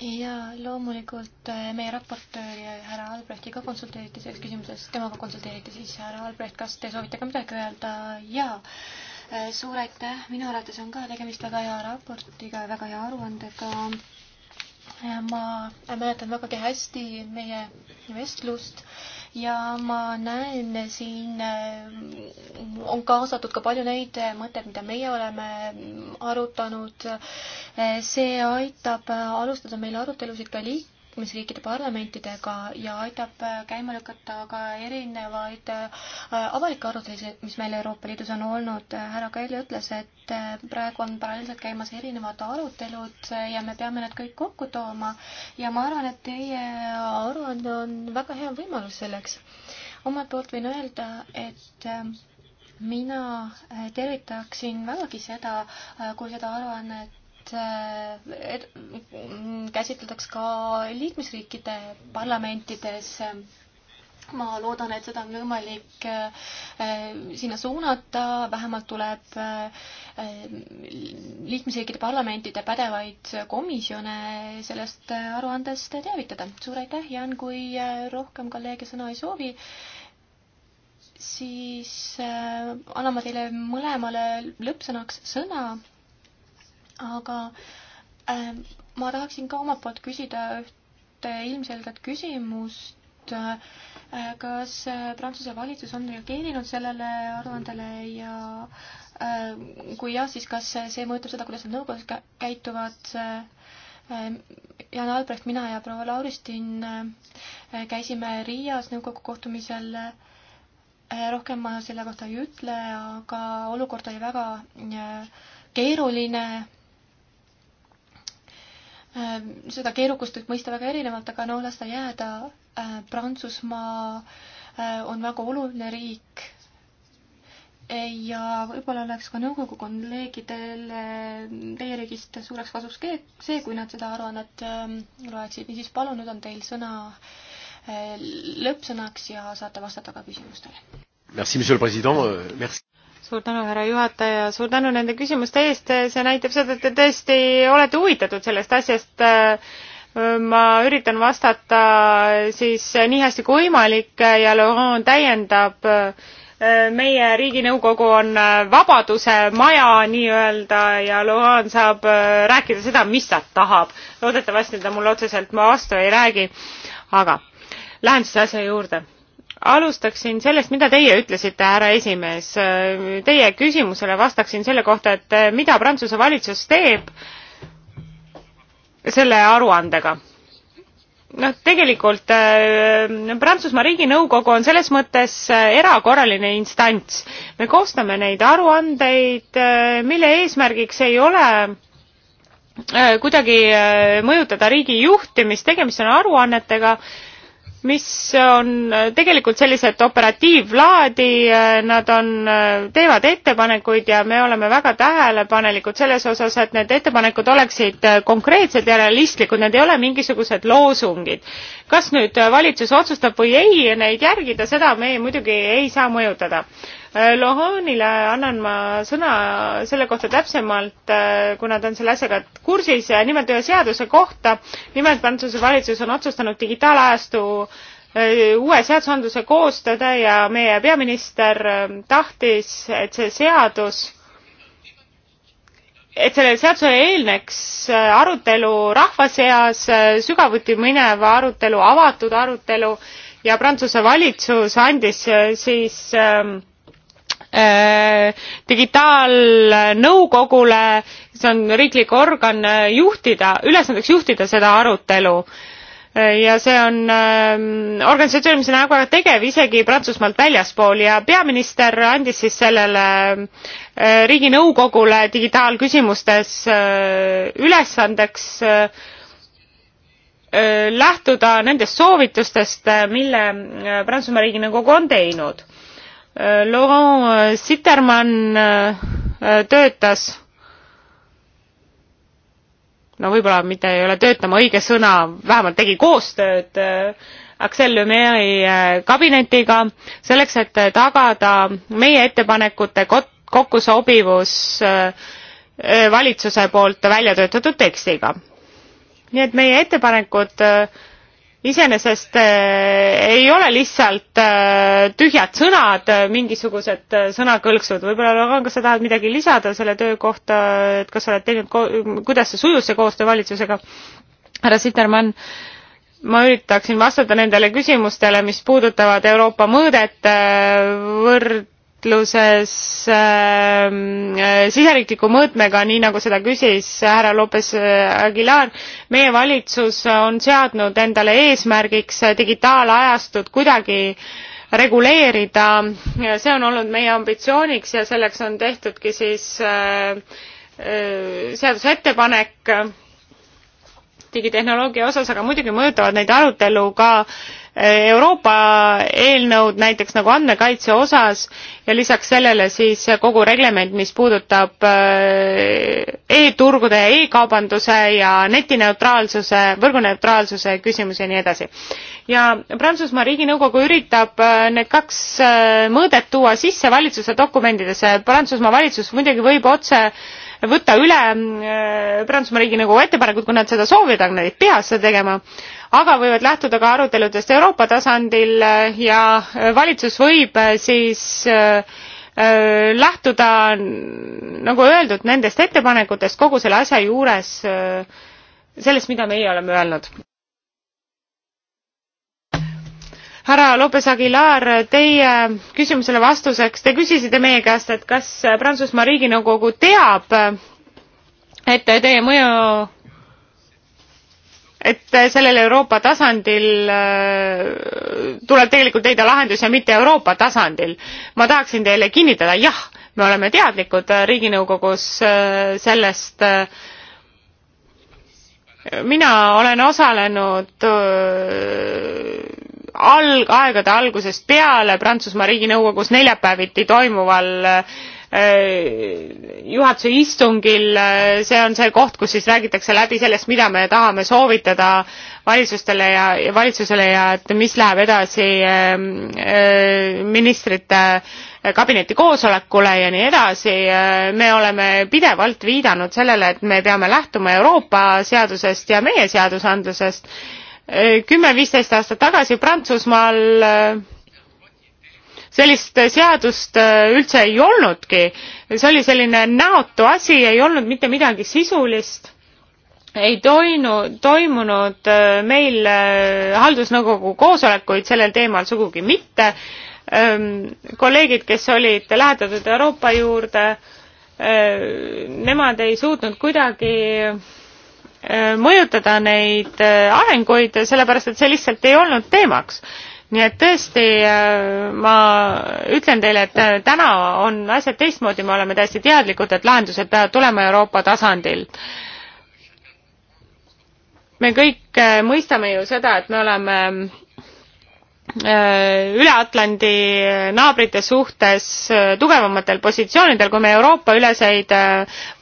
ja loomulikult äh, meie raportööri härra Albrechtiga konsulteeriti selles küsimuses, temaga konsulteeriti siis härra Albrecht, kas te soovite ka midagi öelda? jaa, äh, suur aitäh, minu arvates on ka tegemist väga hea raportiga, väga hea aruandega. Äh, ma mäletan vägagi hästi meie vestlust äh, ja ma näen siin, äh, on kaasatud ka palju neid mõtteid, mida meie oleme mm, arutanud. Äh, see aitab äh, alustada meil arutelusid ka liik-, liikmesriikide parlamentidega ja aitab äh, käima lükata ka erinevaid äh, avalikke arutlusid, mis meil Euroopa Liidus on olnud. härra Kaili ütles, et äh, praegu on paralleelselt käimas erinevad arutelud ja me peame need kõik kokku tooma ja ma arvan, et teie aruanne on väga hea võimalus selleks. omalt poolt võin öelda, et mina tervitaksin vägagi seda, kui seda aruannet et käsitletakse ka liikmesriikide parlamentides ma loodan, et seda on võimalik eh, sinna suunata, vähemalt tuleb eh, liikmesriikide parlamentide pädevaid komisjone sellest aruandest teavitada. suur aitäh, Jan, kui eh, rohkem kolleege sõna ei soovi, siis anname teile mõlemale lõppsõnaks sõna aga äh, ma tahaksin ka omalt poolt küsida ühte ilmselget küsimust. Äh, kas äh, Prantsuse valitsus on reageerinud sellele aruandele ja äh, kui jah, siis kas see mõjutab seda, kuidas nad nõukogus käituvad äh,? Jaan Albrecht, mina ja proua Lauristin äh, käisime Riias nõukogu kohtumisel rohkem ma selle kohta ei ütle, aga olukord oli väga keeruline. Ähm, seda keerukust võib mõista väga erinevalt, aga no las ta jääda. Äh, Prantsusmaa äh, on väga oluline riik ja võib-olla oleks ka nõukogu kolleegidel teie riigist suureks kasuks see, kui nad seda aruannet ähm, loeksid. niisiis, palun, nüüd on teil sõna äh, lõppsõnaks ja saate vastata ka küsimustele. Merci, monsieur le president, merci suur tänu, härra juhataja, suur tänu nende küsimuste eest, see näitab seda, et te tõesti olete huvitatud sellest asjast. ma üritan vastata siis nii hästi kui võimalik ja Laurent täiendab. meie Riiginõukogu on Vabaduse maja nii-öelda ja Laurent saab rääkida seda, mis ta tahab. loodetavasti ta mulle otseselt vastu ei räägi, aga lähen siis asja juurde alustaksin sellest, mida teie ütlesite, härra esimees. Teie küsimusele vastaksin selle kohta, et mida Prantsuse valitsus teeb selle aruandega? noh, tegelikult äh, Prantsusmaa Riiginõukogu on selles mõttes äh, erakorraline instants. me koostame neid aruandeid, äh, mille eesmärgiks ei ole kuidagi mõjutada riigi juhtimist, tegemist on aruannetega, mis on äh, tegelikult sellised operatiivlaadi, äh, nad on, äh, teevad ettepanekuid ja me oleme väga tähelepanelikud selles osas, et need ettepanekud oleksid konkreetsed ja realistlikud, need ei ole mingisugused loosungid. kas nüüd valitsus otsustab või ei neid järgida, seda me muidugi ei saa mõjutada. Äh, Lohanile annan ma sõna selle kohta täpsemalt, äh, kuna ta on selle asjaga kursis, nimelt ühe seaduse kohta. nimelt Prantsuse valitsus on otsustanud digitaalajastu äh, uue seadusandluse koostada ja meie peaminister tahtis, et see seadus et sellele seadusele eelneks arutelu rahva seas, sügavuti minev arutelu, avatud arutelu ja Prantsuse valitsus andis siis äh, Äh, digitaalnõukogule see on riiklik organ äh, juhtida ülesandeks juhtida seda arutelu äh, ja see on ähm, organisatsioon mis on väga tegev isegi prantsusmaalt väljaspool ja peaminister andis siis sellele riiginõukogule digitaalküsimustes ülesandeks lähtuda nendest soovitustest mille prantsusmaa riiginõukogu on teinud Äh, Laurent äh, Sittermann äh, töötas no võib-olla mitte ei ole töötama õige sõna, vähemalt tegi koostööd Axel Lumeri kabinetiga selleks, et tagada meie ettepanekute kokkusobivus valitsuse poolt välja töötatud tekstiga. nii et meie ettepanekud äh, iseenesest äh, ei ole lihtsalt äh, tühjad sõnad, eh, mingisugused äh, sõnakõlksud, võib-olla Laurent, kas sa tahad midagi lisada selle töö kohta, et kas sa oled teinud ko, kuidas see sujus, see koostöö valitsusega? härra Sittermann, ma üritaksin vastata nendele küsimustele, mis puudutavad Euroopa mõõdet, võrd-, menetluses ähm, äh, siseriikliku mõõtmega, nii nagu seda küsis härra Lopez äh, Aguilar. meie valitsus on seadnud endale eesmärgiks äh, digitaalajastut kuidagi reguleerida, see on olnud meie ambitsiooniks ja selleks on tehtudki siis äh, äh, seadusettepanek digitehnoloogia osas, aga muidugi mõjutavad neid arutelu ka äh, Euroopa eelnõud näiteks nagu andmekaitse osas ja lisaks sellele siis kogu reglement, mis puudutab äh, e-turgude ja e-kaubanduse ja netineutraalsuse, võrguneutraalsuse küsimusi ja nii edasi. ja Prantsusmaa Riiginõukogu üritab äh, need kaks äh, mõõdet tuua sisse valitsuse dokumentidesse. Prantsusmaa valitsus muidugi võib otse võtta üle äh, Prantsusmaa Riigikogu nagu ettepanekud, kui nad seda soovivad, aga nad ei pea seda tegema, aga võivad lähtuda ka aruteludest Euroopa tasandil äh, ja äh, valitsus võib siis lähtuda, nagu öeldud, nendest ettepanekutest kogu selle asja juures, sellest, mida meie oleme öelnud. härra Lopez Aguilar, teie küsimusele vastuseks, te küsisite meie käest, et kas Prantsusmaa Riigikogu teab, et teie mõju, et sellel Euroopa tasandil äh, tuleb tegelikult leida lahendus ja mitte Euroopa tasandil. ma tahaksin teile kinnitada, jah, me oleme teadlikud Riigikogus äh, sellest äh, mina olen osalenud alg, aegade algusest peale Prantsusmaa Riiginõukogus neljapäeviti toimuval äh, juhatuse istungil, äh, see on see koht, kus siis räägitakse läbi sellest, mida me tahame soovitada valitsustele ja, ja valitsusele ja et mis läheb edasi ähm, äh, ministrite kabinetikoosolekule ja nii edasi. me oleme pidevalt viidanud sellele, et me peame lähtuma Euroopa seadusest ja meie seadusandlusest kümme-viisteist aastat tagasi Prantsusmaal äh, sellist seadust äh, üldse ei olnudki. see oli selline näotu asi, ei olnud mitte midagi sisulist. ei toinu, toimunud äh, meil haldusnõukogu koosolekuid sellel teemal sugugi mitte. Ähm, kolleegid, kes olid lähetatud Euroopa juurde, nemad ei suutnud kuidagi Äh, mõjutada neid äh, arenguid, sellepärast et see lihtsalt ei olnud teemaks. nii et tõesti, äh, ma ütlen teile, et täna on asjad teistmoodi, me oleme täiesti teadlikud, et lahendused peavad tulema Euroopa tasandil. me kõik mõistame ju seda, et me oleme Äh, üle Atlandi äh, naabrite suhtes äh, tugevamatel positsioonidel, kui me Euroopa-üleseid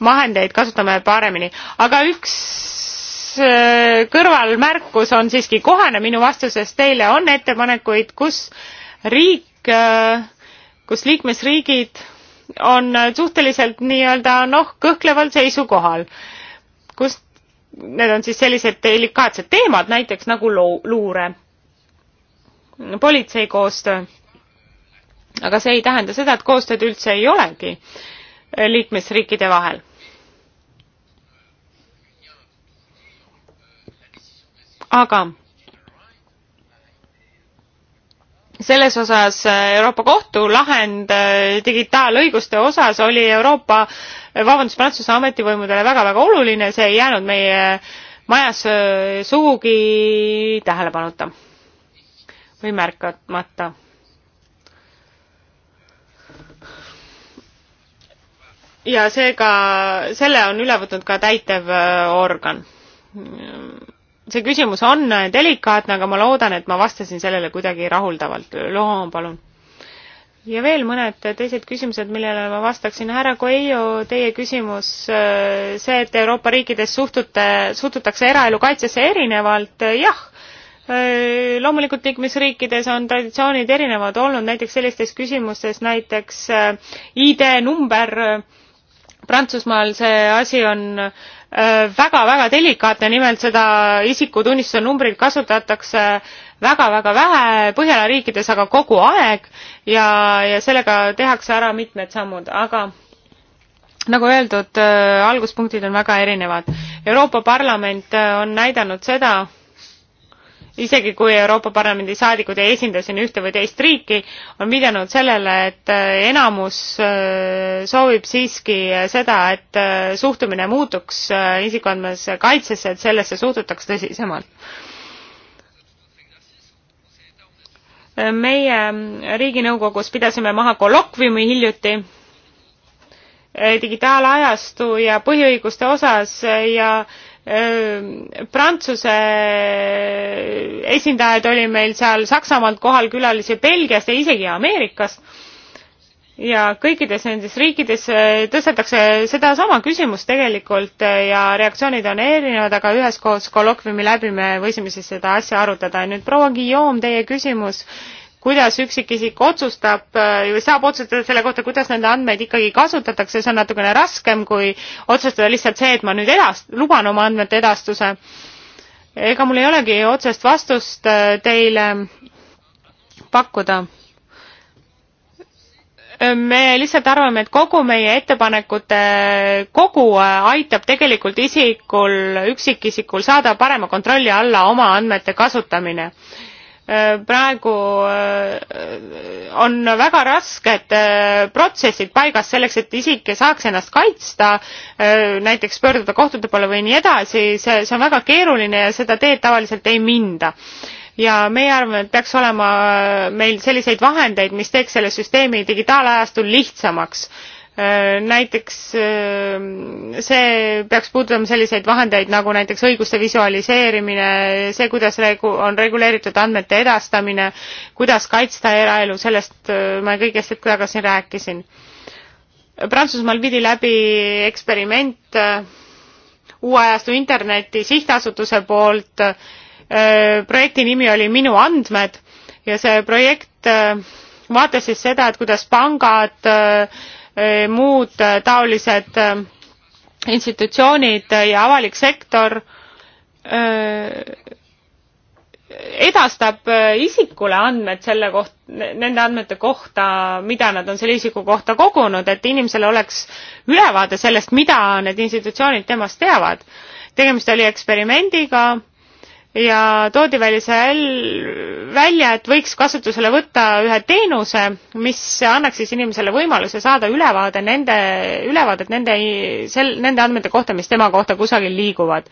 vahendeid kasutame paremini. aga üks kõrvalmärkus on siiski kohane minu vastuses teile, on ettepanekuid, kus riik, kus liikmesriigid on suhteliselt nii-öelda noh, kõhkleval seisukohal, kus need on siis sellised delikaatsed teemad, näiteks nagu loo-, luure politsei koostöö. aga see ei tähenda seda, et koostööd üldse ei olegi liikmesriikide vahel. aga selles osas Euroopa Kohtu lahend digitaalõiguste osas oli Euroopa, vabandust, Prantsuse ametivõimudele väga-väga oluline, see ei jäänud meie majas sugugi tähelepanuta või märkamata. ja seega selle on üle võtnud ka täitevorgan. Äh, see küsimus on äh, delikaatne, aga ma loodan, et ma vastasin sellele kuidagi rahuldavalt. Loom, palun ja veel mõned teised küsimused, millele ma vastaksin. härra Coelho, teie küsimus, äh, see, et Euroopa riikides suhtute, suhtutakse eraelu kaitsesse erinevalt, jah, loomulikult liikmesriikides on traditsioonid erinevad olnud, näiteks sellistes küsimustes näiteks äh, ID-number, Prantsusmaal see asi on väga-väga äh, delikaatne, nimelt seda isikutunnistuse numbrit kasutatakse väga-väga vähe Põhjala riikides, aga kogu aeg ja, ja sellega tehakse ära mitmed sammud, aga nagu öeldud, äh, alguspunktid on väga erinevad. Euroopa Parlament on näidanud seda, isegi kui Euroopa Parlamendi saadikud ei esinda siin ühte või teist riiki, on viidanud sellele, et äh, enamus äh, soovib siiski seda, et äh, suhtumine muutuks isikuandmese kaitsesse, et sellesse suhtutaks tõsisemalt. meie Riiginõukogus pidasime maha kolokviumi hiljuti digitaalajastu ja põhiõiguste osas ja äh, Prantsuse esindajaid oli meil seal Saksamaalt kohal külalisi Belgiast ja isegi Ameerikast. ja kõikides nendes riikides tõstetakse sedasama küsimust tegelikult ja reaktsioonid on erinevad, aga üheskoos kolokviumi läbi me võisime siis seda asja arutada. nüüd proua Guillaume, teie küsimus kuidas üksikisik otsustab äh, või saab otsustada selle kohta, kuidas nende andmeid ikkagi kasutatakse, see on natukene raskem kui otsustada lihtsalt see, et ma nüüd edast-, luban oma andmete edastuse. ega mul ei olegi otsest vastust äh, teile pakkuda. Äh, me lihtsalt arvame, et kogu meie ettepanekute kogu aitab tegelikult isikul, üksikisikul saada parema kontrolli alla oma andmete kasutamine Äh, praegu äh, on väga rasked äh, protsessid paigas selleks, et isik saaks ennast kaitsta, näiteks pöörduda kohtute poole või nii edasi, see, see on väga keeruline ja seda teed tavaliselt ei minda ja meie arvame, et peaks olema meil selliseid vahendeid, mis teeks selle süsteemi digitaalajastul lihtsamaks Äh, näiteks äh, see peaks puudutama selliseid vahendeid nagu näiteks õiguste visualiseerimine, see, kuidas regu-, on reguleeritud andmete edastamine, kuidas kaitsta eraelu, sellest äh, ma kõigest hetk tagasi rääkisin. Prantsusmaal viidi läbi eksperiment uue ajastu interneti sihtasutuse poolt, projekti nimi oli Minu andmed ja see projekt vaatas siis seda, et kuidas pangad äh, Eh, muud eh, taolised eh, institutsioonid ja avalik sektor edastab isikule andmed selle koht- nende andmete kohta mida nad on selle isiku kohta kogunud et inimesel oleks ülevaade sellest mida need institutsioonid temast teavad tegemist oli eksperimendiga ja toodi välja see välja, et võiks kasutusele võtta ühe teenuse, mis annaks siis inimesele võimaluse saada ülevaade nende, ülevaadet nende, sel-, nende andmete kohta, mis tema kohta kusagil liiguvad.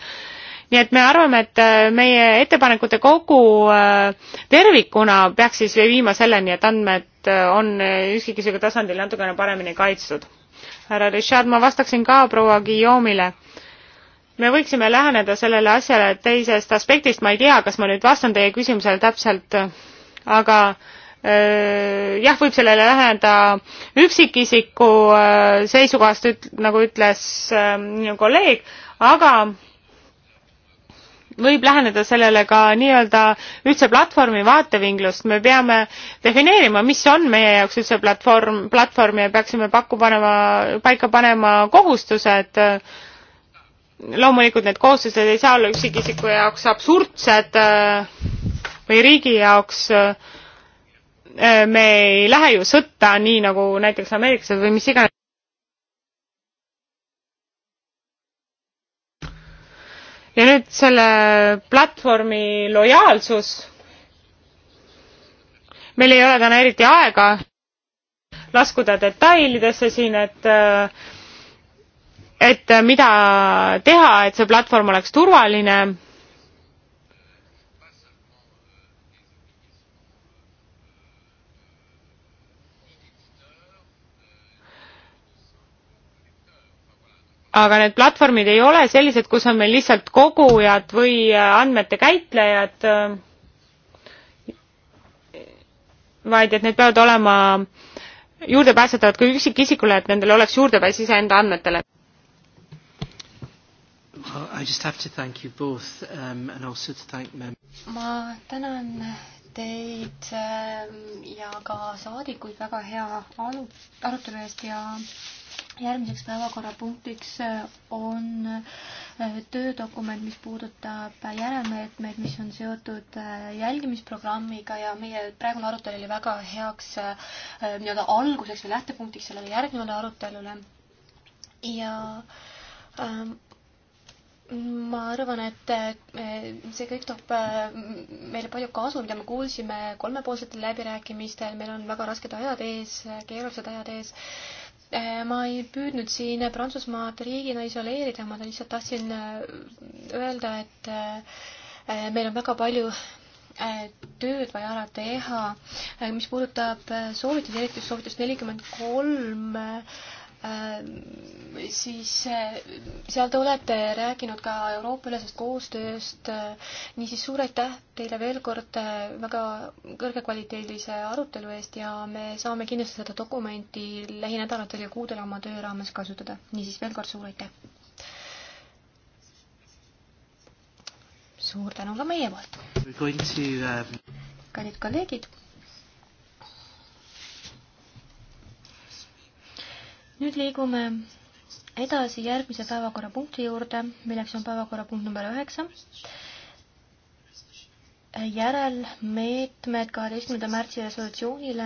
nii et me arvame, et äh, meie ettepanekute kogu äh, tervikuna peaks siis viima selleni, et andmed äh, on üksikisiku tasandil natukene paremini kaitstud. härra Richard, ma vastaksin ka proua Guillaume'ile me võiksime läheneda sellele asjale teisest aspektist, ma ei tea, kas ma nüüd vastan teie küsimusele täpselt, aga äh, jah, võib sellele läheneda üksikisiku äh, seisukohast üt,, nagu ütles äh, minu kolleeg, aga võib läheneda sellele ka nii-öelda ühtse platvormi vaatevinglust, me peame defineerima, mis on meie jaoks üldse platvorm, platvorm ja peaksime pakku panema, paika panema kohustused äh, loomulikult need koosseisud ei saa olla üksikisiku jaoks absurdsed äh, või riigi jaoks äh, me ei lähe ju sõtta nii nagu näiteks ameeriklased või mis iganes. ja nüüd selle platvormi lojaalsus. meil ei ole täna eriti aega laskuda detailidesse siin, et äh, et äh, mida teha, et see platvorm oleks turvaline. aga need platvormid ei ole sellised, kus on meil lihtsalt kogujad või äh, andmete käitlejad, äh, vaid et need peavad olema juurdepääsetavad ka üksikisikule, et nendel oleks juurdepääs iseenda andmetele Um, ma tänan teid um, ja ka saadikuid väga hea arutelu eest ja järgmiseks päevakorrapunktiks uh, on uh, töödokument, mis puudutab järelmeetmeid, mis on seotud uh, jälgimisprogrammiga ja meie praegune arutelu oli väga heaks nii-öelda alguseks või lähtepunktiks sellele järgnevale arutelule. ja ähm, ma arvan, et eh, see kõik toob eh, meile palju kasu, mida me kuulsime kolmepoolsetel läbirääkimistel, meil on väga rasked ajad ees, keerulised ajad ees. Eh, ma ei püüdnud siin Prantsusmaad riigina isoleerida, ma lihtsalt tahtsin öelda, et meil on väga palju tööd vaja ära teha, mis puudutab soovitusi, eriti soovitust nelikümmend kolm, Ähm, siis äh, seal te olete rääkinud ka Euroopa-ülesest koostööst, äh, niisiis suur aitäh teile veel kord äh, väga kõrgekvaliteedilise arutelu eest ja me saame kindlasti seda dokumenti lähinädalatel ja kuudel oma töö raames kasutada. niisiis veel kord suur aitäh! suur tänu ka meie poolt! Um, kallid kolleegid nüüd liigume edasi järgmise päevakorrapunkti juurde, milleks on päevakorrapunkt number üheksa. järelmeetmed kaheteistkümnenda märtsi resolutsioonile.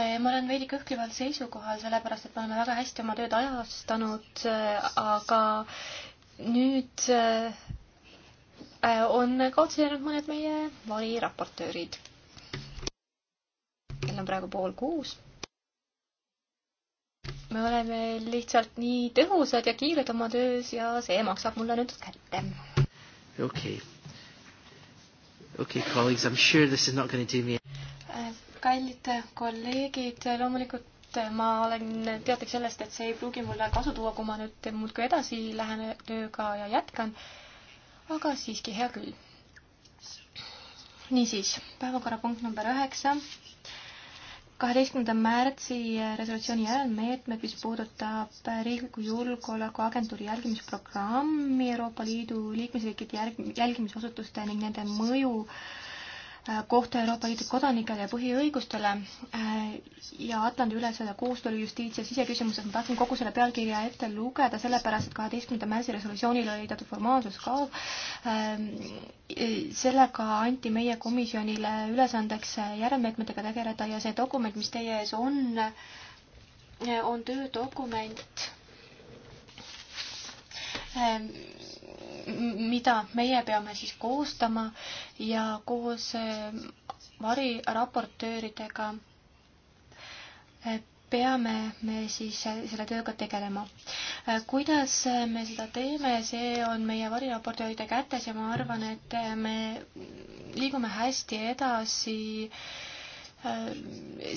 Eh, ma olen veidi kõhklival seisukohal, sellepärast et me oleme väga hästi oma tööd ajastanud, eh, aga nüüd eh, on kaotsi jäänud mõned meie variraportöörid. kell on praegu pool kuus me oleme lihtsalt nii tõhusad ja kiired oma töös ja see maksab mulle nüüd kätte. okei okay.. okei okay,, colleagues, I m sure this is not gonna do me äh, kallid kolleegid, loomulikult ma olen teadlik sellest, et see ei pruugi mulle kasu tuua, kui ma nüüd muudkui edasi lähen tööga ja jätkan. aga siiski hea küll. niisiis, päevakorrapunkt number üheksa kaheteistkümnenda märtsi resolutsiooni järelmeetmed, mis puudutab riikliku julgeolekuagentuuri jälgimisprogrammi Euroopa Liidu liikmesriikide jälgimisasutuste ning nende mõju äh, Äh, kohta Euroopa Liidu kodanikele ja põhiõigustele äh, ja Atlandi-ülesele koostööle justiits- ja siseküsimuses. ma tahtsin kogu selle pealkirja ette lugeda, sellepärast et kaheteistkümnenda märtsi resolutsioonil oli teatud formaalsus ka. Äh, sellega anti meie komisjonile ülesandeks järelmeetmetega tegeleda ja see dokument, mis teie ees on, on töödokument mida meie peame siis koostama ja koos eh, variraportööridega eh, peame me siis eh, selle tööga tegelema. kuidas me seda teeme, see on meie variraportööride kätes ja ma arvan, et me liigume hästi edasi äh,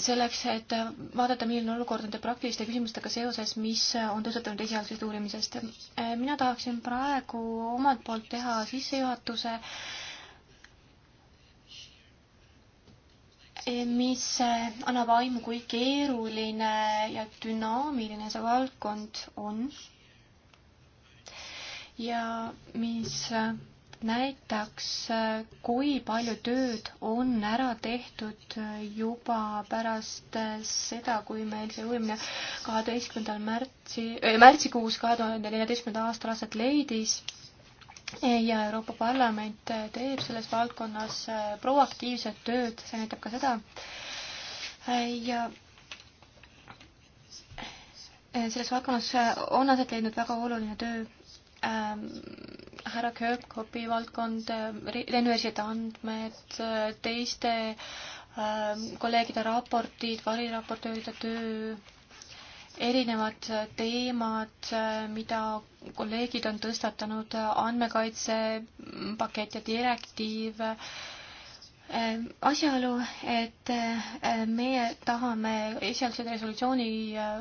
selleks, et vaadata, milline olukord nende praktiliste küsimustega seoses, mis on tõusetunud esialgsest uurimisest. mina tahaksin praegu omalt poolt teha sissejuhatuse, mis annab aimu, kui keeruline ja dünaamiline see valdkond on ja mis näitaks, kui palju tööd on ära tehtud juba pärast seda, kui meil see uurimine kaheteistkümnendal märtsi äh,, märtsikuus kahe tuhande neljateistkümnendal aastal aset leidis ja Euroopa Parlament teeb selles valdkonnas proaktiivset tööd, see näitab ka seda. ja selles valdkonnas on aset leidnud väga oluline töö ähm, härra Kirkhopi valdkond, lennueelsed andmed, teiste ähm, kolleegide raportid, variraportööride töö, erinevad teemad, mida kolleegid on tõstatanud, andmekaitsepakett ja direktiiv ähm, asjaolu, et äh, meie tahame esialgse resolutsiooni äh,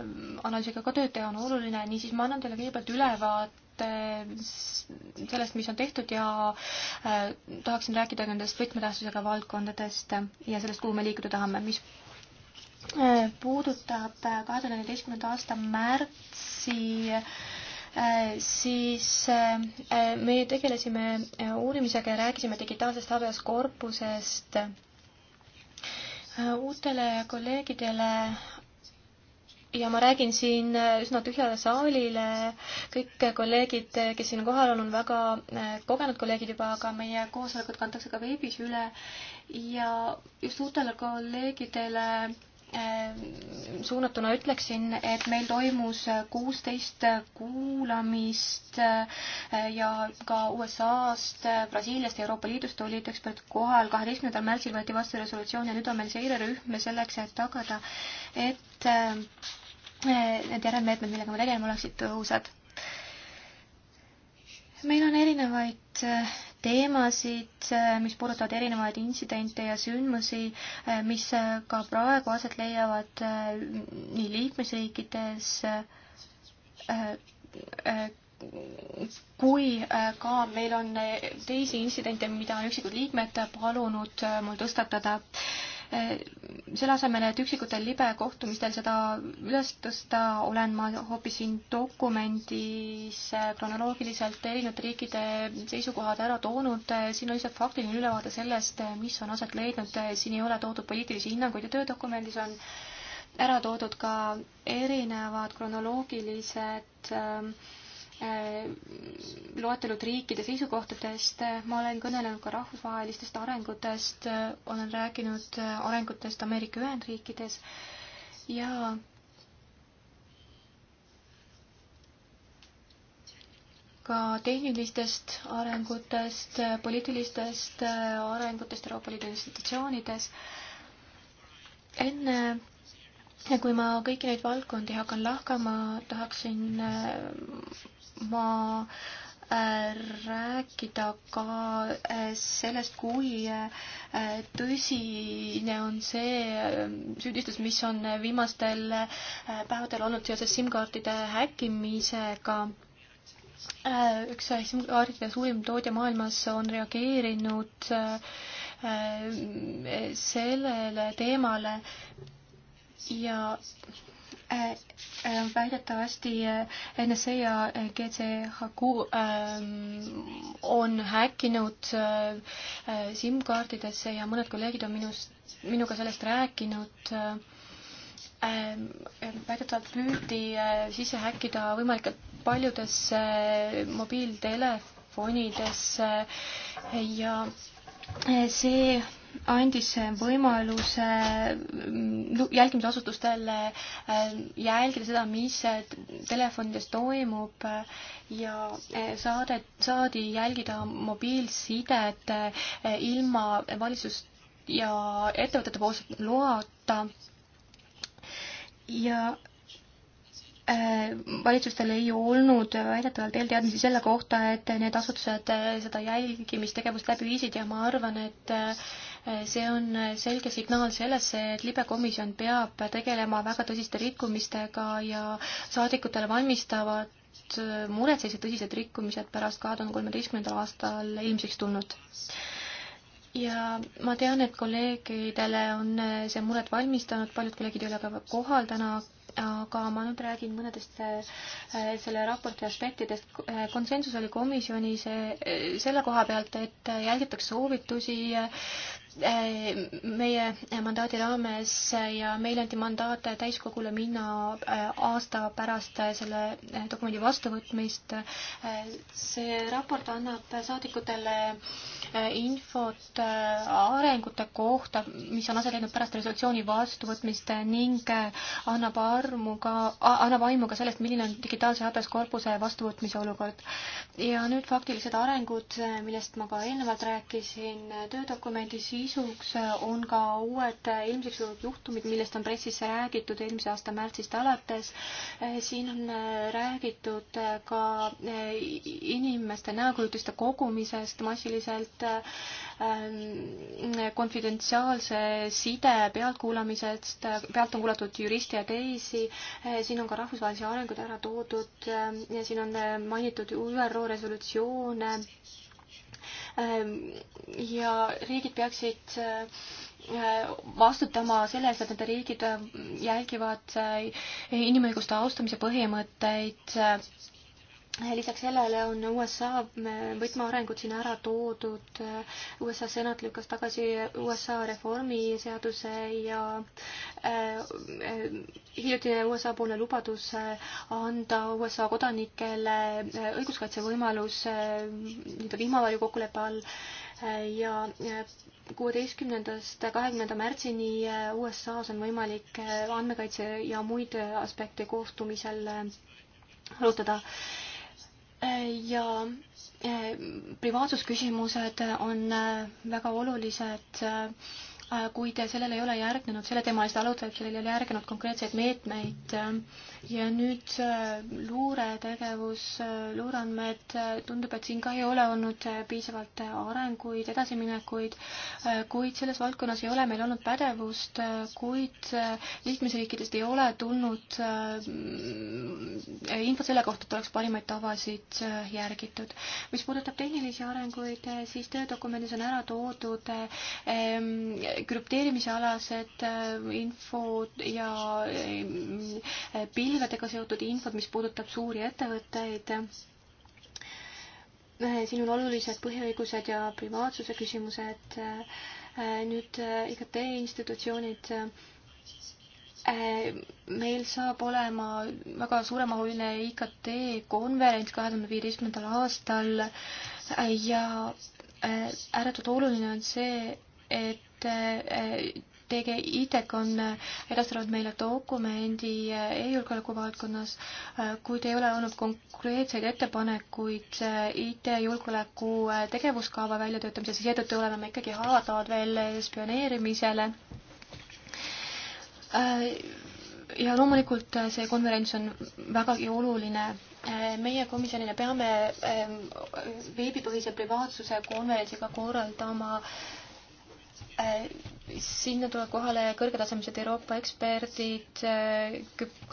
analüüsiga ka tööd teha, on oluline, niisiis ma annan teile kõigepealt ülevaate Eh, sellest, mis on tehtud ja eh, tahaksin rääkida nendest võtmetähtsusega valdkondadest ja sellest, kuhu me liikuda tahame, mis eh, puudutab kahe tuhande neljateistkümnenda aasta märtsi siis me tegelesime uurimisega ja rääkisime digitaalsest habeas korpusest. uutele kolleegidele ja ma räägin siin äh, üsna tühjale saalile, kõik kolleegid, äh, kes siin kohal on, on väga äh, kogenud kolleegid juba, aga meie koosolekud kantakse ka veebis üle ja just uutele kolleegidele suunatuna ütleksin, et meil toimus kuusteist kuulamist ja ka USA-st, Brasiiliast ja Euroopa Liidust olid eksperdid kohal. kaheteistkümnendal märtsil võeti vastu resolutsioon ja nüüd on meil seirerühm selleks, et tagada, et need järelmeetmed, millega me tegeleme, oleksid tõhusad. meil on erinevaid äh, teemasid, äh, mis puudutavad erinevaid intsidente ja sündmusi, äh, mis ka praegu aset leiavad nii liikmesriikides kui ka meil on teisi intsidente, mida on üksikud liikmed palunud mul tõstatada selle asemel, et üksikutel libe kohtumistel seda üles tõsta, olen ma hoopis siin dokumendis eh, kronoloogiliselt erinevate riikide seisukohad ära toonud, eh, siin on lihtsalt faktiline ülevaade sellest, eh, mis on aset leidnud, siin ei ole toodud poliitilisi hinnanguid ja töödokumendis on ära toodud ka erinevad kronoloogilised äh, Äh, loetelud riikide seisukohtadest, ma olen kõnelenud ka rahvusvahelistest arengutest, äh, olen rääkinud äh, arengutest Ameerika Ühendriikides ja ka tehnilistest arengutest, poliitilistest arengutest Euroopa Liidu institutsioonides. enne ja kui ma kõiki neid valdkondi hakkan lahkama, tahaksin ma äh, rääkida ka äh, sellest, kui äh, tõsine on see süüdistus, mis on viimastel päevadel olnud seoses SIM-kaartide häkkimisega. üks SIM-kaartide suurim tootja maailmas on reageerinud sellele teemale ja Äh, äh, väidetavasti äh, NSA ja GCHQ ähm, on häkkinud SIM-kaartidesse ja mõned kolleegid on minust, minuga sellest rääkinud ähm, väidetavalt püüdi sisse häkkida võimalikult paljudesse mobiiltelefonidesse ja see andis võimaluse mm, jälgimisasutustele äh, jälgida seda, mis äh, telefonides toimub äh, ja saade, saadi jälgida mobiilsidet ilma valitsust ja ettevõtete poolse loata ja Äh, valitsustel ei olnud väidetavalt eelteadmisi selle kohta, et need asutused äh, seda jälgimistegevust läbi viisid ja ma arvan, et äh, see on selge signaal sellesse, et libekomisjon peab tegelema väga tõsiste rikkumistega ja saadikutele valmistavad mured, sellised tõsised rikkumised pärast kahe tuhande kolmeteistkümnendal aastal ilmsiks tulnud ja ma tean, et kolleegidele on see muret valmistanud, paljud kolleegid ei ole ka kohal täna, aga ma nüüd räägin mõnedest äh, selle raporti aspektidest. konsensus oli komisjonis äh, selle koha pealt, et jälgitakse soovitusi Äh, meie mandaadi raames äh, ja meile anti mandaat täiskogule minna äh, aasta pärast selle dokumendi vastuvõtmist. see raport annab saadikutele infot arengute kohta, mis on aset leidnud pärast resolutsiooni vastuvõtmist ning annab armu ka, annab aimu ka sellest, milline on digitaalse habeaskorpuse vastuvõtmise olukord. ja nüüd faktilised arengud, millest ma ka eelnevalt rääkisin, töödokumendi sisu sisuks äh, on ka uued äh, ilmsiks tulnud juhtumid, millest on pressis räägitud eelmise aasta märtsist alates. Äh, siin on räägitud ka inimeste näokujutiste kogumisest massiliselt, konfidentsiaalse side pealtkuulamisest, pealt on kuulatud juriste ja teisi, siin on ka rahvusvahelisi arenguid ära toodud ja siin on mainitud ÜRO resolutsioone Ähm, ja riigid peaksid äh, vastutama selle eest, et nende riigid äh, jälgivad äh, inimõiguste austamise põhimõtteid lisaks sellele on USA võtmearengud siin ära toodud. USA senat lükkas tagasi USA reformiseaduse ja äh, hiljutine USA poolne lubadus äh, anda USA kodanikele äh, õiguskaitsevõimalus äh, nii-öelda vihmavarju kokkuleppe all äh, ja äh, kuueteistkümnendast kahekümnenda märtsini USA-s on võimalik andmekaitse ja muid aspekte kohtumisel arutada äh, ja eh, privaatsusküsimused on eh, väga olulised eh, Äh, kuid sellele ei ole järgnenud, selle teema eest allutajad, kellel ei ole järgnenud konkreetseid meetmeid. Äh, ja nüüd äh, luuretegevus, luureandmed, tundub, et siin ka ei ole olnud piisavalt arenguid, edasiminekuid, kuid selles valdkonnas ei ole meil olnud pädevust, kuid liikmesriikidest ei ole tulnud infot selle kohta, et oleks parimaid tavasid järgitud. mis puudutab tehnilisi arenguid, siis töödokumendis on ära toodud krüpteerimise alased äh, infod ja äh, pilvedega seotud infod, mis puudutab suuri ettevõtteid. Äh, siin on olulised põhiõigused ja privaatsuse küsimused. nüüd IKT institutsioonid meil saab olema väga suuremahuline IKT konverents kahe tuhande viieteistkümnendal aastal ja ääretult oluline on see, et TG ITEK on edastanud meile dokumendi e-julgeoleku valdkonnas, kuid ei ole olnud konkreetseid ettepanekuid IT-julgeoleku e tegevuskava väljatöötamises, seetõttu oleme me ikkagi haavatavad veel spioneerimisele ja loomulikult see konverents on vägagi oluline. meie komisjonina peame eh, veebipõhise privaatsuse konverentsiga korraldama äh, Äh, sinna tulevad kohale kõrgetasemelised Euroopa eksperdid, äh,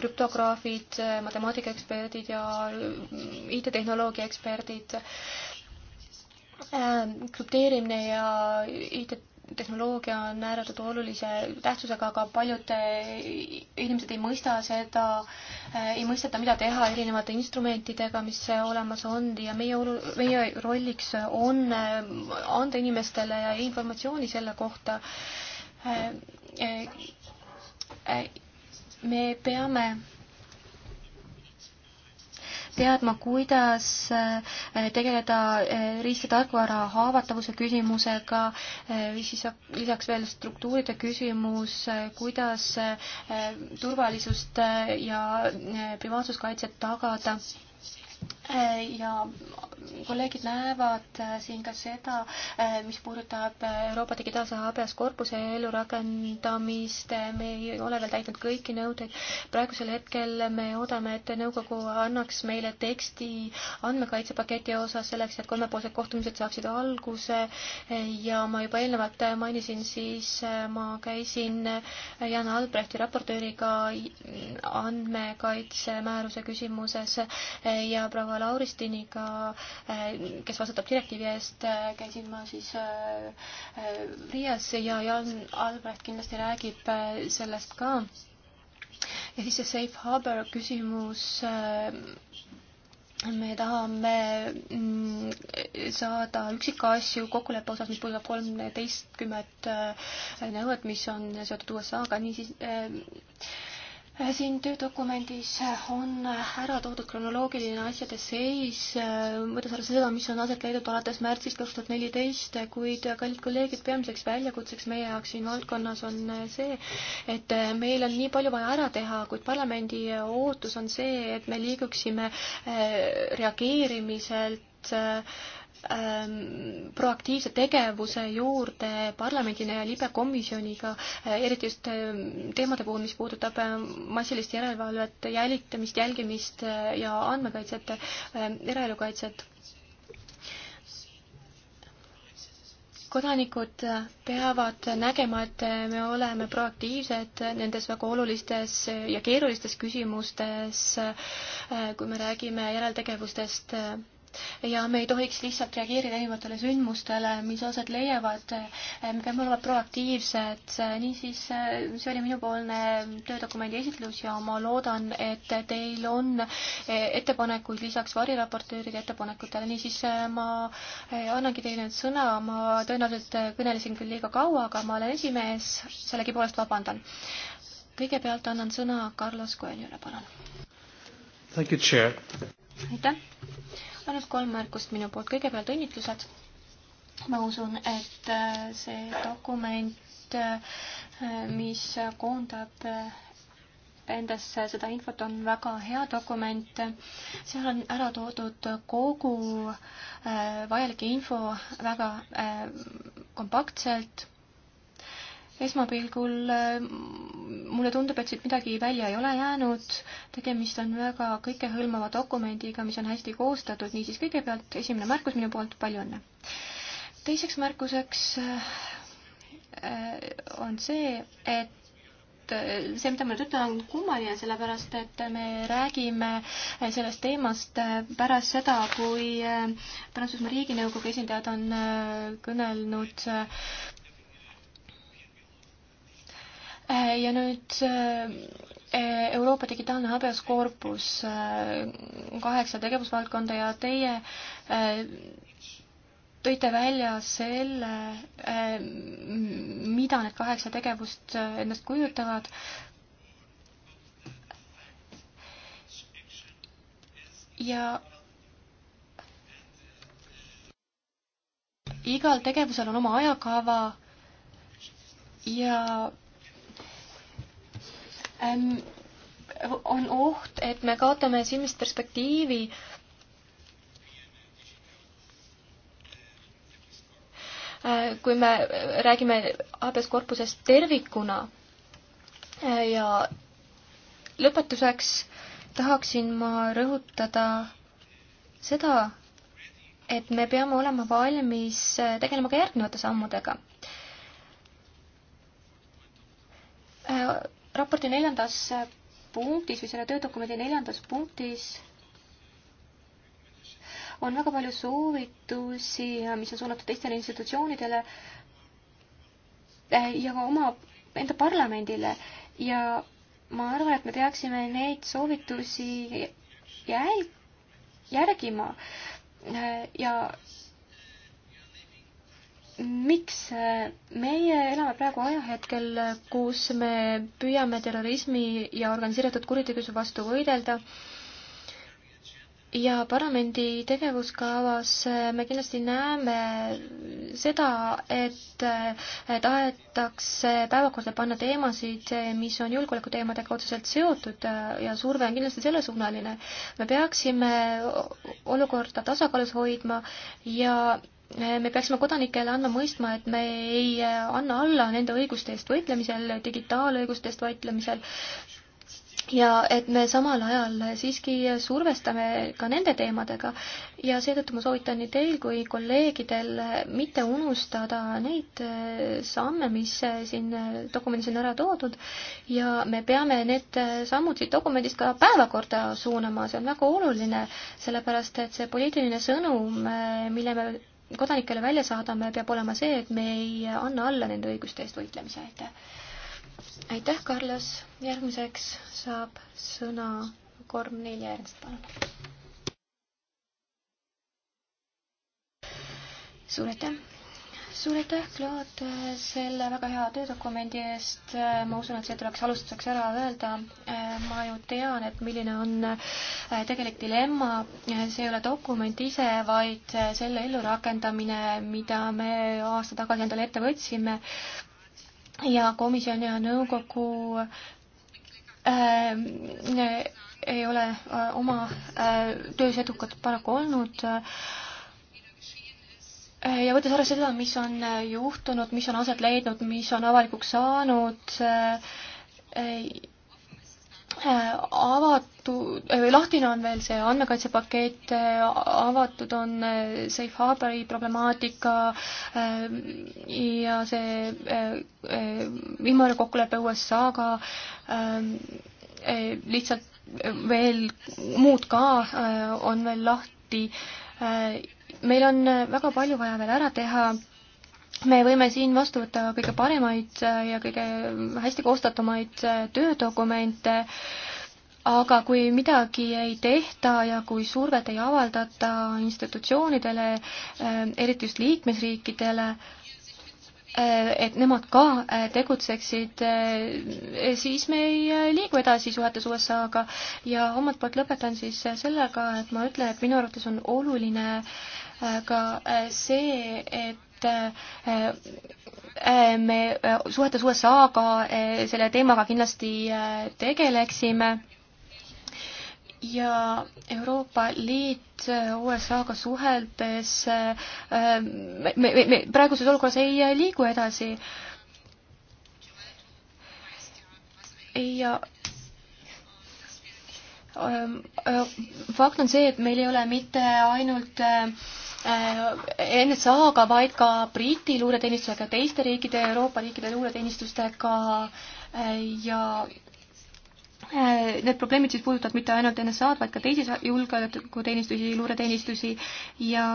krüptograafid, äh, matemaatikaeksperdid ja IT-tehnoloogia eksperdid. krüpteerimine ja IT tehnoloogia on ääretult olulise tähtsusega, aga paljud eh, inimesed ei mõista seda, eh, ei mõisteta, mida teha erinevate instrumentidega, mis olemas on ja meie olu-, meie rolliks on eh, anda inimestele informatsiooni selle kohta. me peame teadma, kuidas eh, tegeleda eh, riski tarkvara haavatavuse küsimusega, eh, siis lisaks veel struktuuride küsimus, kuidas turvalisust ja privaatsuskaitset tagada Äh, ja kolleegid näevad äh, siin ka seda, äh, mis puudutab Euroopa digitaalse habeas korpuse ellurakendamist, me ei ole veel täitnud kõiki nõudeid. praegusel hetkel me oodame, et nõukogu annaks meile teksti andmekaitsepaketi osas selleks, et kolmepoolsed kohtumised saaksid alguse ja ma juba eelnevalt mainisin, siis ma käisin Jan Albrechti raportööriga andmekaitsemääruse küsimuses ja proua Lauristiniga, eh, kes vastutab direktiivi eest, eh, käisin ma siis eh, Riias ja Jan Albrecht kindlasti räägib sellest ka. ja siis see safe harbor küsimus me tahame mm, saada üksikasju kokkuleppe osas, mis puudutab kolmeteistkümmet nõuet, mis on seotud USA-ga, niisiis äh, siin töödokumendis on ära toodud kronoloogiline asjade seis, võttes arvesse seda, mis on aset leidnud alates märtsist kaks tuhat neliteist, kuid kallid kolleegid, peamiseks väljakutseks meie jaoks siin valdkonnas on see, et meil on nii palju vaja ära teha, kuid parlamendi ootus on see, et me liiguksime eh, reageerimiselt Ähm, proaktiivse tegevuse juurde parlamendina ja libekomisjoniga, äh, eriti just ähm, teemade puhul, mis puudutab ähm, massilist järelevalvet, jälitamist, jälgimist äh, ja andmekaitset, eraelukaitset. kodanikud äh, peavad nägema, et me oleme proaktiivsed nendes väga olulistes ja keerulistes küsimustes, kui me räägime järeltegevustest ja me ei tohiks lihtsalt reageerida erinevatele sündmustele, mis aset leiavad. me peame olema proaktiivsed, niisiis see oli minupoolne töödokumendi esitlus ja ma loodan, et teil on ettepanekuid lisaks variraportööride ettepanekutele, niisiis ma annangi teile nüüd sõna, ma tõenäoliselt kõnelesin küll liiga kaua, aga ma olen esimees, sellegipoolest vabandan. kõigepealt annan sõna Carlos Coelhole, palun. aitäh ainult kolm märkust minu poolt, kõigepealt õnnitlused. ma usun, et äh, see dokument, äh, mis koondab äh, endasse seda infot on väga hea dokument. seal on ära toodud kogu vajalik info väga kompaktselt esmapilgul äh, mulle tundub, et siit midagi välja ei ole jäänud, tegemist on väga kõikehõlmava dokumendiga, mis on hästi koostatud, niisiis kõigepealt esimene märkus minu poolt, palju õnne! teiseks märkuseks äh, on see, et see, mida ma nüüd ütlen, on kummaline, sellepärast et me räägime sellest teemast pärast seda, kui Prantsusmaa riiginõukogu esindajad on kõnelnud Äh, ja nüüd äh, äh, Euroopa digitaalne habeas korpus, kaheksa tegevusvaldkonda ja teie tõite välja selle, mida need kaheksa tegevust endast kujutavad. ja igal tegevusel on oma ajakava ja Ähm, on oht, et me kaotame silmist perspektiivi. Äh, kui me räägime habeas korpusest tervikuna äh, ja lõpetuseks tahaksin ma rõhutada seda, et me peame olema valmis äh, tegelema ka järgnevate sammudega raporti neljandas punktis või selle töödokumendi neljandas punktis on väga palju soovitusi, mis on suunatud teistele institutsioonidele eh, ja ka oma enda parlamendile ja ma arvan, et me peaksime neid soovitusi jälg-, järgima eh, ja miks eh, meie elame praegu ajahetkel, kus me püüame terrorismi ja organiseeritud kuritegevuse vastu võidelda ja parlamendi tegevuskavas eh, me kindlasti näeme seda, et eh, tahetakse päevakorda panna teemasid, mis on julgeolekuteemadega otseselt seotud ja surve on kindlasti sellesuunaline. me peaksime olukorda tasakaalus hoidma ja me peaksime kodanikele andma mõistma, et me ei äh, anna alla nende õiguste eest võitlemisel, digitaalõiguste eest võitlemisel, ja et me samal ajal siiski survestame ka nende teemadega ja seetõttu ma soovitan nii teil kui kolleegidel mitte unustada neid äh, samme, mis äh, siin dokumendis on ära toodud ja me peame need sammud siit dokumendist ka päevakorda suunama, see on väga oluline, sellepärast et see poliitiline sõnum, mille me kodanikele välja saadame, peab olema see, et me ei anna alla nende õiguste eest võitlemise, aitäh. aitäh, Carlos, järgmiseks saab sõna Korneli Ernst, palun. suur aitäh suur aitäh, Claude, selle väga hea töödokumendi eest. ma usun, et see tuleks alustuseks ära öelda. ma ju tean, et milline on äh, tegelik dilemma. see ei ole dokument ise, vaid äh, selle ellurakendamine, mida me aasta tagasi endale ette võtsime. ja komisjon ja nõukogu äh, ei ole äh, oma äh, töös edukad paraku olnud äh, Äh, ja võttes arvesse seda, mis on äh, juhtunud, mis on aset leidnud, mis on avalikuks saanud äh,, äh avatud, lahtine on veel see andmekaitsepakett, avatud on safe harbori problemaatika ja see viimane kokkulepe USA-ga, ähm, lihtsalt veel muud ka on veel lahti meil on äh, väga palju vaja veel ära teha me võime siin vastu võtta kõige paremaid äh, ja kõige äh, hästi koostatumaid töödokumente, aga kui midagi ei tehta ja kui survet ei avaldata institutsioonidele, eriti just liikmesriikidele, et nemad ka tegutseksid, siis me ei liigu edasi suhetes USA-ga ja omalt poolt lõpetan siis sellega, et ma ütlen, et minu arvates on oluline äh, ka äh, see, et äh, äh, me suhetes USA-ga selle teemaga kindlasti tegeleksime ja Euroopa Liit USA-ga suheldes me, me, me praeguses olukorras ei liigu edasi. ja fakt on see, et meil ei ole mitte ainult NSA-ga, vaid ka Briti luureteenistusega, teiste riikide, Euroopa riikide luureteenistustega ja Need probleemid siis puudutavad mitte ainult NSA-d, vaid ka teisi julgeolekuteenistusi, luureteenistusi ja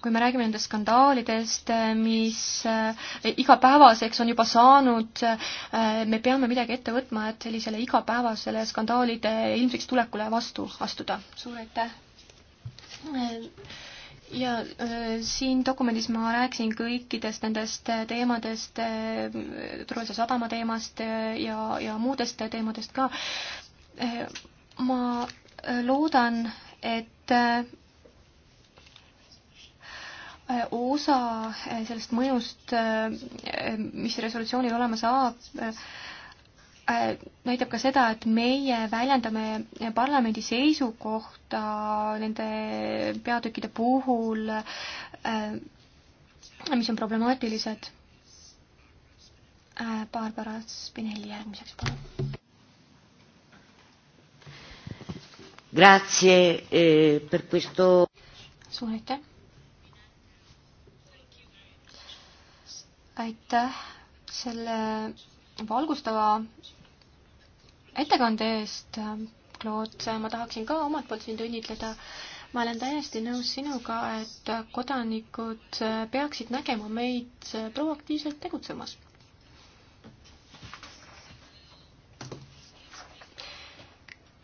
kui me räägime nendest skandaalidest, eh, mis eh, igapäevaseks on juba saanud, eh, me peame midagi ette võtma, et sellisele igapäevasele skandaalide ilmsiks tulekule vastu astuda. suur aitäh! ja siin dokumendis ma rääkisin kõikidest nendest teemadest, Turvalise sadama teemast ja, ja muudest teemadest ka. ma loodan, et Äh, osa äh, sellest mõjust, äh, mis resolutsioonil olema saab, näitab ka seda, et meie väljendame parlamendi seisukohta nende peatükkide puhul, mis on problemaatilised. Barbara Spinelli järgmiseks, palun. Grazie eh, per questo. suur aitäh aitäh selle valgustava ettekande eest, Claude, ma tahaksin ka omalt poolt sind õnnitleda. ma olen täiesti nõus sinuga, et kodanikud peaksid nägema meid proaktiivselt tegutsemas.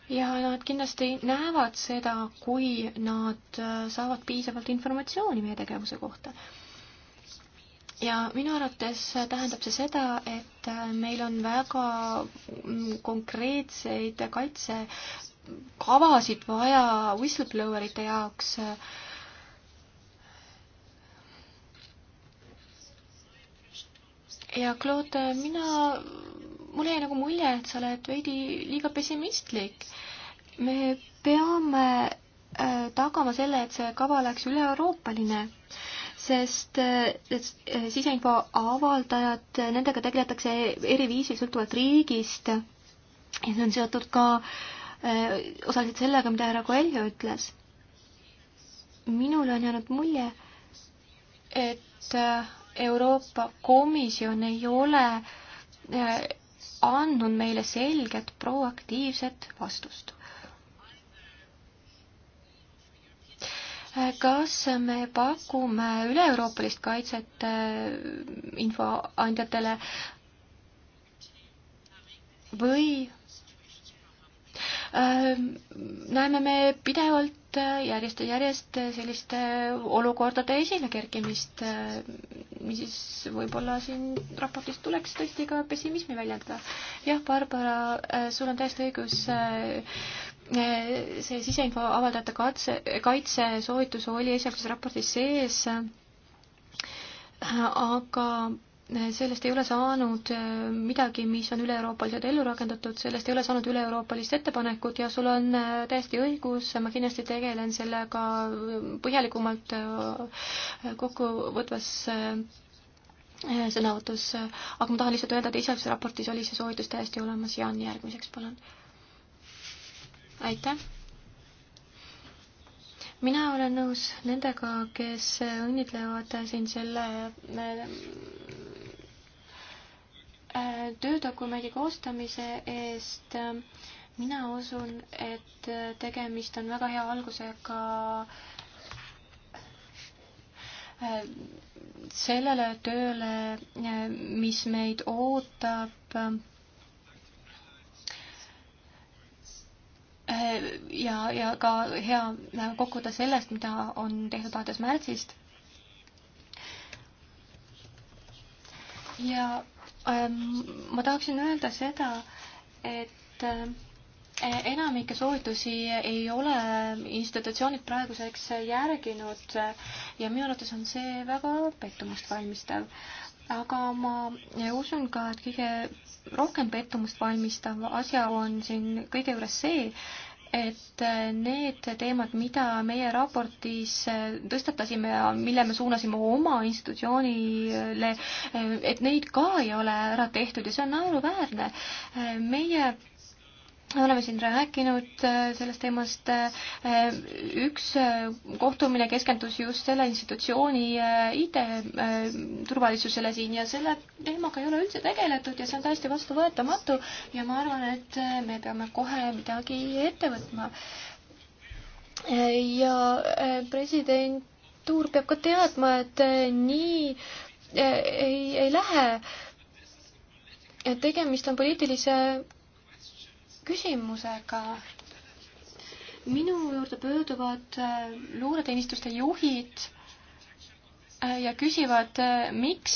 ja nad kindlasti näevad seda, kui nad saavad piisavalt informatsiooni meie tegevuse kohta ja minu arvates tähendab see seda, et meil on väga mm, konkreetseid kaitsekavasid vaja whistleblower ite jaoks ja Claude, mina, mulle jäi nagu mulje, et sa oled veidi liiga pessimistlik. me peame äh, tagama selle, et see kava oleks üle-euroopaline sest äh, äh, siseinfo avaldajad, nendega tegeletakse eri viisil sõltuvalt riigist ja see on seotud ka äh, osaliselt sellega, mida härra Coelho ütles. minule on jäänud mulje, et Euroopa Komisjon ei ole andnud meile selget proaktiivset vastust. kas me pakume üle-euroopalist kaitset äh, infoandjatele või äh, näeme me pidevalt äh, järjest ja järjest selliste olukordade esile kerkimist, mis siis võib-olla siin raportis tuleks tõesti ka pessimismi väljendada. jah, Barbara, sul on täiesti õigus, see siseinfo avaldajate katse, kaitse soovitus oli esialgses raportis sees, aga sellest ei ole saanud midagi, mis on üle-euroopaliselt ellu rakendatud, sellest ei ole saanud üle-euroopalist ettepanekut ja sul on täiesti õigus, ma kindlasti tegelen sellega põhjalikumalt kokkuvõtvas sõnavõtus, aga ma tahan lihtsalt öelda, et esialgses raportis oli see soovitus täiesti olemas, Jaan, järgmiseks palun aitäh! mina olen nõus nendega, kes õnnitlevad siin selle äh, töödokumendi koostamise eest. mina usun, et tegemist on väga hea algusega äh, sellele tööle, äh, mis meid ootab Äh, ja, ja ka hea kokkuvõte sellest, mida on tehtud alates märtsist. ja ähm, ma tahaksin öelda seda, et äh, enamike soovitusi ei ole institutsioonid praeguseks järginud ja minu arvates on see väga pettumust valmistav. aga ma usun ka, et kõige rohkem pettumust valmistav asja on siin kõige juures see, et need teemad, mida meie raportis tõstatasime ja mille me suunasime oma institutsioonile, et neid ka ei ole ära tehtud ja see on naeruväärne. meie me oleme siin rääkinud äh, sellest teemast. Äh, üks äh, kohtumine keskendus just selle institutsiooni IT-turvalisusele siin ja selle teemaga ei ole üldse tegeletud ja see on täiesti vastuvõetamatu ja ma arvan, et me peame kohe midagi ette võtma. ja presidentuur peab ka teadma, et nii ei, ei lähe. tegemist on poliitilise küsimusega. minu juurde pöörduvad äh, luureteenistuste juhid äh, ja küsivad, äh, miks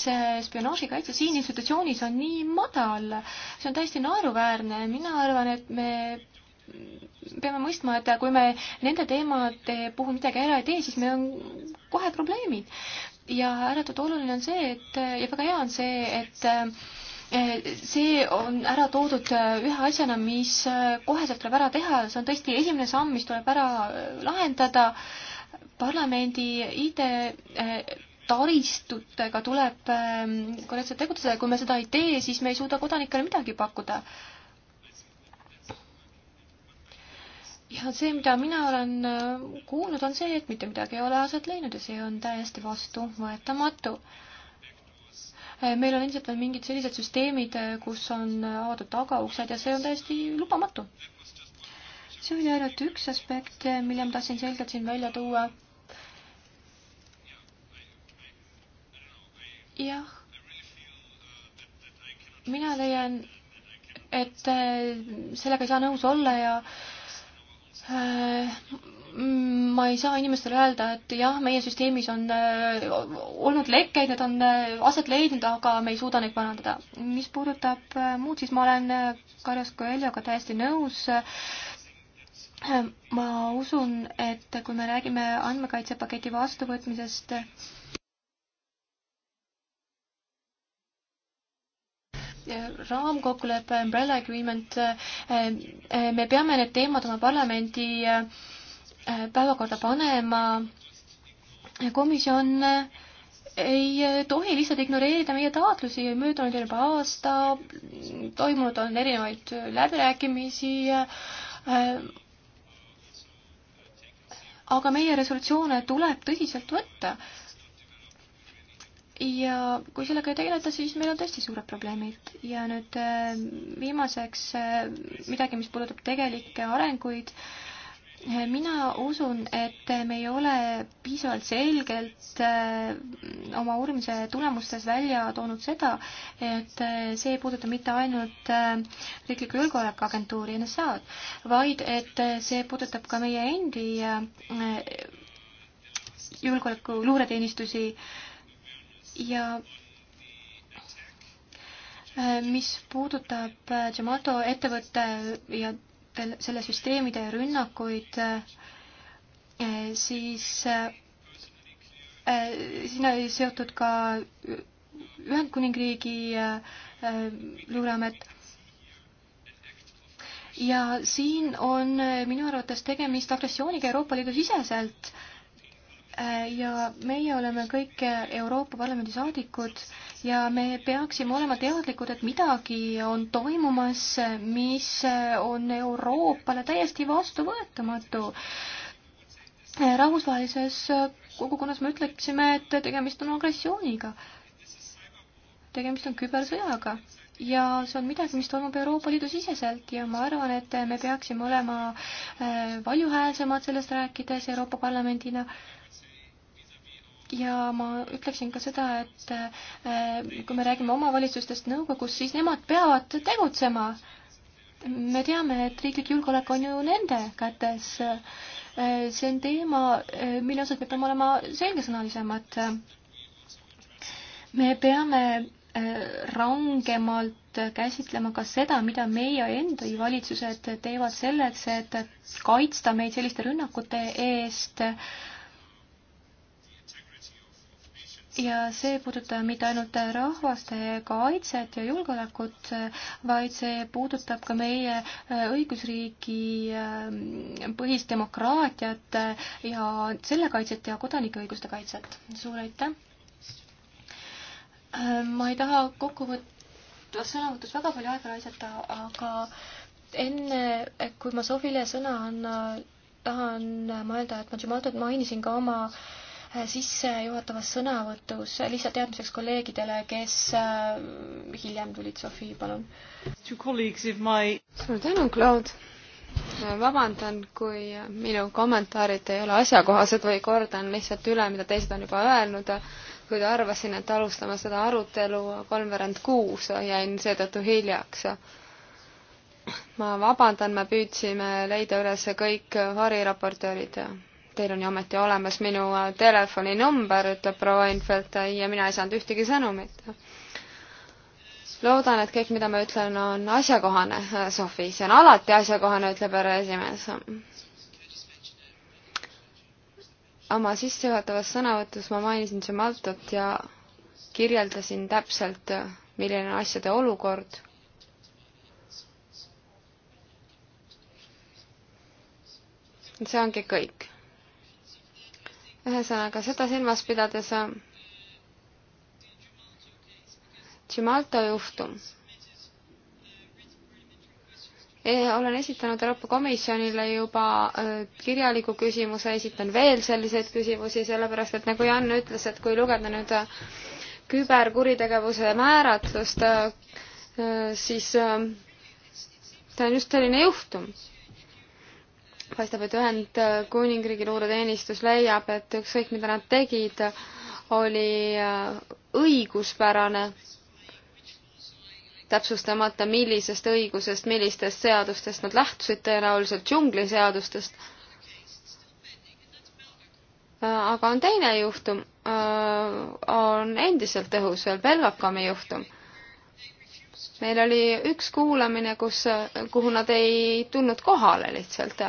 spionaažikaitse siin institutsioonis on nii madal. see on täiesti naeruväärne, mina arvan, et me peame mõistma, et kui me nende teemade puhul midagi ära ei tee, siis meil on kohe probleemid. ja ääretult oluline on see, et ja väga hea on see, et see on ära toodud äh, ühe asjana, mis äh, koheselt tuleb ära teha, see on tõesti esimene samm, mis tuleb ära äh, lahendada. parlamendi ID taristutega tuleb ähm, korrektselt tegutseda ja kui me seda ei tee, siis me ei suuda kodanikele midagi pakkuda. ja see, mida mina olen kuulnud, on see, et mitte midagi ei ole aset leidnud ja see on täiesti vastuvõetamatu Äh, meil on endiselt veel mingid sellised süsteemid, äh, kus on äh, avatud tagauksed ja see on täiesti lubamatu. see oli ainult üks aspekt, mille ma tahtsin selgelt siin välja tuua. jah, mina leian, et sellega ei saa nõus olla ja ma ei saa inimestele öelda, et jah, meie süsteemis on äh, olnud lekkeid, need on äh, aset leidnud, aga me ei suuda neid parandada. mis puudutab äh, muud, siis ma olen äh, Karjas Koeljaga täiesti nõus äh,. ma usun, et kui me räägime andmekaitsepaketi vastuvõtmisest äh, raamkokkulepe, umbrella agreement, äh, äh, me peame need teemad oma parlamendi äh, Äh, päevakorda panema. komisjon äh, ei äh, tohi lihtsalt ignoreerida meie taotlusi, möödunud on juba aasta, toimunud on erinevaid läbirääkimisi. aga meie resolutsioone tuleb tõsiselt võtta. ja kui sellega ei tegeleta, siis meil on tõesti suured probleemid ja nüüd viimaseks midagi, mis puudutab tegelikke arenguid mina usun, et me ei ole piisavalt selgelt äh, oma uurimise tulemustes välja toonud seda, et äh, see ei puuduta mitte ainult äh, Riikliku Julgeolekuagentuuri NSA-d, vaid et see puudutab ka meie endi julgeoleku luureteenistusi ja mis puudutab Jamato ettevõtte ja selle süsteemide rünnakuid, eh, siis eh, sinna oli seotud ka Ühendkuningriigi eh, luureamet. ja siin on minu arvates tegemist agressiooniga Euroopa Liidu siseselt ja meie oleme kõik Euroopa Parlamendi saadikud ja me peaksime olema teadlikud, et midagi on toimumas, mis on Euroopale täiesti vastuvõetamatu. rahvusvahelises kogukonnas me ütleksime, et tegemist on agressiooniga. tegemist on kübersõjaga ja see on midagi, mis toimub Euroopa Liidu siseselt ja ma arvan, et me peaksime olema äh, valjuhäälsemad sellest rääkides Euroopa Parlamendina ja ma ütleksin ka seda, et äh, kui me räägime omavalitsustest nõukogus, siis nemad peavad tegutsema. me teame, et riiklik julgeolek on ju nende kätes. Äh, see on teema, äh, mille osas me peame olema selgesõnalisemad. me peame rangemalt käsitlema ka seda, mida meie enda valitsused teevad selleks, et kaitsta meid selliste rünnakute eest äh, ja see puudutab mitte ainult rahvaste kaitset ja julgeolekut, vaid see puudutab ka meie äh, õigusriigi ähm, põhist demokraatiat äh, ja selle kaitset ja kodanikeõiguste kaitset. suur aitäh! Äh, ma ei taha kokkuvõtvas sõnavõtus väga palju aega raisata, aga enne, kui ma Sofile sõna annan, tahan mõelda, et ma Jamaldot mainisin ka oma äh, Äh, sissejuhatavas sõnavõtus, lihtsalt teadmiseks kolleegidele, kes äh, hiljem tulid, Sofi, palun. My... suur tänu, Claude! Äh, vabandan, kui minu kommentaarid ei ole asjakohased või kordan lihtsalt üle, mida teised on juba öelnud, kuid arvasin, et alustame seda arutelu kolmveerand kuus, jäin seetõttu hiljaks ma vabandan, me püüdsime leida üles kõik variraportöörid teil on ju ometi olemas minu äh, telefoninumber, ütleb proua Infeld äh, ja mina ei saanud ühtegi sõnumit. loodan, et kõik, mida ma ütlen, on asjakohane, äh, Sofi, see on alati asjakohane, ütleb härra esimees. oma sissejuhatavas sõnavõtus ma mainisin Jamaltot ja kirjeldasin täpselt, milline on asjade olukord see ongi kõik ühesõnaga, seda silmas pidades äh, Gimalto juhtum e,. olen esitanud Euroopa Komisjonile juba äh, kirjaliku küsimuse, esitan veel selliseid küsimusi, sellepärast et nagu Jan ütles, et kui lugeda nüüd äh, küberkuritegevuse määratlust, siis see on just selline juhtum paistab, et Ühendkuningriigi luureteenistus leiab, et ükskõik, mida nad tegid, oli äh, õiguspärane, täpsustamata, millisest õigusest, millistest seadustest nad lähtusid, tõenäoliselt džungliseadustest. Äh, aga on teine juhtum, äh, on endiselt õhus veel Belgakami juhtum meil oli üks kuulamine, kus, kuhu nad ei tulnud kohale lihtsalt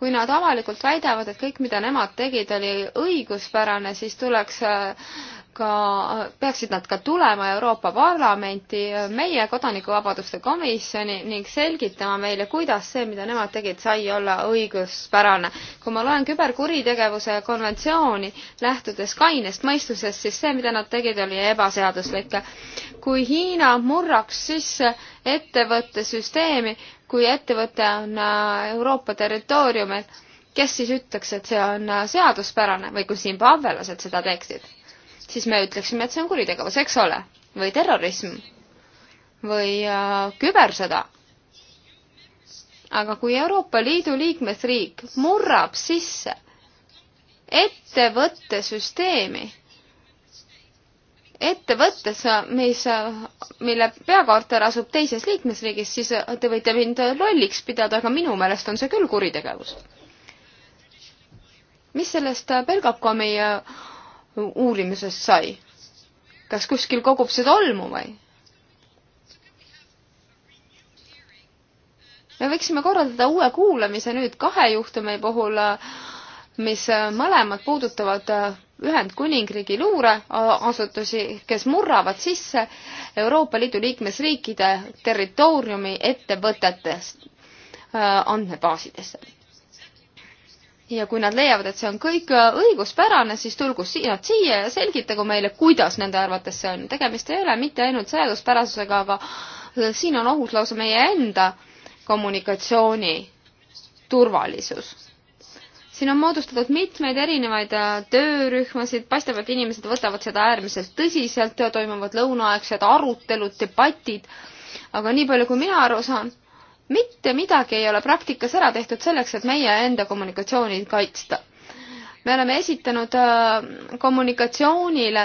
kui nad avalikult väidavad, et kõik, mida nemad tegid, oli õiguspärane, siis tuleks äh, ka, peaksid nad ka tulema Euroopa Parlamenti, meie kodanikuvabaduste komisjoni ning selgitama meile, kuidas see, mida nemad tegid, sai olla õiguspärane. kui ma loen küberkuritegevuse konventsiooni, lähtudes kainest mõistusest, siis see, mida nad tegid, oli ebaseaduslik. kui Hiina murraks sisse ettevõtte süsteemi, kui ettevõte on äh, Euroopa territooriumil, kes siis ütleks, et see on äh, seaduspärane või kui zimbabvelased seda teeksid? siis me ütleksime, et see on kuritegevus, eks ole, või terrorism või äh, kübersõda. aga kui Euroopa Liidu liikmesriik murrab sisse ettevõttesüsteemi, ettevõttes, mis, mille peakorter asub teises liikmesriigis, siis te võite mind lolliks pidada, aga minu meelest on see küll kuritegevus. mis sellest Belgacomi uurimisest sai? kas kuskil kogub see tolmu või? me võiksime korraldada uue kuulamise nüüd kahe juhtumi puhul, mis mõlemad puudutavad Ühendkuningriigi luureasutusi, kes murravad sisse Euroopa Liidu liikmesriikide territooriumi ettevõtetest äh, andmebaasidesse ja kui nad leiavad, et see on kõik äh, õiguspärane, siis tulgu nad siia ja selgitagu meile, kuidas nende arvates see on. tegemist ei ole mitte ainult seaduspärasusega, aga äh, siin on ohus lausa meie enda kommunikatsiooni turvalisus. siin on moodustatud mitmeid erinevaid äh, töörühmasid, paistab, et inimesed võtavad seda äärmiselt tõsiselt, toimuvad lõunaaegsed arutelud, debatid, aga nii palju, kui mina aru saan, mitte midagi ei ole praktikas ära tehtud selleks, et meie enda kommunikatsiooni kaitsta. me oleme esitanud äh, kommunikatsioonile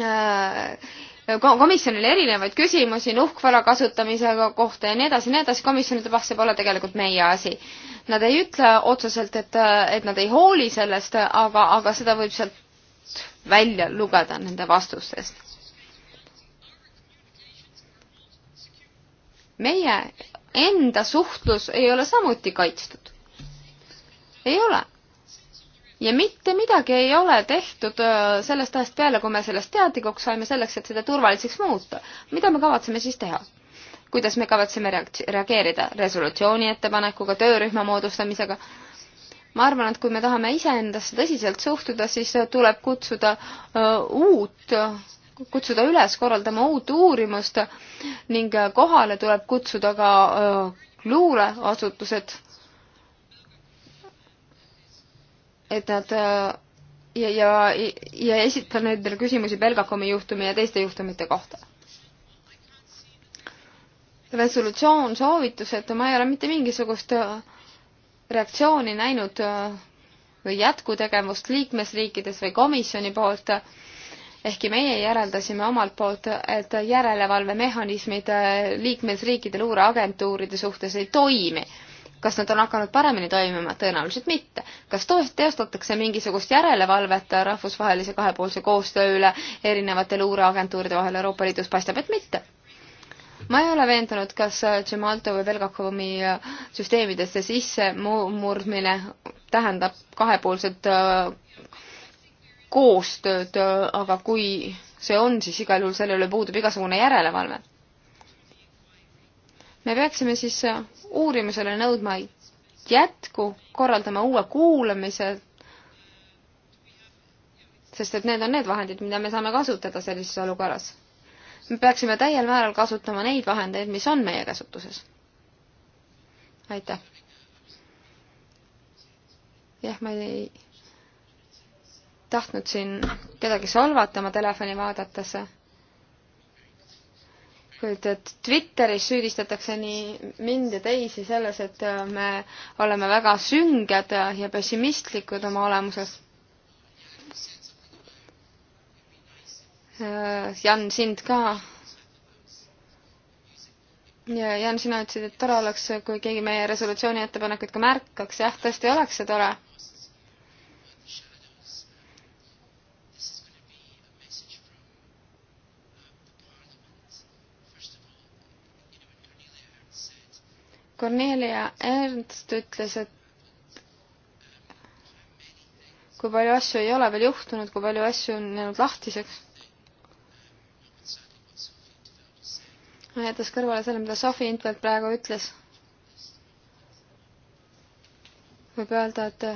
äh, komisjonile erinevaid küsimusi nuhkvara kasutamise kohta ja nii edasi ja nii edasi, komisjon ütleb, ah, see pole tegelikult meie asi. Nad ei ütle otseselt, et, äh, et nad ei hooli sellest, aga, aga seda võib sealt välja lugeda nende vastustest. meie enda suhtlus ei ole samuti kaitstud. ei ole. ja mitte midagi ei ole tehtud äh, sellest ajast peale, kui me sellest teadlikuks saime, selleks, et seda turvaliseks muuta. mida me kavatseme siis teha? kuidas me kavatseme reageerida resolutsiooni ettepanekuga, töörühma moodustamisega? ma arvan, et kui me tahame iseendasse tõsiselt suhtuda, siis äh, tuleb kutsuda äh, uut kutsuda üles korraldama uut uurimust ning äh, kohale tuleb kutsuda ka äh, luureasutused, et nad äh, ja, ja, ja esitada nendele küsimusi Belgacomi juhtumi ja teiste juhtumite kohta. resolutsioon, soovitused, ma ei ole mitte mingisugust reaktsiooni näinud või jätkutegevust liikmesriikides või komisjoni poolt ehkki meie järeldasime omalt poolt, et järelevalvemehhanismid äh, liikmesriikide luureagentuuride suhtes ei toimi. kas nad on hakanud paremini toimima? tõenäoliselt mitte. kas teostatakse mingisugust järelevalvet rahvusvahelise kahepoolse koostöö üle erinevate luureagentuuride vahel Euroopa Liidus? paistab, et mitte ma ei ole veendunud, kas Gemalto või Belgakomi äh, süsteemidesse sisse murdmine tähendab kahepoolset äh, koostööd, aga kui see on, siis igal juhul selle üle puudub igasugune järelevalve. me peaksime siis uurimisele nõudma jätku, korraldama uue kuulamise, sest et need on need vahendid, mida me saame kasutada sellises olukorras. me peaksime täiel määral kasutama neid vahendeid, mis on meie käsutuses. aitäh. jah, ma ei tahtnud siin kedagi solvata oma telefoni vaadates. kuid et Twitteris süüdistatakse nii mind ja teisi selles, et me oleme väga sünged ja pessimistlikud oma olemuses. Jan, sind ka. ja Jan, sina ütlesid, et tore oleks, kui keegi meie resolutsiooni ettepanekuid ka märkaks. jah, tõesti oleks see tore Cornelia Ernst ütles, et kui palju asju ei ole veel juhtunud, kui palju asju on jäänud lahtiseks. ma jätas kõrvale selle, mida Sofi Intvelt praegu ütles. võib öelda, et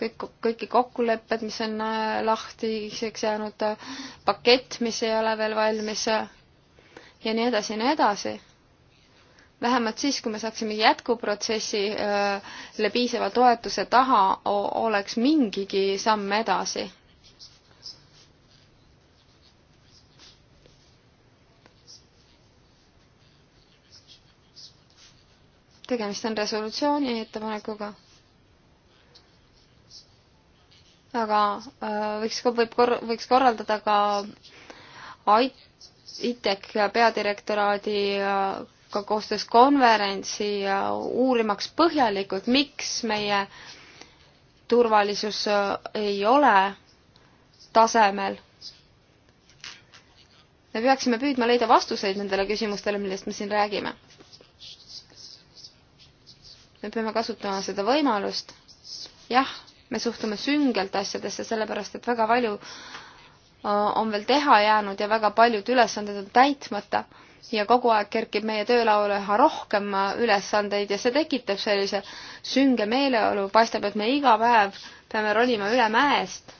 kõik, kõiki kokkulepped, mis on äh, lahtiseks jäänud, äh, pakett, mis ei ole veel valmis äh, ja nii edasi ja nii edasi vähemalt siis, kui me saaksime jätkuprotsessile piisava toetuse taha, oleks mingigi samm edasi tegemist on resolutsiooni ettepanekuga. aga võiks, võib kor-, võiks korraldada ka ITEC peadirektoraadi ka koostöös konverentsi ja uurimaks põhjalikult, miks meie turvalisus äh, ei ole tasemel. me peaksime püüdma leida vastuseid nendele küsimustele, millest me siin räägime. me peame kasutama seda võimalust. jah, me suhtume süngelt asjadesse, sellepärast et väga palju äh, on veel teha jäänud ja väga paljud ülesanded on täitmata ja kogu aeg kerkib meie töölauale üha rohkem ülesandeid ja see tekitab sellise sünge meeleolu, paistab, et me iga päev peame ronima üle mäest.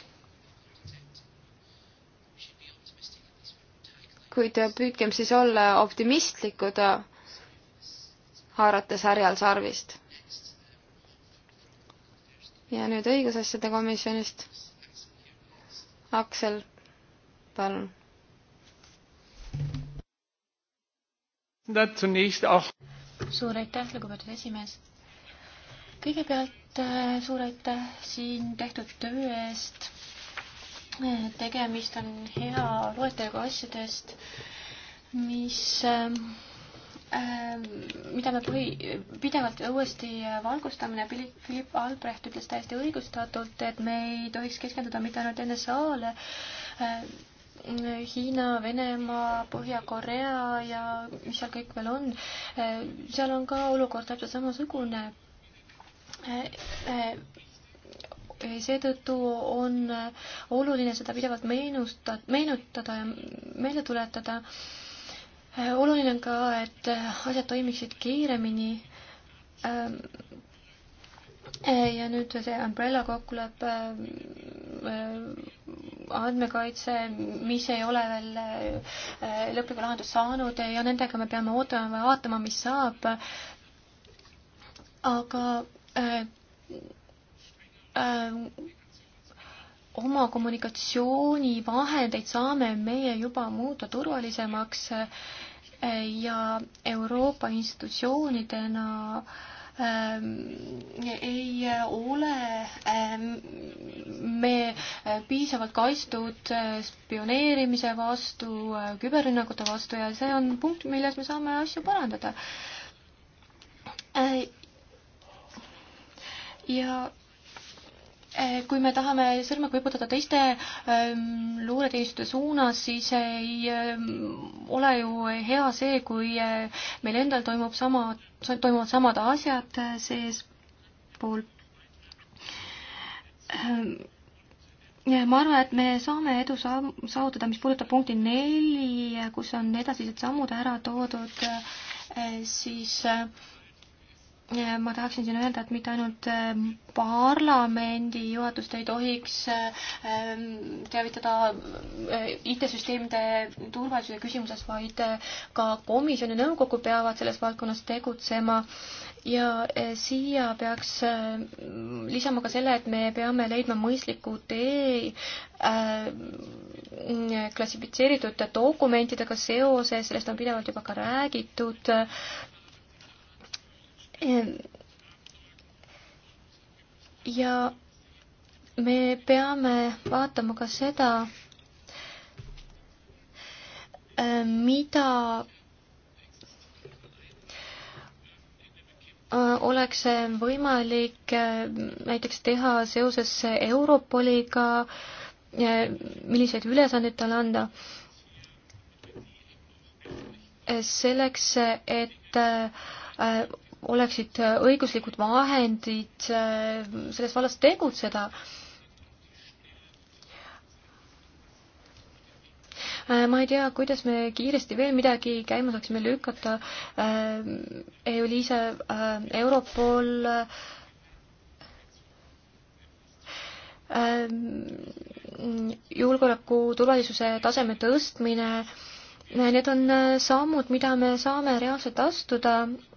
kuid püüdkem siis olla optimistlikud, haarates härjal sarvist. ja nüüd õigusasjade komisjonist. Aksel, palun suur aitäh, lugupeetud esimees. kõigepealt äh, suur aitäh siin tehtud töö eest. Äh, tegemist on hea loeteluga asjadest, mis ähm, ähm, mida me põhi, pidevalt uuesti valgustamine, Philip Albrecht ütles täiesti õigustatult, et me ei tohiks keskenduda mitte ainult NSA-le, äh, Hiina, Venemaa, Põhja-Korea ja mis seal kõik veel on, seal on ka olukord täpselt samasugune. seetõttu on oluline seda pidevalt meenustada, meenutada ja meelde tuletada. oluline on ka, et asjad toimiksid kiiremini ja nüüd see umbrella kokkulepe andmekaitse, mis ei ole veel äh, lõplikku lahendust saanud ja nendega me peame ootama, vaatama, mis saab. aga äh, äh, oma kommunikatsioonivahendeid saame meie juba muuta turvalisemaks äh, ja Euroopa institutsioonidena äh, Ähm, ei ole ähm, me äh, piisavalt kaitstud äh, spioneerimise vastu, äh, küberrünnakute vastu ja see on punkt, milles me saame asju parandada. ja Eh, kui me tahame sõrmega viputada teiste ähm, luureteenistuste suunas, siis ei ähm, ole ju hea see, kui äh, meil endal toimub sama, toimuvad samad asjad äh, seespool ähm,. Ja ma arvan, et me saame edu saavutada, mis puudutab punkti neli, kus on edasised sammud ära toodud äh,, siis äh, Äh, ma tahaksin siin öelda, et mitte ainult äh, parlamendi juhatust ei tohiks äh, teavitada IT-süsteemide turvalisuse küsimuses, vaid ka komisjon ja nõukogu peavad selles valdkonnas tegutsema. ja siia peaks lisama ka selle, et me peame leidma mõistliku tee klassifitseeritud dokumentidega seoses, sellest on pidevalt juba ka räägitud ja me peame vaatama ka seda, mida oleks võimalik näiteks teha seoses Europoliga, milliseid ülesandeid talle anda, selleks, et oleksid õiguslikud vahendid äh, selles vallas tegutseda. Äh, ma ei tea, kuidas me kiiresti veel midagi käima saaksime lükata. Äh, Euliise, Europol julgeoleku turvalisuse taseme tõstmine äh, Need on äh, sammud, mida me saame reaalselt astuda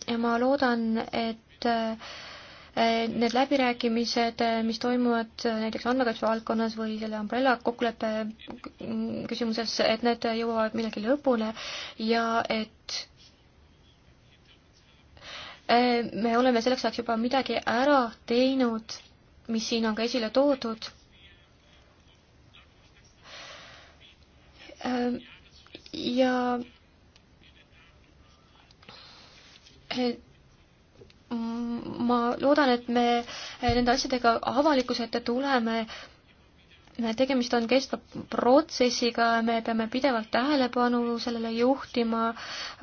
ja ma loodan, et äh, need läbirääkimised, äh, mis toimuvad näiteks andmekaitse valdkonnas või selle umbrella kokkuleppe mm, küsimuses, et need jõuavad millegi lõpule ja et me oleme selleks ajaks juba midagi ära teinud, mis siin on ka esile toodud ja ma loodan, et me nende asjadega avalikkuse ette tuleme. tegemist on kestva protsessiga, me peame pidevalt tähelepanu sellele juhtima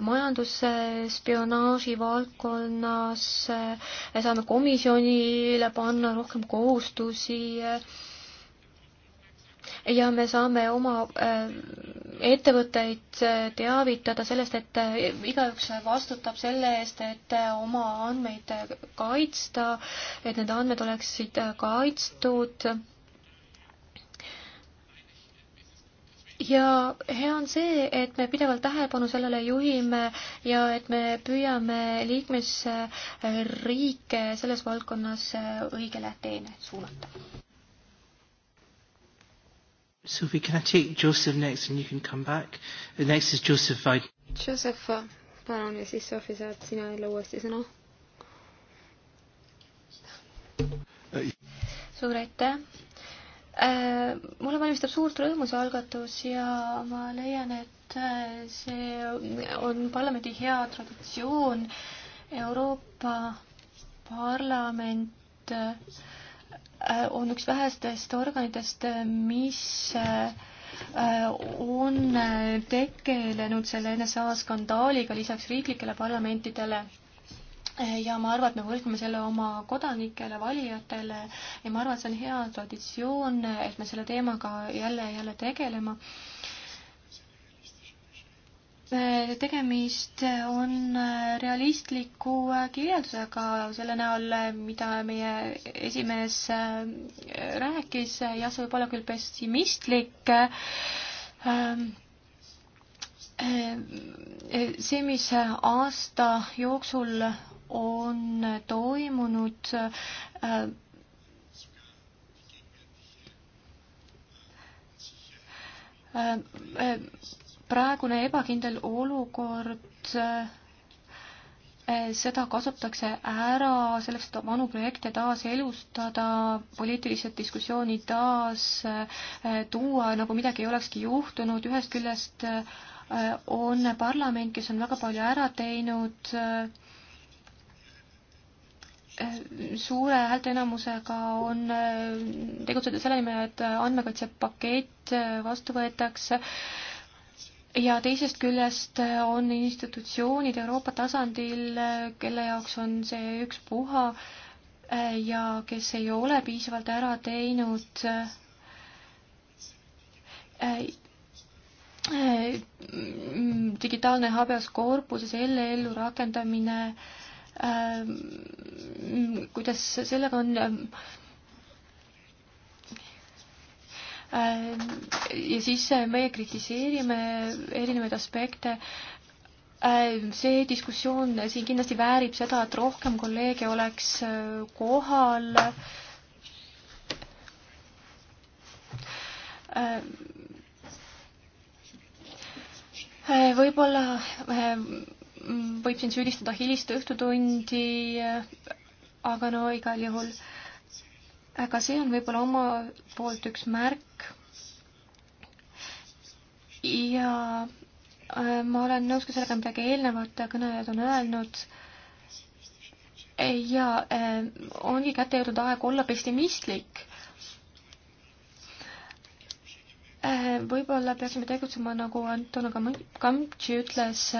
majandusspionaaži valdkonnas, saame komisjonile panna rohkem kohustusi ja me saame oma äh, ettevõtteid äh, teavitada sellest, et äh, igaüks vastutab selle eest, et oma andmeid kaitsta, et need andmed oleksid kaitstud ja hea on see, et me pidevalt tähelepanu sellele juhime ja et me püüame liikmesriike selles valdkonnas õigele teene suunata. Sophie, can I take Joseph next and you can come back? The uh, next is Joseph Vaid. Joseph, palun ja siis Sophie saad sina jälle uuesti sõna. suur aitäh äh, mulle valmistab suurt rõõmu see algatus ja ma leian, et äh, see on parlamendi hea traditsioon. Euroopa Parlament äh, Äh, on üks vähestest organitest, mis äh, on äh, tegelenud selle NSA skandaaliga lisaks riiklikele parlamentidele ja ma arvan, et me võlgneme selle oma kodanikele, valijatele ja ma arvan, et see on hea traditsioon, et me selle teemaga jälle ja jälle tegelema Äh, tegemist on äh, realistliku äh, kirjeldusega selle näol, mida meie esimees rääkis, jah, see võib olla küll pessimistlik, ähm, see, mis aasta jooksul on toimunud, praegune ebakindel olukord eh, seda kasutatakse ära selleks, et vanu projekte taas elustada, poliitilised diskussioonid taas eh, tuua, nagu midagi ei olekski juhtunud, ühest küljest eh, on parlament, kes on väga palju ära teinud, suure häälteenamusega on tegutseda selle nimel, et andmekaitsepakett vastu võetakse ja teisest küljest on institutsioonid Euroopa tasandil, kelle jaoks on see ükspuha ja kes ei ole piisavalt ära teinud digitaalne habeas corpus ja selle ellurakendamine, kuidas sellega on Äh, ja siis äh, meie kritiseerime erinevaid aspekte. Äh, see diskussioon siin kindlasti väärib seda, et rohkem kolleege oleks kohal võib-olla võib siin süüdistada hilist õhtutundi, aga no igal juhul äh, ka see on võib-olla oma poolt üks märk. ja äh, ma olen nõus ka sellega, mida ka eelnevad kõnelejad on öelnud. ja äh, ongi kätte jõudnud aeg olla pessimistlik. Äh, võib-olla peaksime tegutsema nagu Anton Kamtši ütles.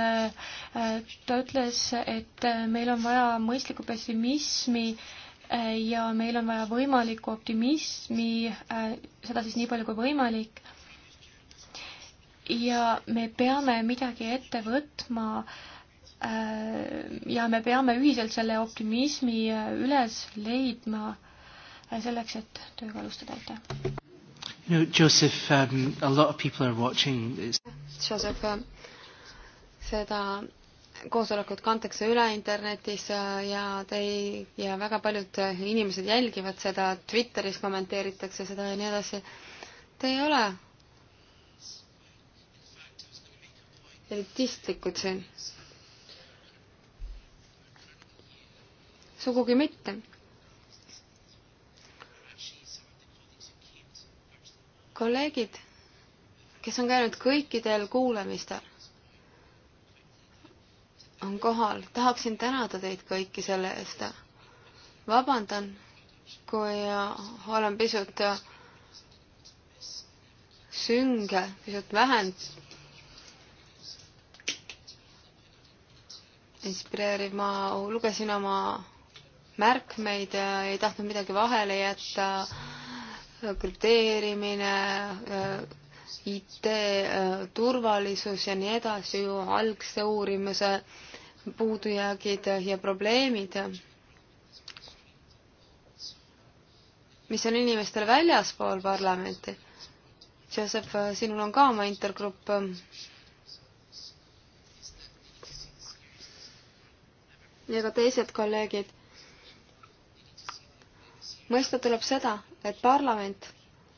ta ütles, et meil on vaja mõistlikku pessimismi ja meil on vaja võimalikku optimismi, äh, seda siis nii palju kui võimalik. ja me peame midagi ette võtma äh, ja me peame ühiselt selle optimismi äh, üles leidma selleks, et tööga alustada, aitäh. No, Joseph um,, a lot of people are watching this. Joseph, seda koosolekud kantakse üle internetis äh, ja tei- ja väga paljud äh, inimesed jälgivad seda, Twitteris kommenteeritakse seda ja nii edasi. Te ei ole elitistlikud siin. sugugi mitte. kolleegid, kes on käinud kõikidel kuulamistel, on kohal. tahaksin tänada teid kõiki selle eest. vabandan, kui olen pisut sünge, pisut vähem inspireeriv, ma lugesin oma märkmeid, ei tahtnud midagi vahele jätta, krüpteerimine, IT turvalisus ja nii edasi ju algse uurimuse äh, puudujäägid ja probleemid, mis on inimestel väljaspool parlamenti. Joseph, sinul on ka oma intergrupp. ja ka teised kolleegid. mõista tuleb seda, et parlament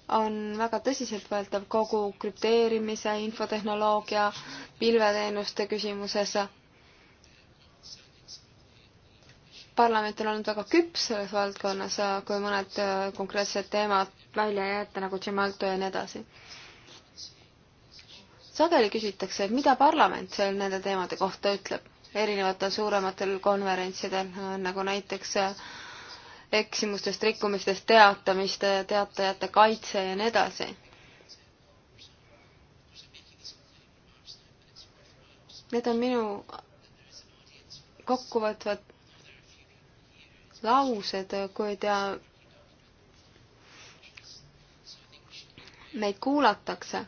on väga tõsiseltvõetav kogu krüpteerimise, infotehnoloogia, pilveteenuste küsimuses parlament on olnud väga küps selles valdkonnas, kui mõned äh, konkreetsed teemad välja jätta, nagu Gemalto ja nii edasi. sageli küsitakse, et mida parlament seal nende teemade kohta ütleb, erinevatel suurematel konverentsidel, äh, nagu näiteks äh, eksimustest, rikkumistest teatamiste, teatajate kaitse ja nii edasi need on minu kokkuvõtvad laused, kuid meid kuulatakse.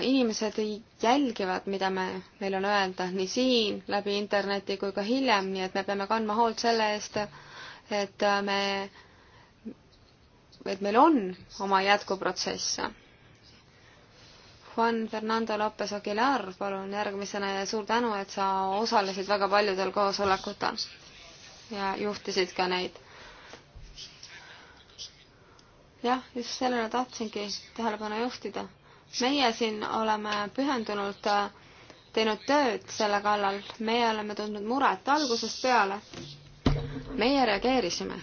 inimesed jälgivad, mida me, meil on öelda nii siin läbi interneti kui ka hiljem, nii et me peame kandma hoolt selle eest, et me, et meil on oma jätkuprotsesse Juan Fernando Lopez Aguilar, palun järgmisena ja suur tänu, et sa osalesid väga paljudel koosolekutel ja juhtisid ka neid. jah, just sellele tahtsingi tähelepanu juhtida. meie siin oleme pühendunult äh, teinud tööd selle kallal, meie oleme tundnud muret algusest peale. meie reageerisime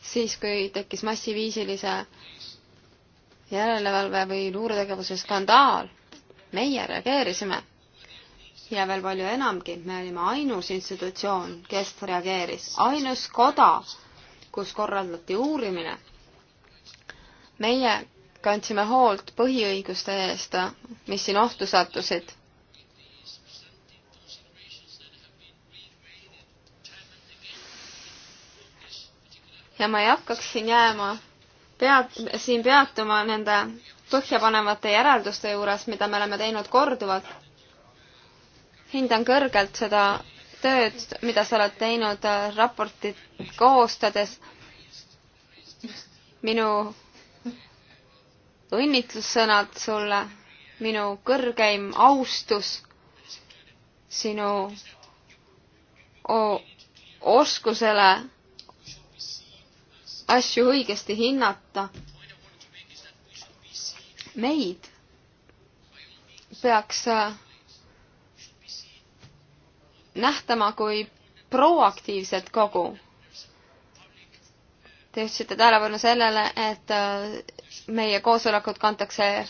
siis, kui tekkis massiviisilise järelevalve või luuretegevuse skandaal. meie reageerisime ja veel palju enamgi, me olime ainus institutsioon, kes reageeris, ainus koda, kus korraldati uurimine. meie kandsime hoolt põhiõiguste eest, mis siin ohtu sattusid. ja ma ei hakkaks siin jääma, pead, siin peatuma nende põhjapanevate järelduste juures, mida me oleme teinud korduvalt hindan kõrgelt seda tööd, mida sa oled teinud äh, raportit koostades. minu õnnitlussõnad sulle, minu kõrgeim austus sinu oskusele asju õigesti hinnata. meid peaks äh, nähtama kui proaktiivset kogu. Te ütlesite tähelepanu sellele, et äh, meie koosolekud kantakse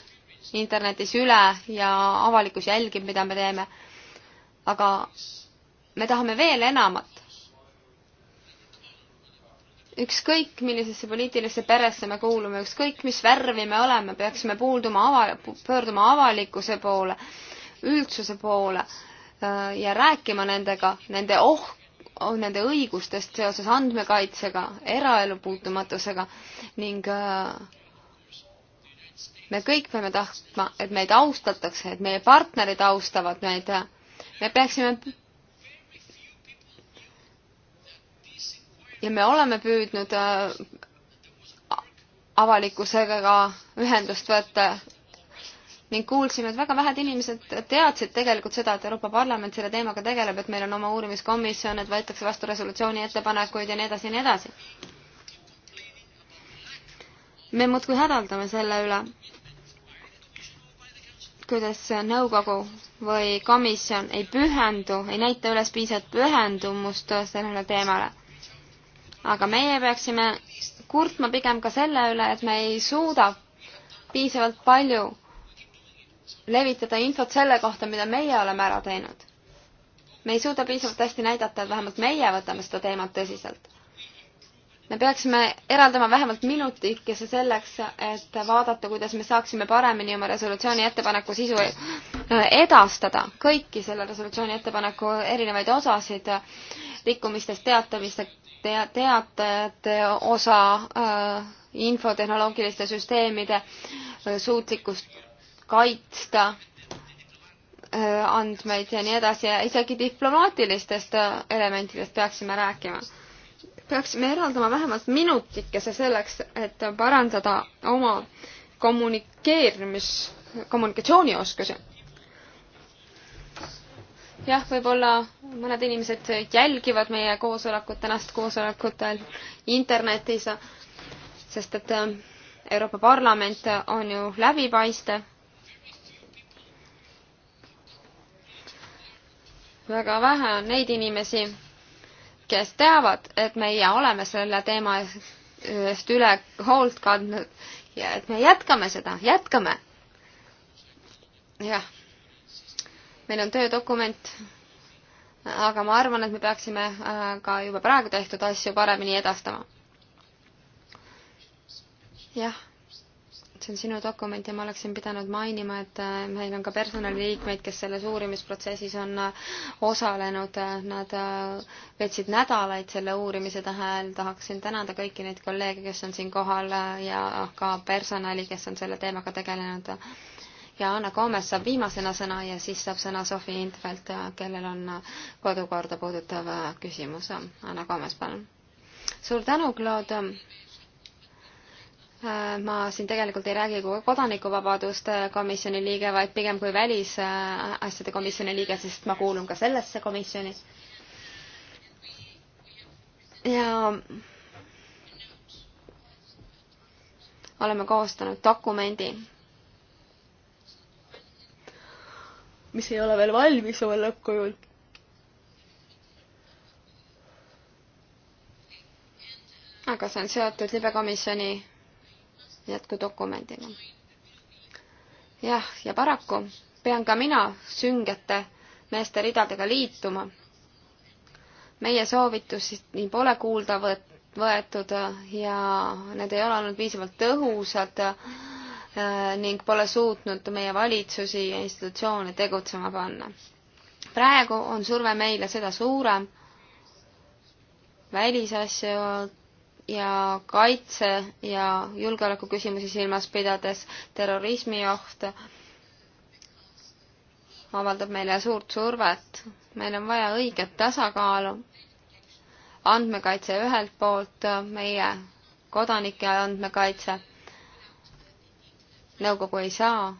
internetis üle ja avalikkus jälgib, mida me teeme. aga me tahame veel enamat. ükskõik, millisesse poliitilisse peresse me kuulume, ükskõik, mis värvi me oleme, peaksime puulduma ava-, pöörduma avalikkuse poole, üldsuse poole Äh, ja rääkima nendega nende oh-, nende õigustest seoses andmekaitsega, eraelu puutumatusega ning äh, me kõik peame tahtma, et meid austatakse, et meie partnerid austavad meid. me peaksime ja me oleme püüdnud äh, avalikkusega ühendust võtta ning kuulsime, et väga vähed inimesed teadsid tegelikult seda, et Euroopa Parlament selle teemaga tegeleb, et meil on oma uurimiskomisjon, et võetakse vastu resolutsiooni ettepanekuid ja nii edasi ja nii edasi. me muudkui hädaldame selle üle, kuidas nõukogu või komisjon ei pühendu, ei näita üles piisavat pühendumust sellele teemale. aga meie peaksime kurtma pigem ka selle üle, et me ei suuda piisavalt palju levitada infot selle kohta, mida meie oleme ära teinud. me ei suuda piisavalt hästi näidata, et vähemalt meie võtame seda teemat tõsiselt. me peaksime eraldama vähemalt minutikese selleks, et vaadata, kuidas me saaksime paremini oma resolutsiooni ettepaneku sisu edastada, kõiki selle resolutsiooni ettepaneku erinevaid osasid, rikkumistest teatamiste te-, teatajate osa äh,, infotehnoloogiliste süsteemide äh, suutlikkust kaitsta äh, andmeid ja nii edasi ja isegi diplomaatilistest äh, elementidest peaksime rääkima. peaksime eraldama vähemalt minutikese selleks, et parandada oma kommunikeerimis, kommunikatsioonioskusi. jah, võib-olla mõned inimesed jälgivad meie koosolekut, tänast koosolekut internetis, sest et äh, Euroopa Parlament on ju läbipaistev väga vähe on neid inimesi, kes teavad, et meie oleme selle teema eest üle hoolt kandnud ja et me jätkame seda, jätkame. jah, meil on töödokument, aga ma arvan, et me peaksime äh, ka juba praegu tehtud asju paremini edastama. jah see on sinu dokument ja ma oleksin pidanud mainima, et meil äh, on ka personaliliikmeid, kes selles uurimisprotsessis on äh, osalenud, nad äh, veetsid nädalaid selle uurimise tähel, tahaksin tänada kõiki neid kolleege, kes on siin kohal ja ka personali, kes on selle teemaga tegelenud. ja Anna Koomes saab viimasena sõna ja siis saab sõna Sofi Intvelt, kellel on kodukorda puudutav küsimus. Anna Koomes, palun. suur tänu, Claude Äh, ma siin tegelikult ei räägi kui kodanikuvabaduste komisjoni liige, vaid pigem kui välisasjade äh, komisjoni liige, sest ma kuulun ka sellesse komisjoni. ja oleme koostanud dokumendi, mis ei ole veel valmis oma lõppkujul aga see on seotud libekomisjoni jätkudokumendiga. jah, ja paraku pean ka mina süngete meeste ridadega liituma. meie soovitusi pole kuulda võetud ja need ei ole olnud piisavalt tõhusad äh, ning pole suutnud meie valitsusi ja institutsioone tegutsema panna. praegu on surve meile seda suurem välisasjad ja kaitse ja julgeolekuküsimusi silmas pidades terrorismioht avaldab meile suurt survet. meil on vaja õiget tasakaalu andmekaitse ühelt poolt, meie kodanike andmekaitse. nõukogu ei saa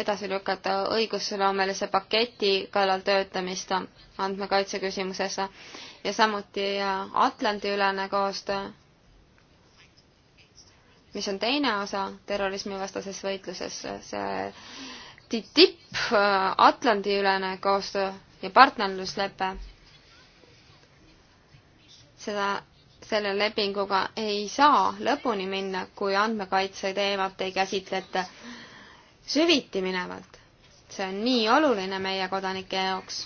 edasi lükata õigusloomelise paketi kallal töötamist andmekaitse küsimuses ja samuti Atlandi-ülene koostöö, mis on teine osa terrorismivastases võitluses, see tipp Atlandi-ülene koostöö ja partnerluslepe, seda selle lepinguga ei saa lõpuni minna, kui andmekaitse teemat ei käsitleta süviti minevalt. see on nii oluline meie kodanike jaoks.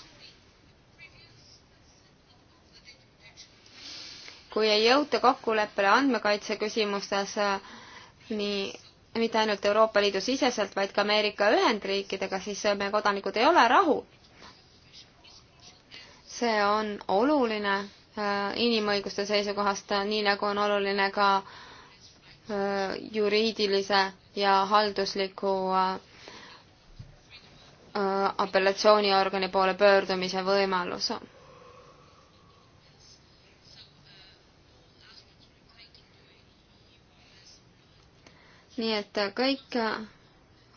kui ei jõuta kokkuleppele andmekaitse küsimustes nii mitte ainult Euroopa Liidu siseselt, vaid ka Ameerika Ühendriikidega, siis meie kodanikud ei ole rahul. see on oluline äh, inimõiguste seisukohast, nii nagu on oluline ka äh, juriidilise ja haldusliku äh, äh, apellatsiooniorgani poole pöördumise võimalus. nii et kõik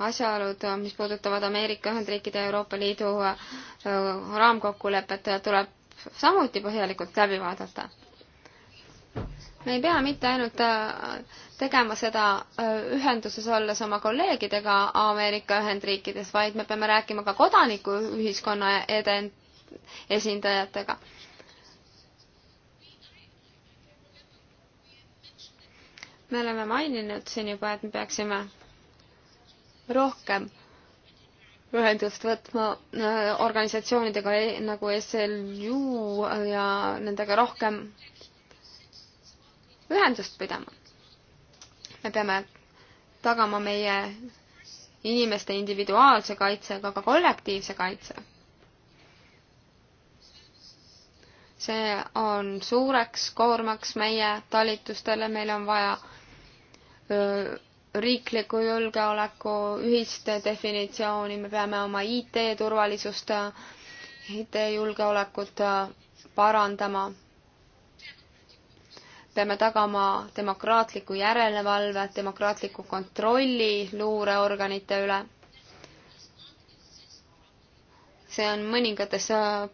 asjaolud, mis puudutavad Ameerika Ühendriikide ja Euroopa Liidu äh, raamkokkulepet, tuleb samuti põhjalikult läbi vaadata me ei pea mitte ainult äh, tegema seda äh, ühenduses olles oma kolleegidega Ameerika Ühendriikides, vaid me peame rääkima ka kodanikuühiskonna eden-, esindajatega. me oleme maininud siin juba, et me peaksime rohkem ühendust võtma äh, organisatsioonidega eh, nagu SLU ja nendega rohkem ühendust pidama. me peame tagama meie inimeste individuaalse kaitse, aga ka kollektiivse kaitse. see on suureks koormaks meie talitustele, meil on vaja öö, riikliku julgeoleku ühist definitsiooni, me peame oma IT-turvalisust, IT-julgeolekut äh, parandama peame tagama demokraatliku järelevalve, demokraatliku kontrolli luureorganite üle. see on mõningates äh,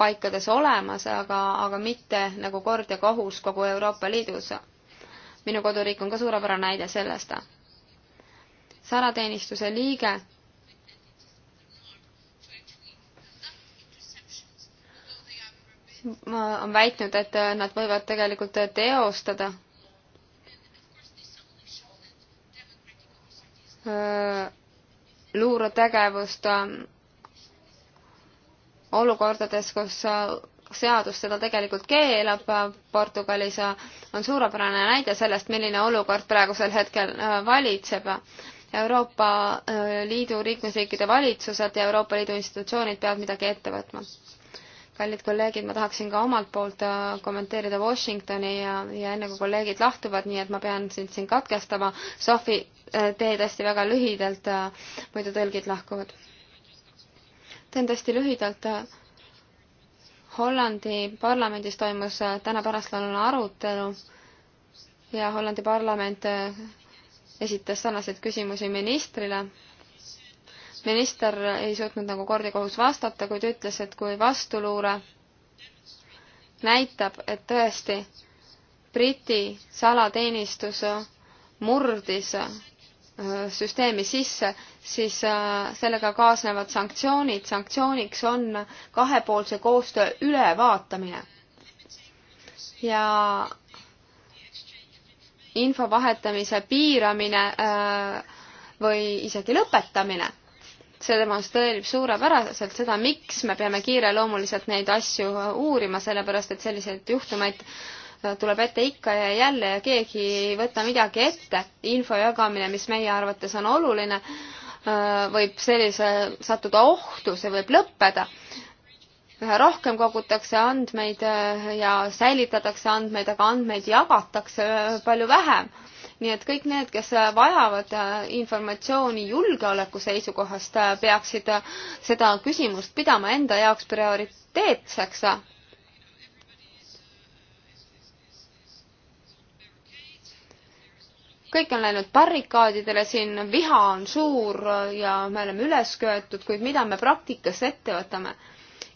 paikades olemas, aga, aga mitte nagu kord ja kohus kogu Euroopa Liidus. minu koduriik on ka suurepärane näide sellest. salateenistuse liige on väitnud, et nad võivad tegelikult teostada äh, luuretegevust äh, olukordades, kus äh, seadus seda tegelikult keelab Portugalis, on suurepärane näide sellest, milline olukord praegusel hetkel valitseb. Euroopa Liidu liikmesriikide valitsused ja Euroopa Liidu institutsioonid peavad midagi ette võtma kallid kolleegid, ma tahaksin ka omalt poolt äh, kommenteerida Washingtoni ja, ja enne kui kolleegid lahtuvad, nii et ma pean sind siin katkestama. Sofi, äh, tee tõesti väga lühidalt, äh, muidu tõlgid lahkuvad. teen tõesti lühidalt. Hollandi parlamendis toimus täna pärastlõunane arutelu ja Hollandi parlament esitas sarnaseid küsimusi ministrile minister ei suutnud nagu kord ja kohus vastata, kuid ütles, et kui vastuluure näitab, et tõesti Briti salateenistus murdis äh, süsteemi sisse, siis äh, sellega kaasnevad sanktsioonid. sanktsiooniks on kahepoolse koostöö ülevaatamine. ja info vahetamise piiramine äh, või isegi lõpetamine see demonstreerib suurepäraselt seda, miks me peame kiireloomuliselt neid asju uurima, sellepärast et selliseid juhtumeid tuleb ette ikka ja jälle ja keegi ei võta midagi ette. info jagamine, mis meie arvates on oluline, võib sellise, sattuda ohtu, see võib lõppeda üha rohkem kogutakse andmeid ja säilitatakse andmeid, aga andmeid jagatakse palju vähem nii et kõik need, kes vajavad äh, informatsiooni julgeoleku seisukohast, äh, peaksid äh, seda küsimust pidama enda jaoks prioriteetseks. kõik on läinud barrikaadidele siin, viha on suur ja me oleme üles köetud, kuid mida me praktikas ette võtame?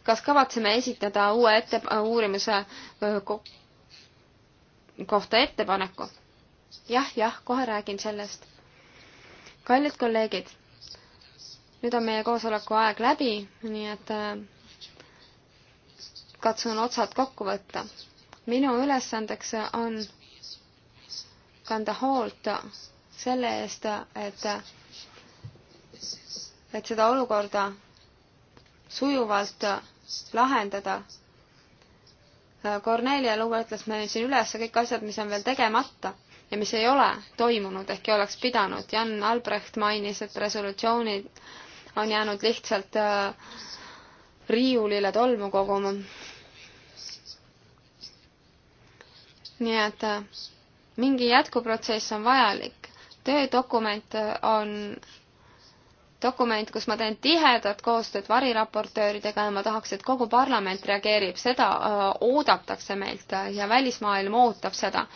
kas kavatseme esitada uue ette, uurimuse kohta ettepaneku? jah, jah, kohe räägin sellest. kallid kolleegid, nüüd on meie koosoleku aeg läbi, nii et äh, katsun otsad kokku võtta. minu ülesandeks on kanda hoolt selle eest, et, et seda olukorda sujuvalt lahendada. Äh, Kornelia Luua ütles meil siin üles kõik asjad, mis on veel tegemata ja mis ei ole toimunud, ehkki oleks pidanud. Jan Albrecht mainis, et resolutsioonid on jäänud lihtsalt äh, riiulile tolmu koguma. nii et äh, mingi jätkuprotsess on vajalik. töödokument äh, on dokument, kus ma teen tihedat koostööd variraportööridega ja ma tahaks, et kogu parlament reageerib, seda oodatakse meilt ja välismaailm ootab seda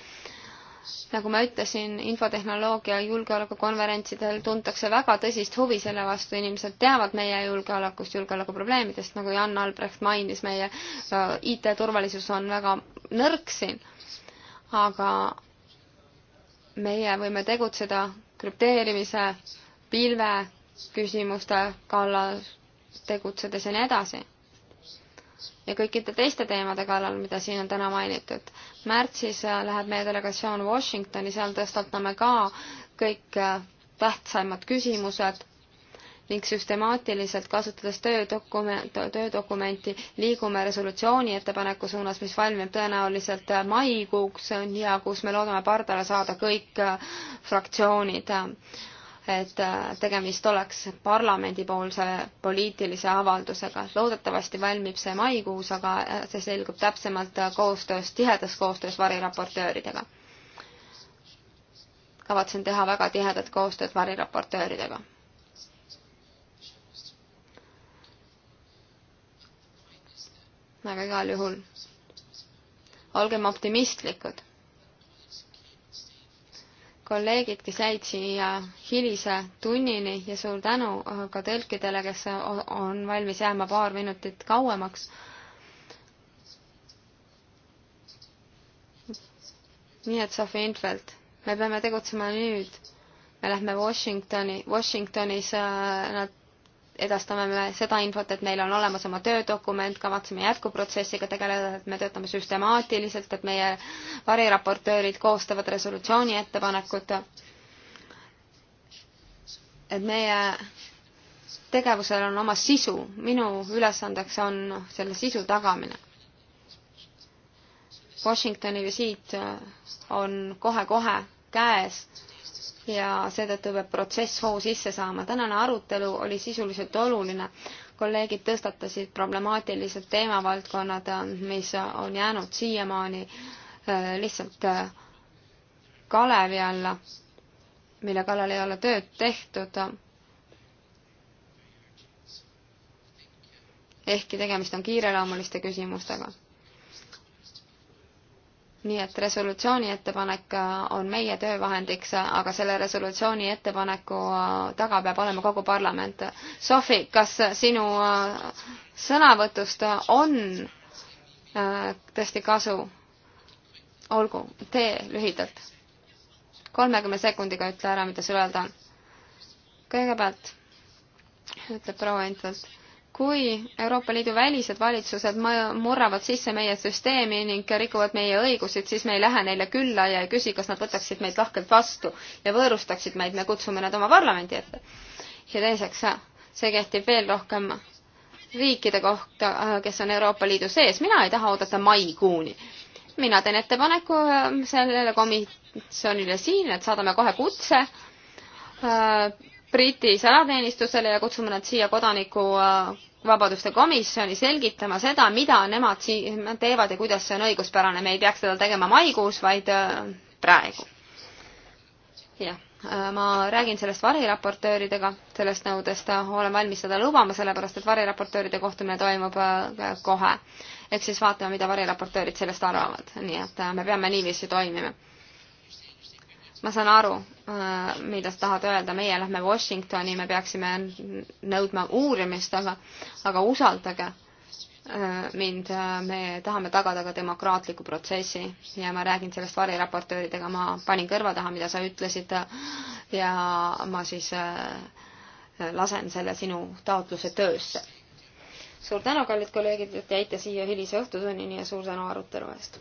nagu ma ütlesin, infotehnoloogia julgeolekukonverentsidel tuntakse väga tõsist huvi selle vastu, inimesed teavad meie julgeolekust, julgeolekuprobleemidest, nagu Jan Albrecht mainis, meie äh, IT-turvalisus on väga nõrk siin. aga meie võime tegutseda krüpteerimise, pilve küsimuste kallal tegutsedes ja nii edasi ja kõikide teiste teemade kallal, mida siin on täna mainitud. märtsis äh, läheb meie delegatsioon Washingtoni, seal tõstatame ka kõik äh, tähtsaimad küsimused ning süstemaatiliselt, kasutades töödokument, töödokumenti, liigume resolutsiooni ettepaneku suunas, mis valmib tõenäoliselt äh, maikuuks ja kus me loodame pardale saada kõik fraktsioonid et äh, tegemist oleks parlamendipoolse poliitilise avaldusega. loodetavasti valmib see maikuus, aga äh, see selgub täpsemalt äh, koostöös, tihedas koostöös variraportööridega. kavatsen teha väga tihedat koostööd variraportööridega. aga igal juhul olgem optimistlikud kolleegid, kes jäid siia hilise tunnini ja suur tänu äh, ka tõlkidele, kes äh, on valmis jääma paar minutit kauemaks. nii et Sofi Infeld, me peame tegutsema nüüd. me lähme Washingtoni, Washingtonis äh, nad edastame me seda infot, et meil on olemas oma töödokument, kavatseme jätkuprotsessiga tegeleda, et me töötame süstemaatiliselt, et meie variraportöörid koostavad resolutsiooni ettepanekut. et meie tegevusel on oma sisu, minu ülesandeks on selle sisu tagamine. Washingtoni visiit on kohe-kohe käes ja seetõttu peab protsess hoo sisse saama. tänane arutelu oli sisuliselt oluline. kolleegid tõstatasid problemaatilised teemavaldkonnad, mis on jäänud siiamaani äh, lihtsalt äh, kalevi alla, mille kallal ei ole tööd tehtud. ehkki tegemist on kiireloomuliste küsimustega nii et resolutsiooni ettepanek äh, on meie töövahendiks, äh, aga selle resolutsiooni ettepaneku äh, taga peab olema kogu parlament. Sofi, kas sinu sõnavõtust on tõesti kasu? olgu, tee lühidalt. kolmekümne sekundiga ütle ära, mida sul öelda on. kõigepealt ütleb proua Entelt kui Euroopa Liidu välised valitsused murravad sisse meie süsteemi ning rikuvad meie õigused, siis me ei lähe neile külla ja ei küsi, kas nad võtaksid meid lahkelt vastu ja võõrustaksid meid, me kutsume nad oma parlamendi ette. ja teiseks, see kehtib veel rohkem riikide kohta, kes on Euroopa Liidu sees, mina ei taha oodata maikuuni. mina teen ettepaneku äh, sellele komisjonile siin, et saadame kohe kutse äh, Briti salateenistusele ja kutsume nad siia kodaniku äh, vabaduste komisjoni selgitama seda, mida nemad siin teevad ja kuidas see on õiguspärane. me ei peaks seda tegema maikuus, vaid äh, praegu. jah, äh, ma räägin sellest variraportööridega, sellest nõudest, olen valmis seda lubama, sellepärast et variraportööride kohtumine toimub äh, kohe. ehk siis vaatame, mida variraportöörid sellest arvavad, nii et me peame niiviisi toimima ma saan aru, äh, mida sa tahad öelda, meie lähme Washingtoni, me peaksime nõudma uurimist, aga, aga usaldage äh, mind, me tahame tagada ka demokraatliku protsessi ja ma räägin sellest variraportööridega, ma panin kõrva taha, mida sa ütlesid ja ma siis äh, lasen selle sinu taotluse töösse. suur tänu, kallid kolleegid, et jäite siia hilise õhtutunnini ja suur tänu arutelu eest!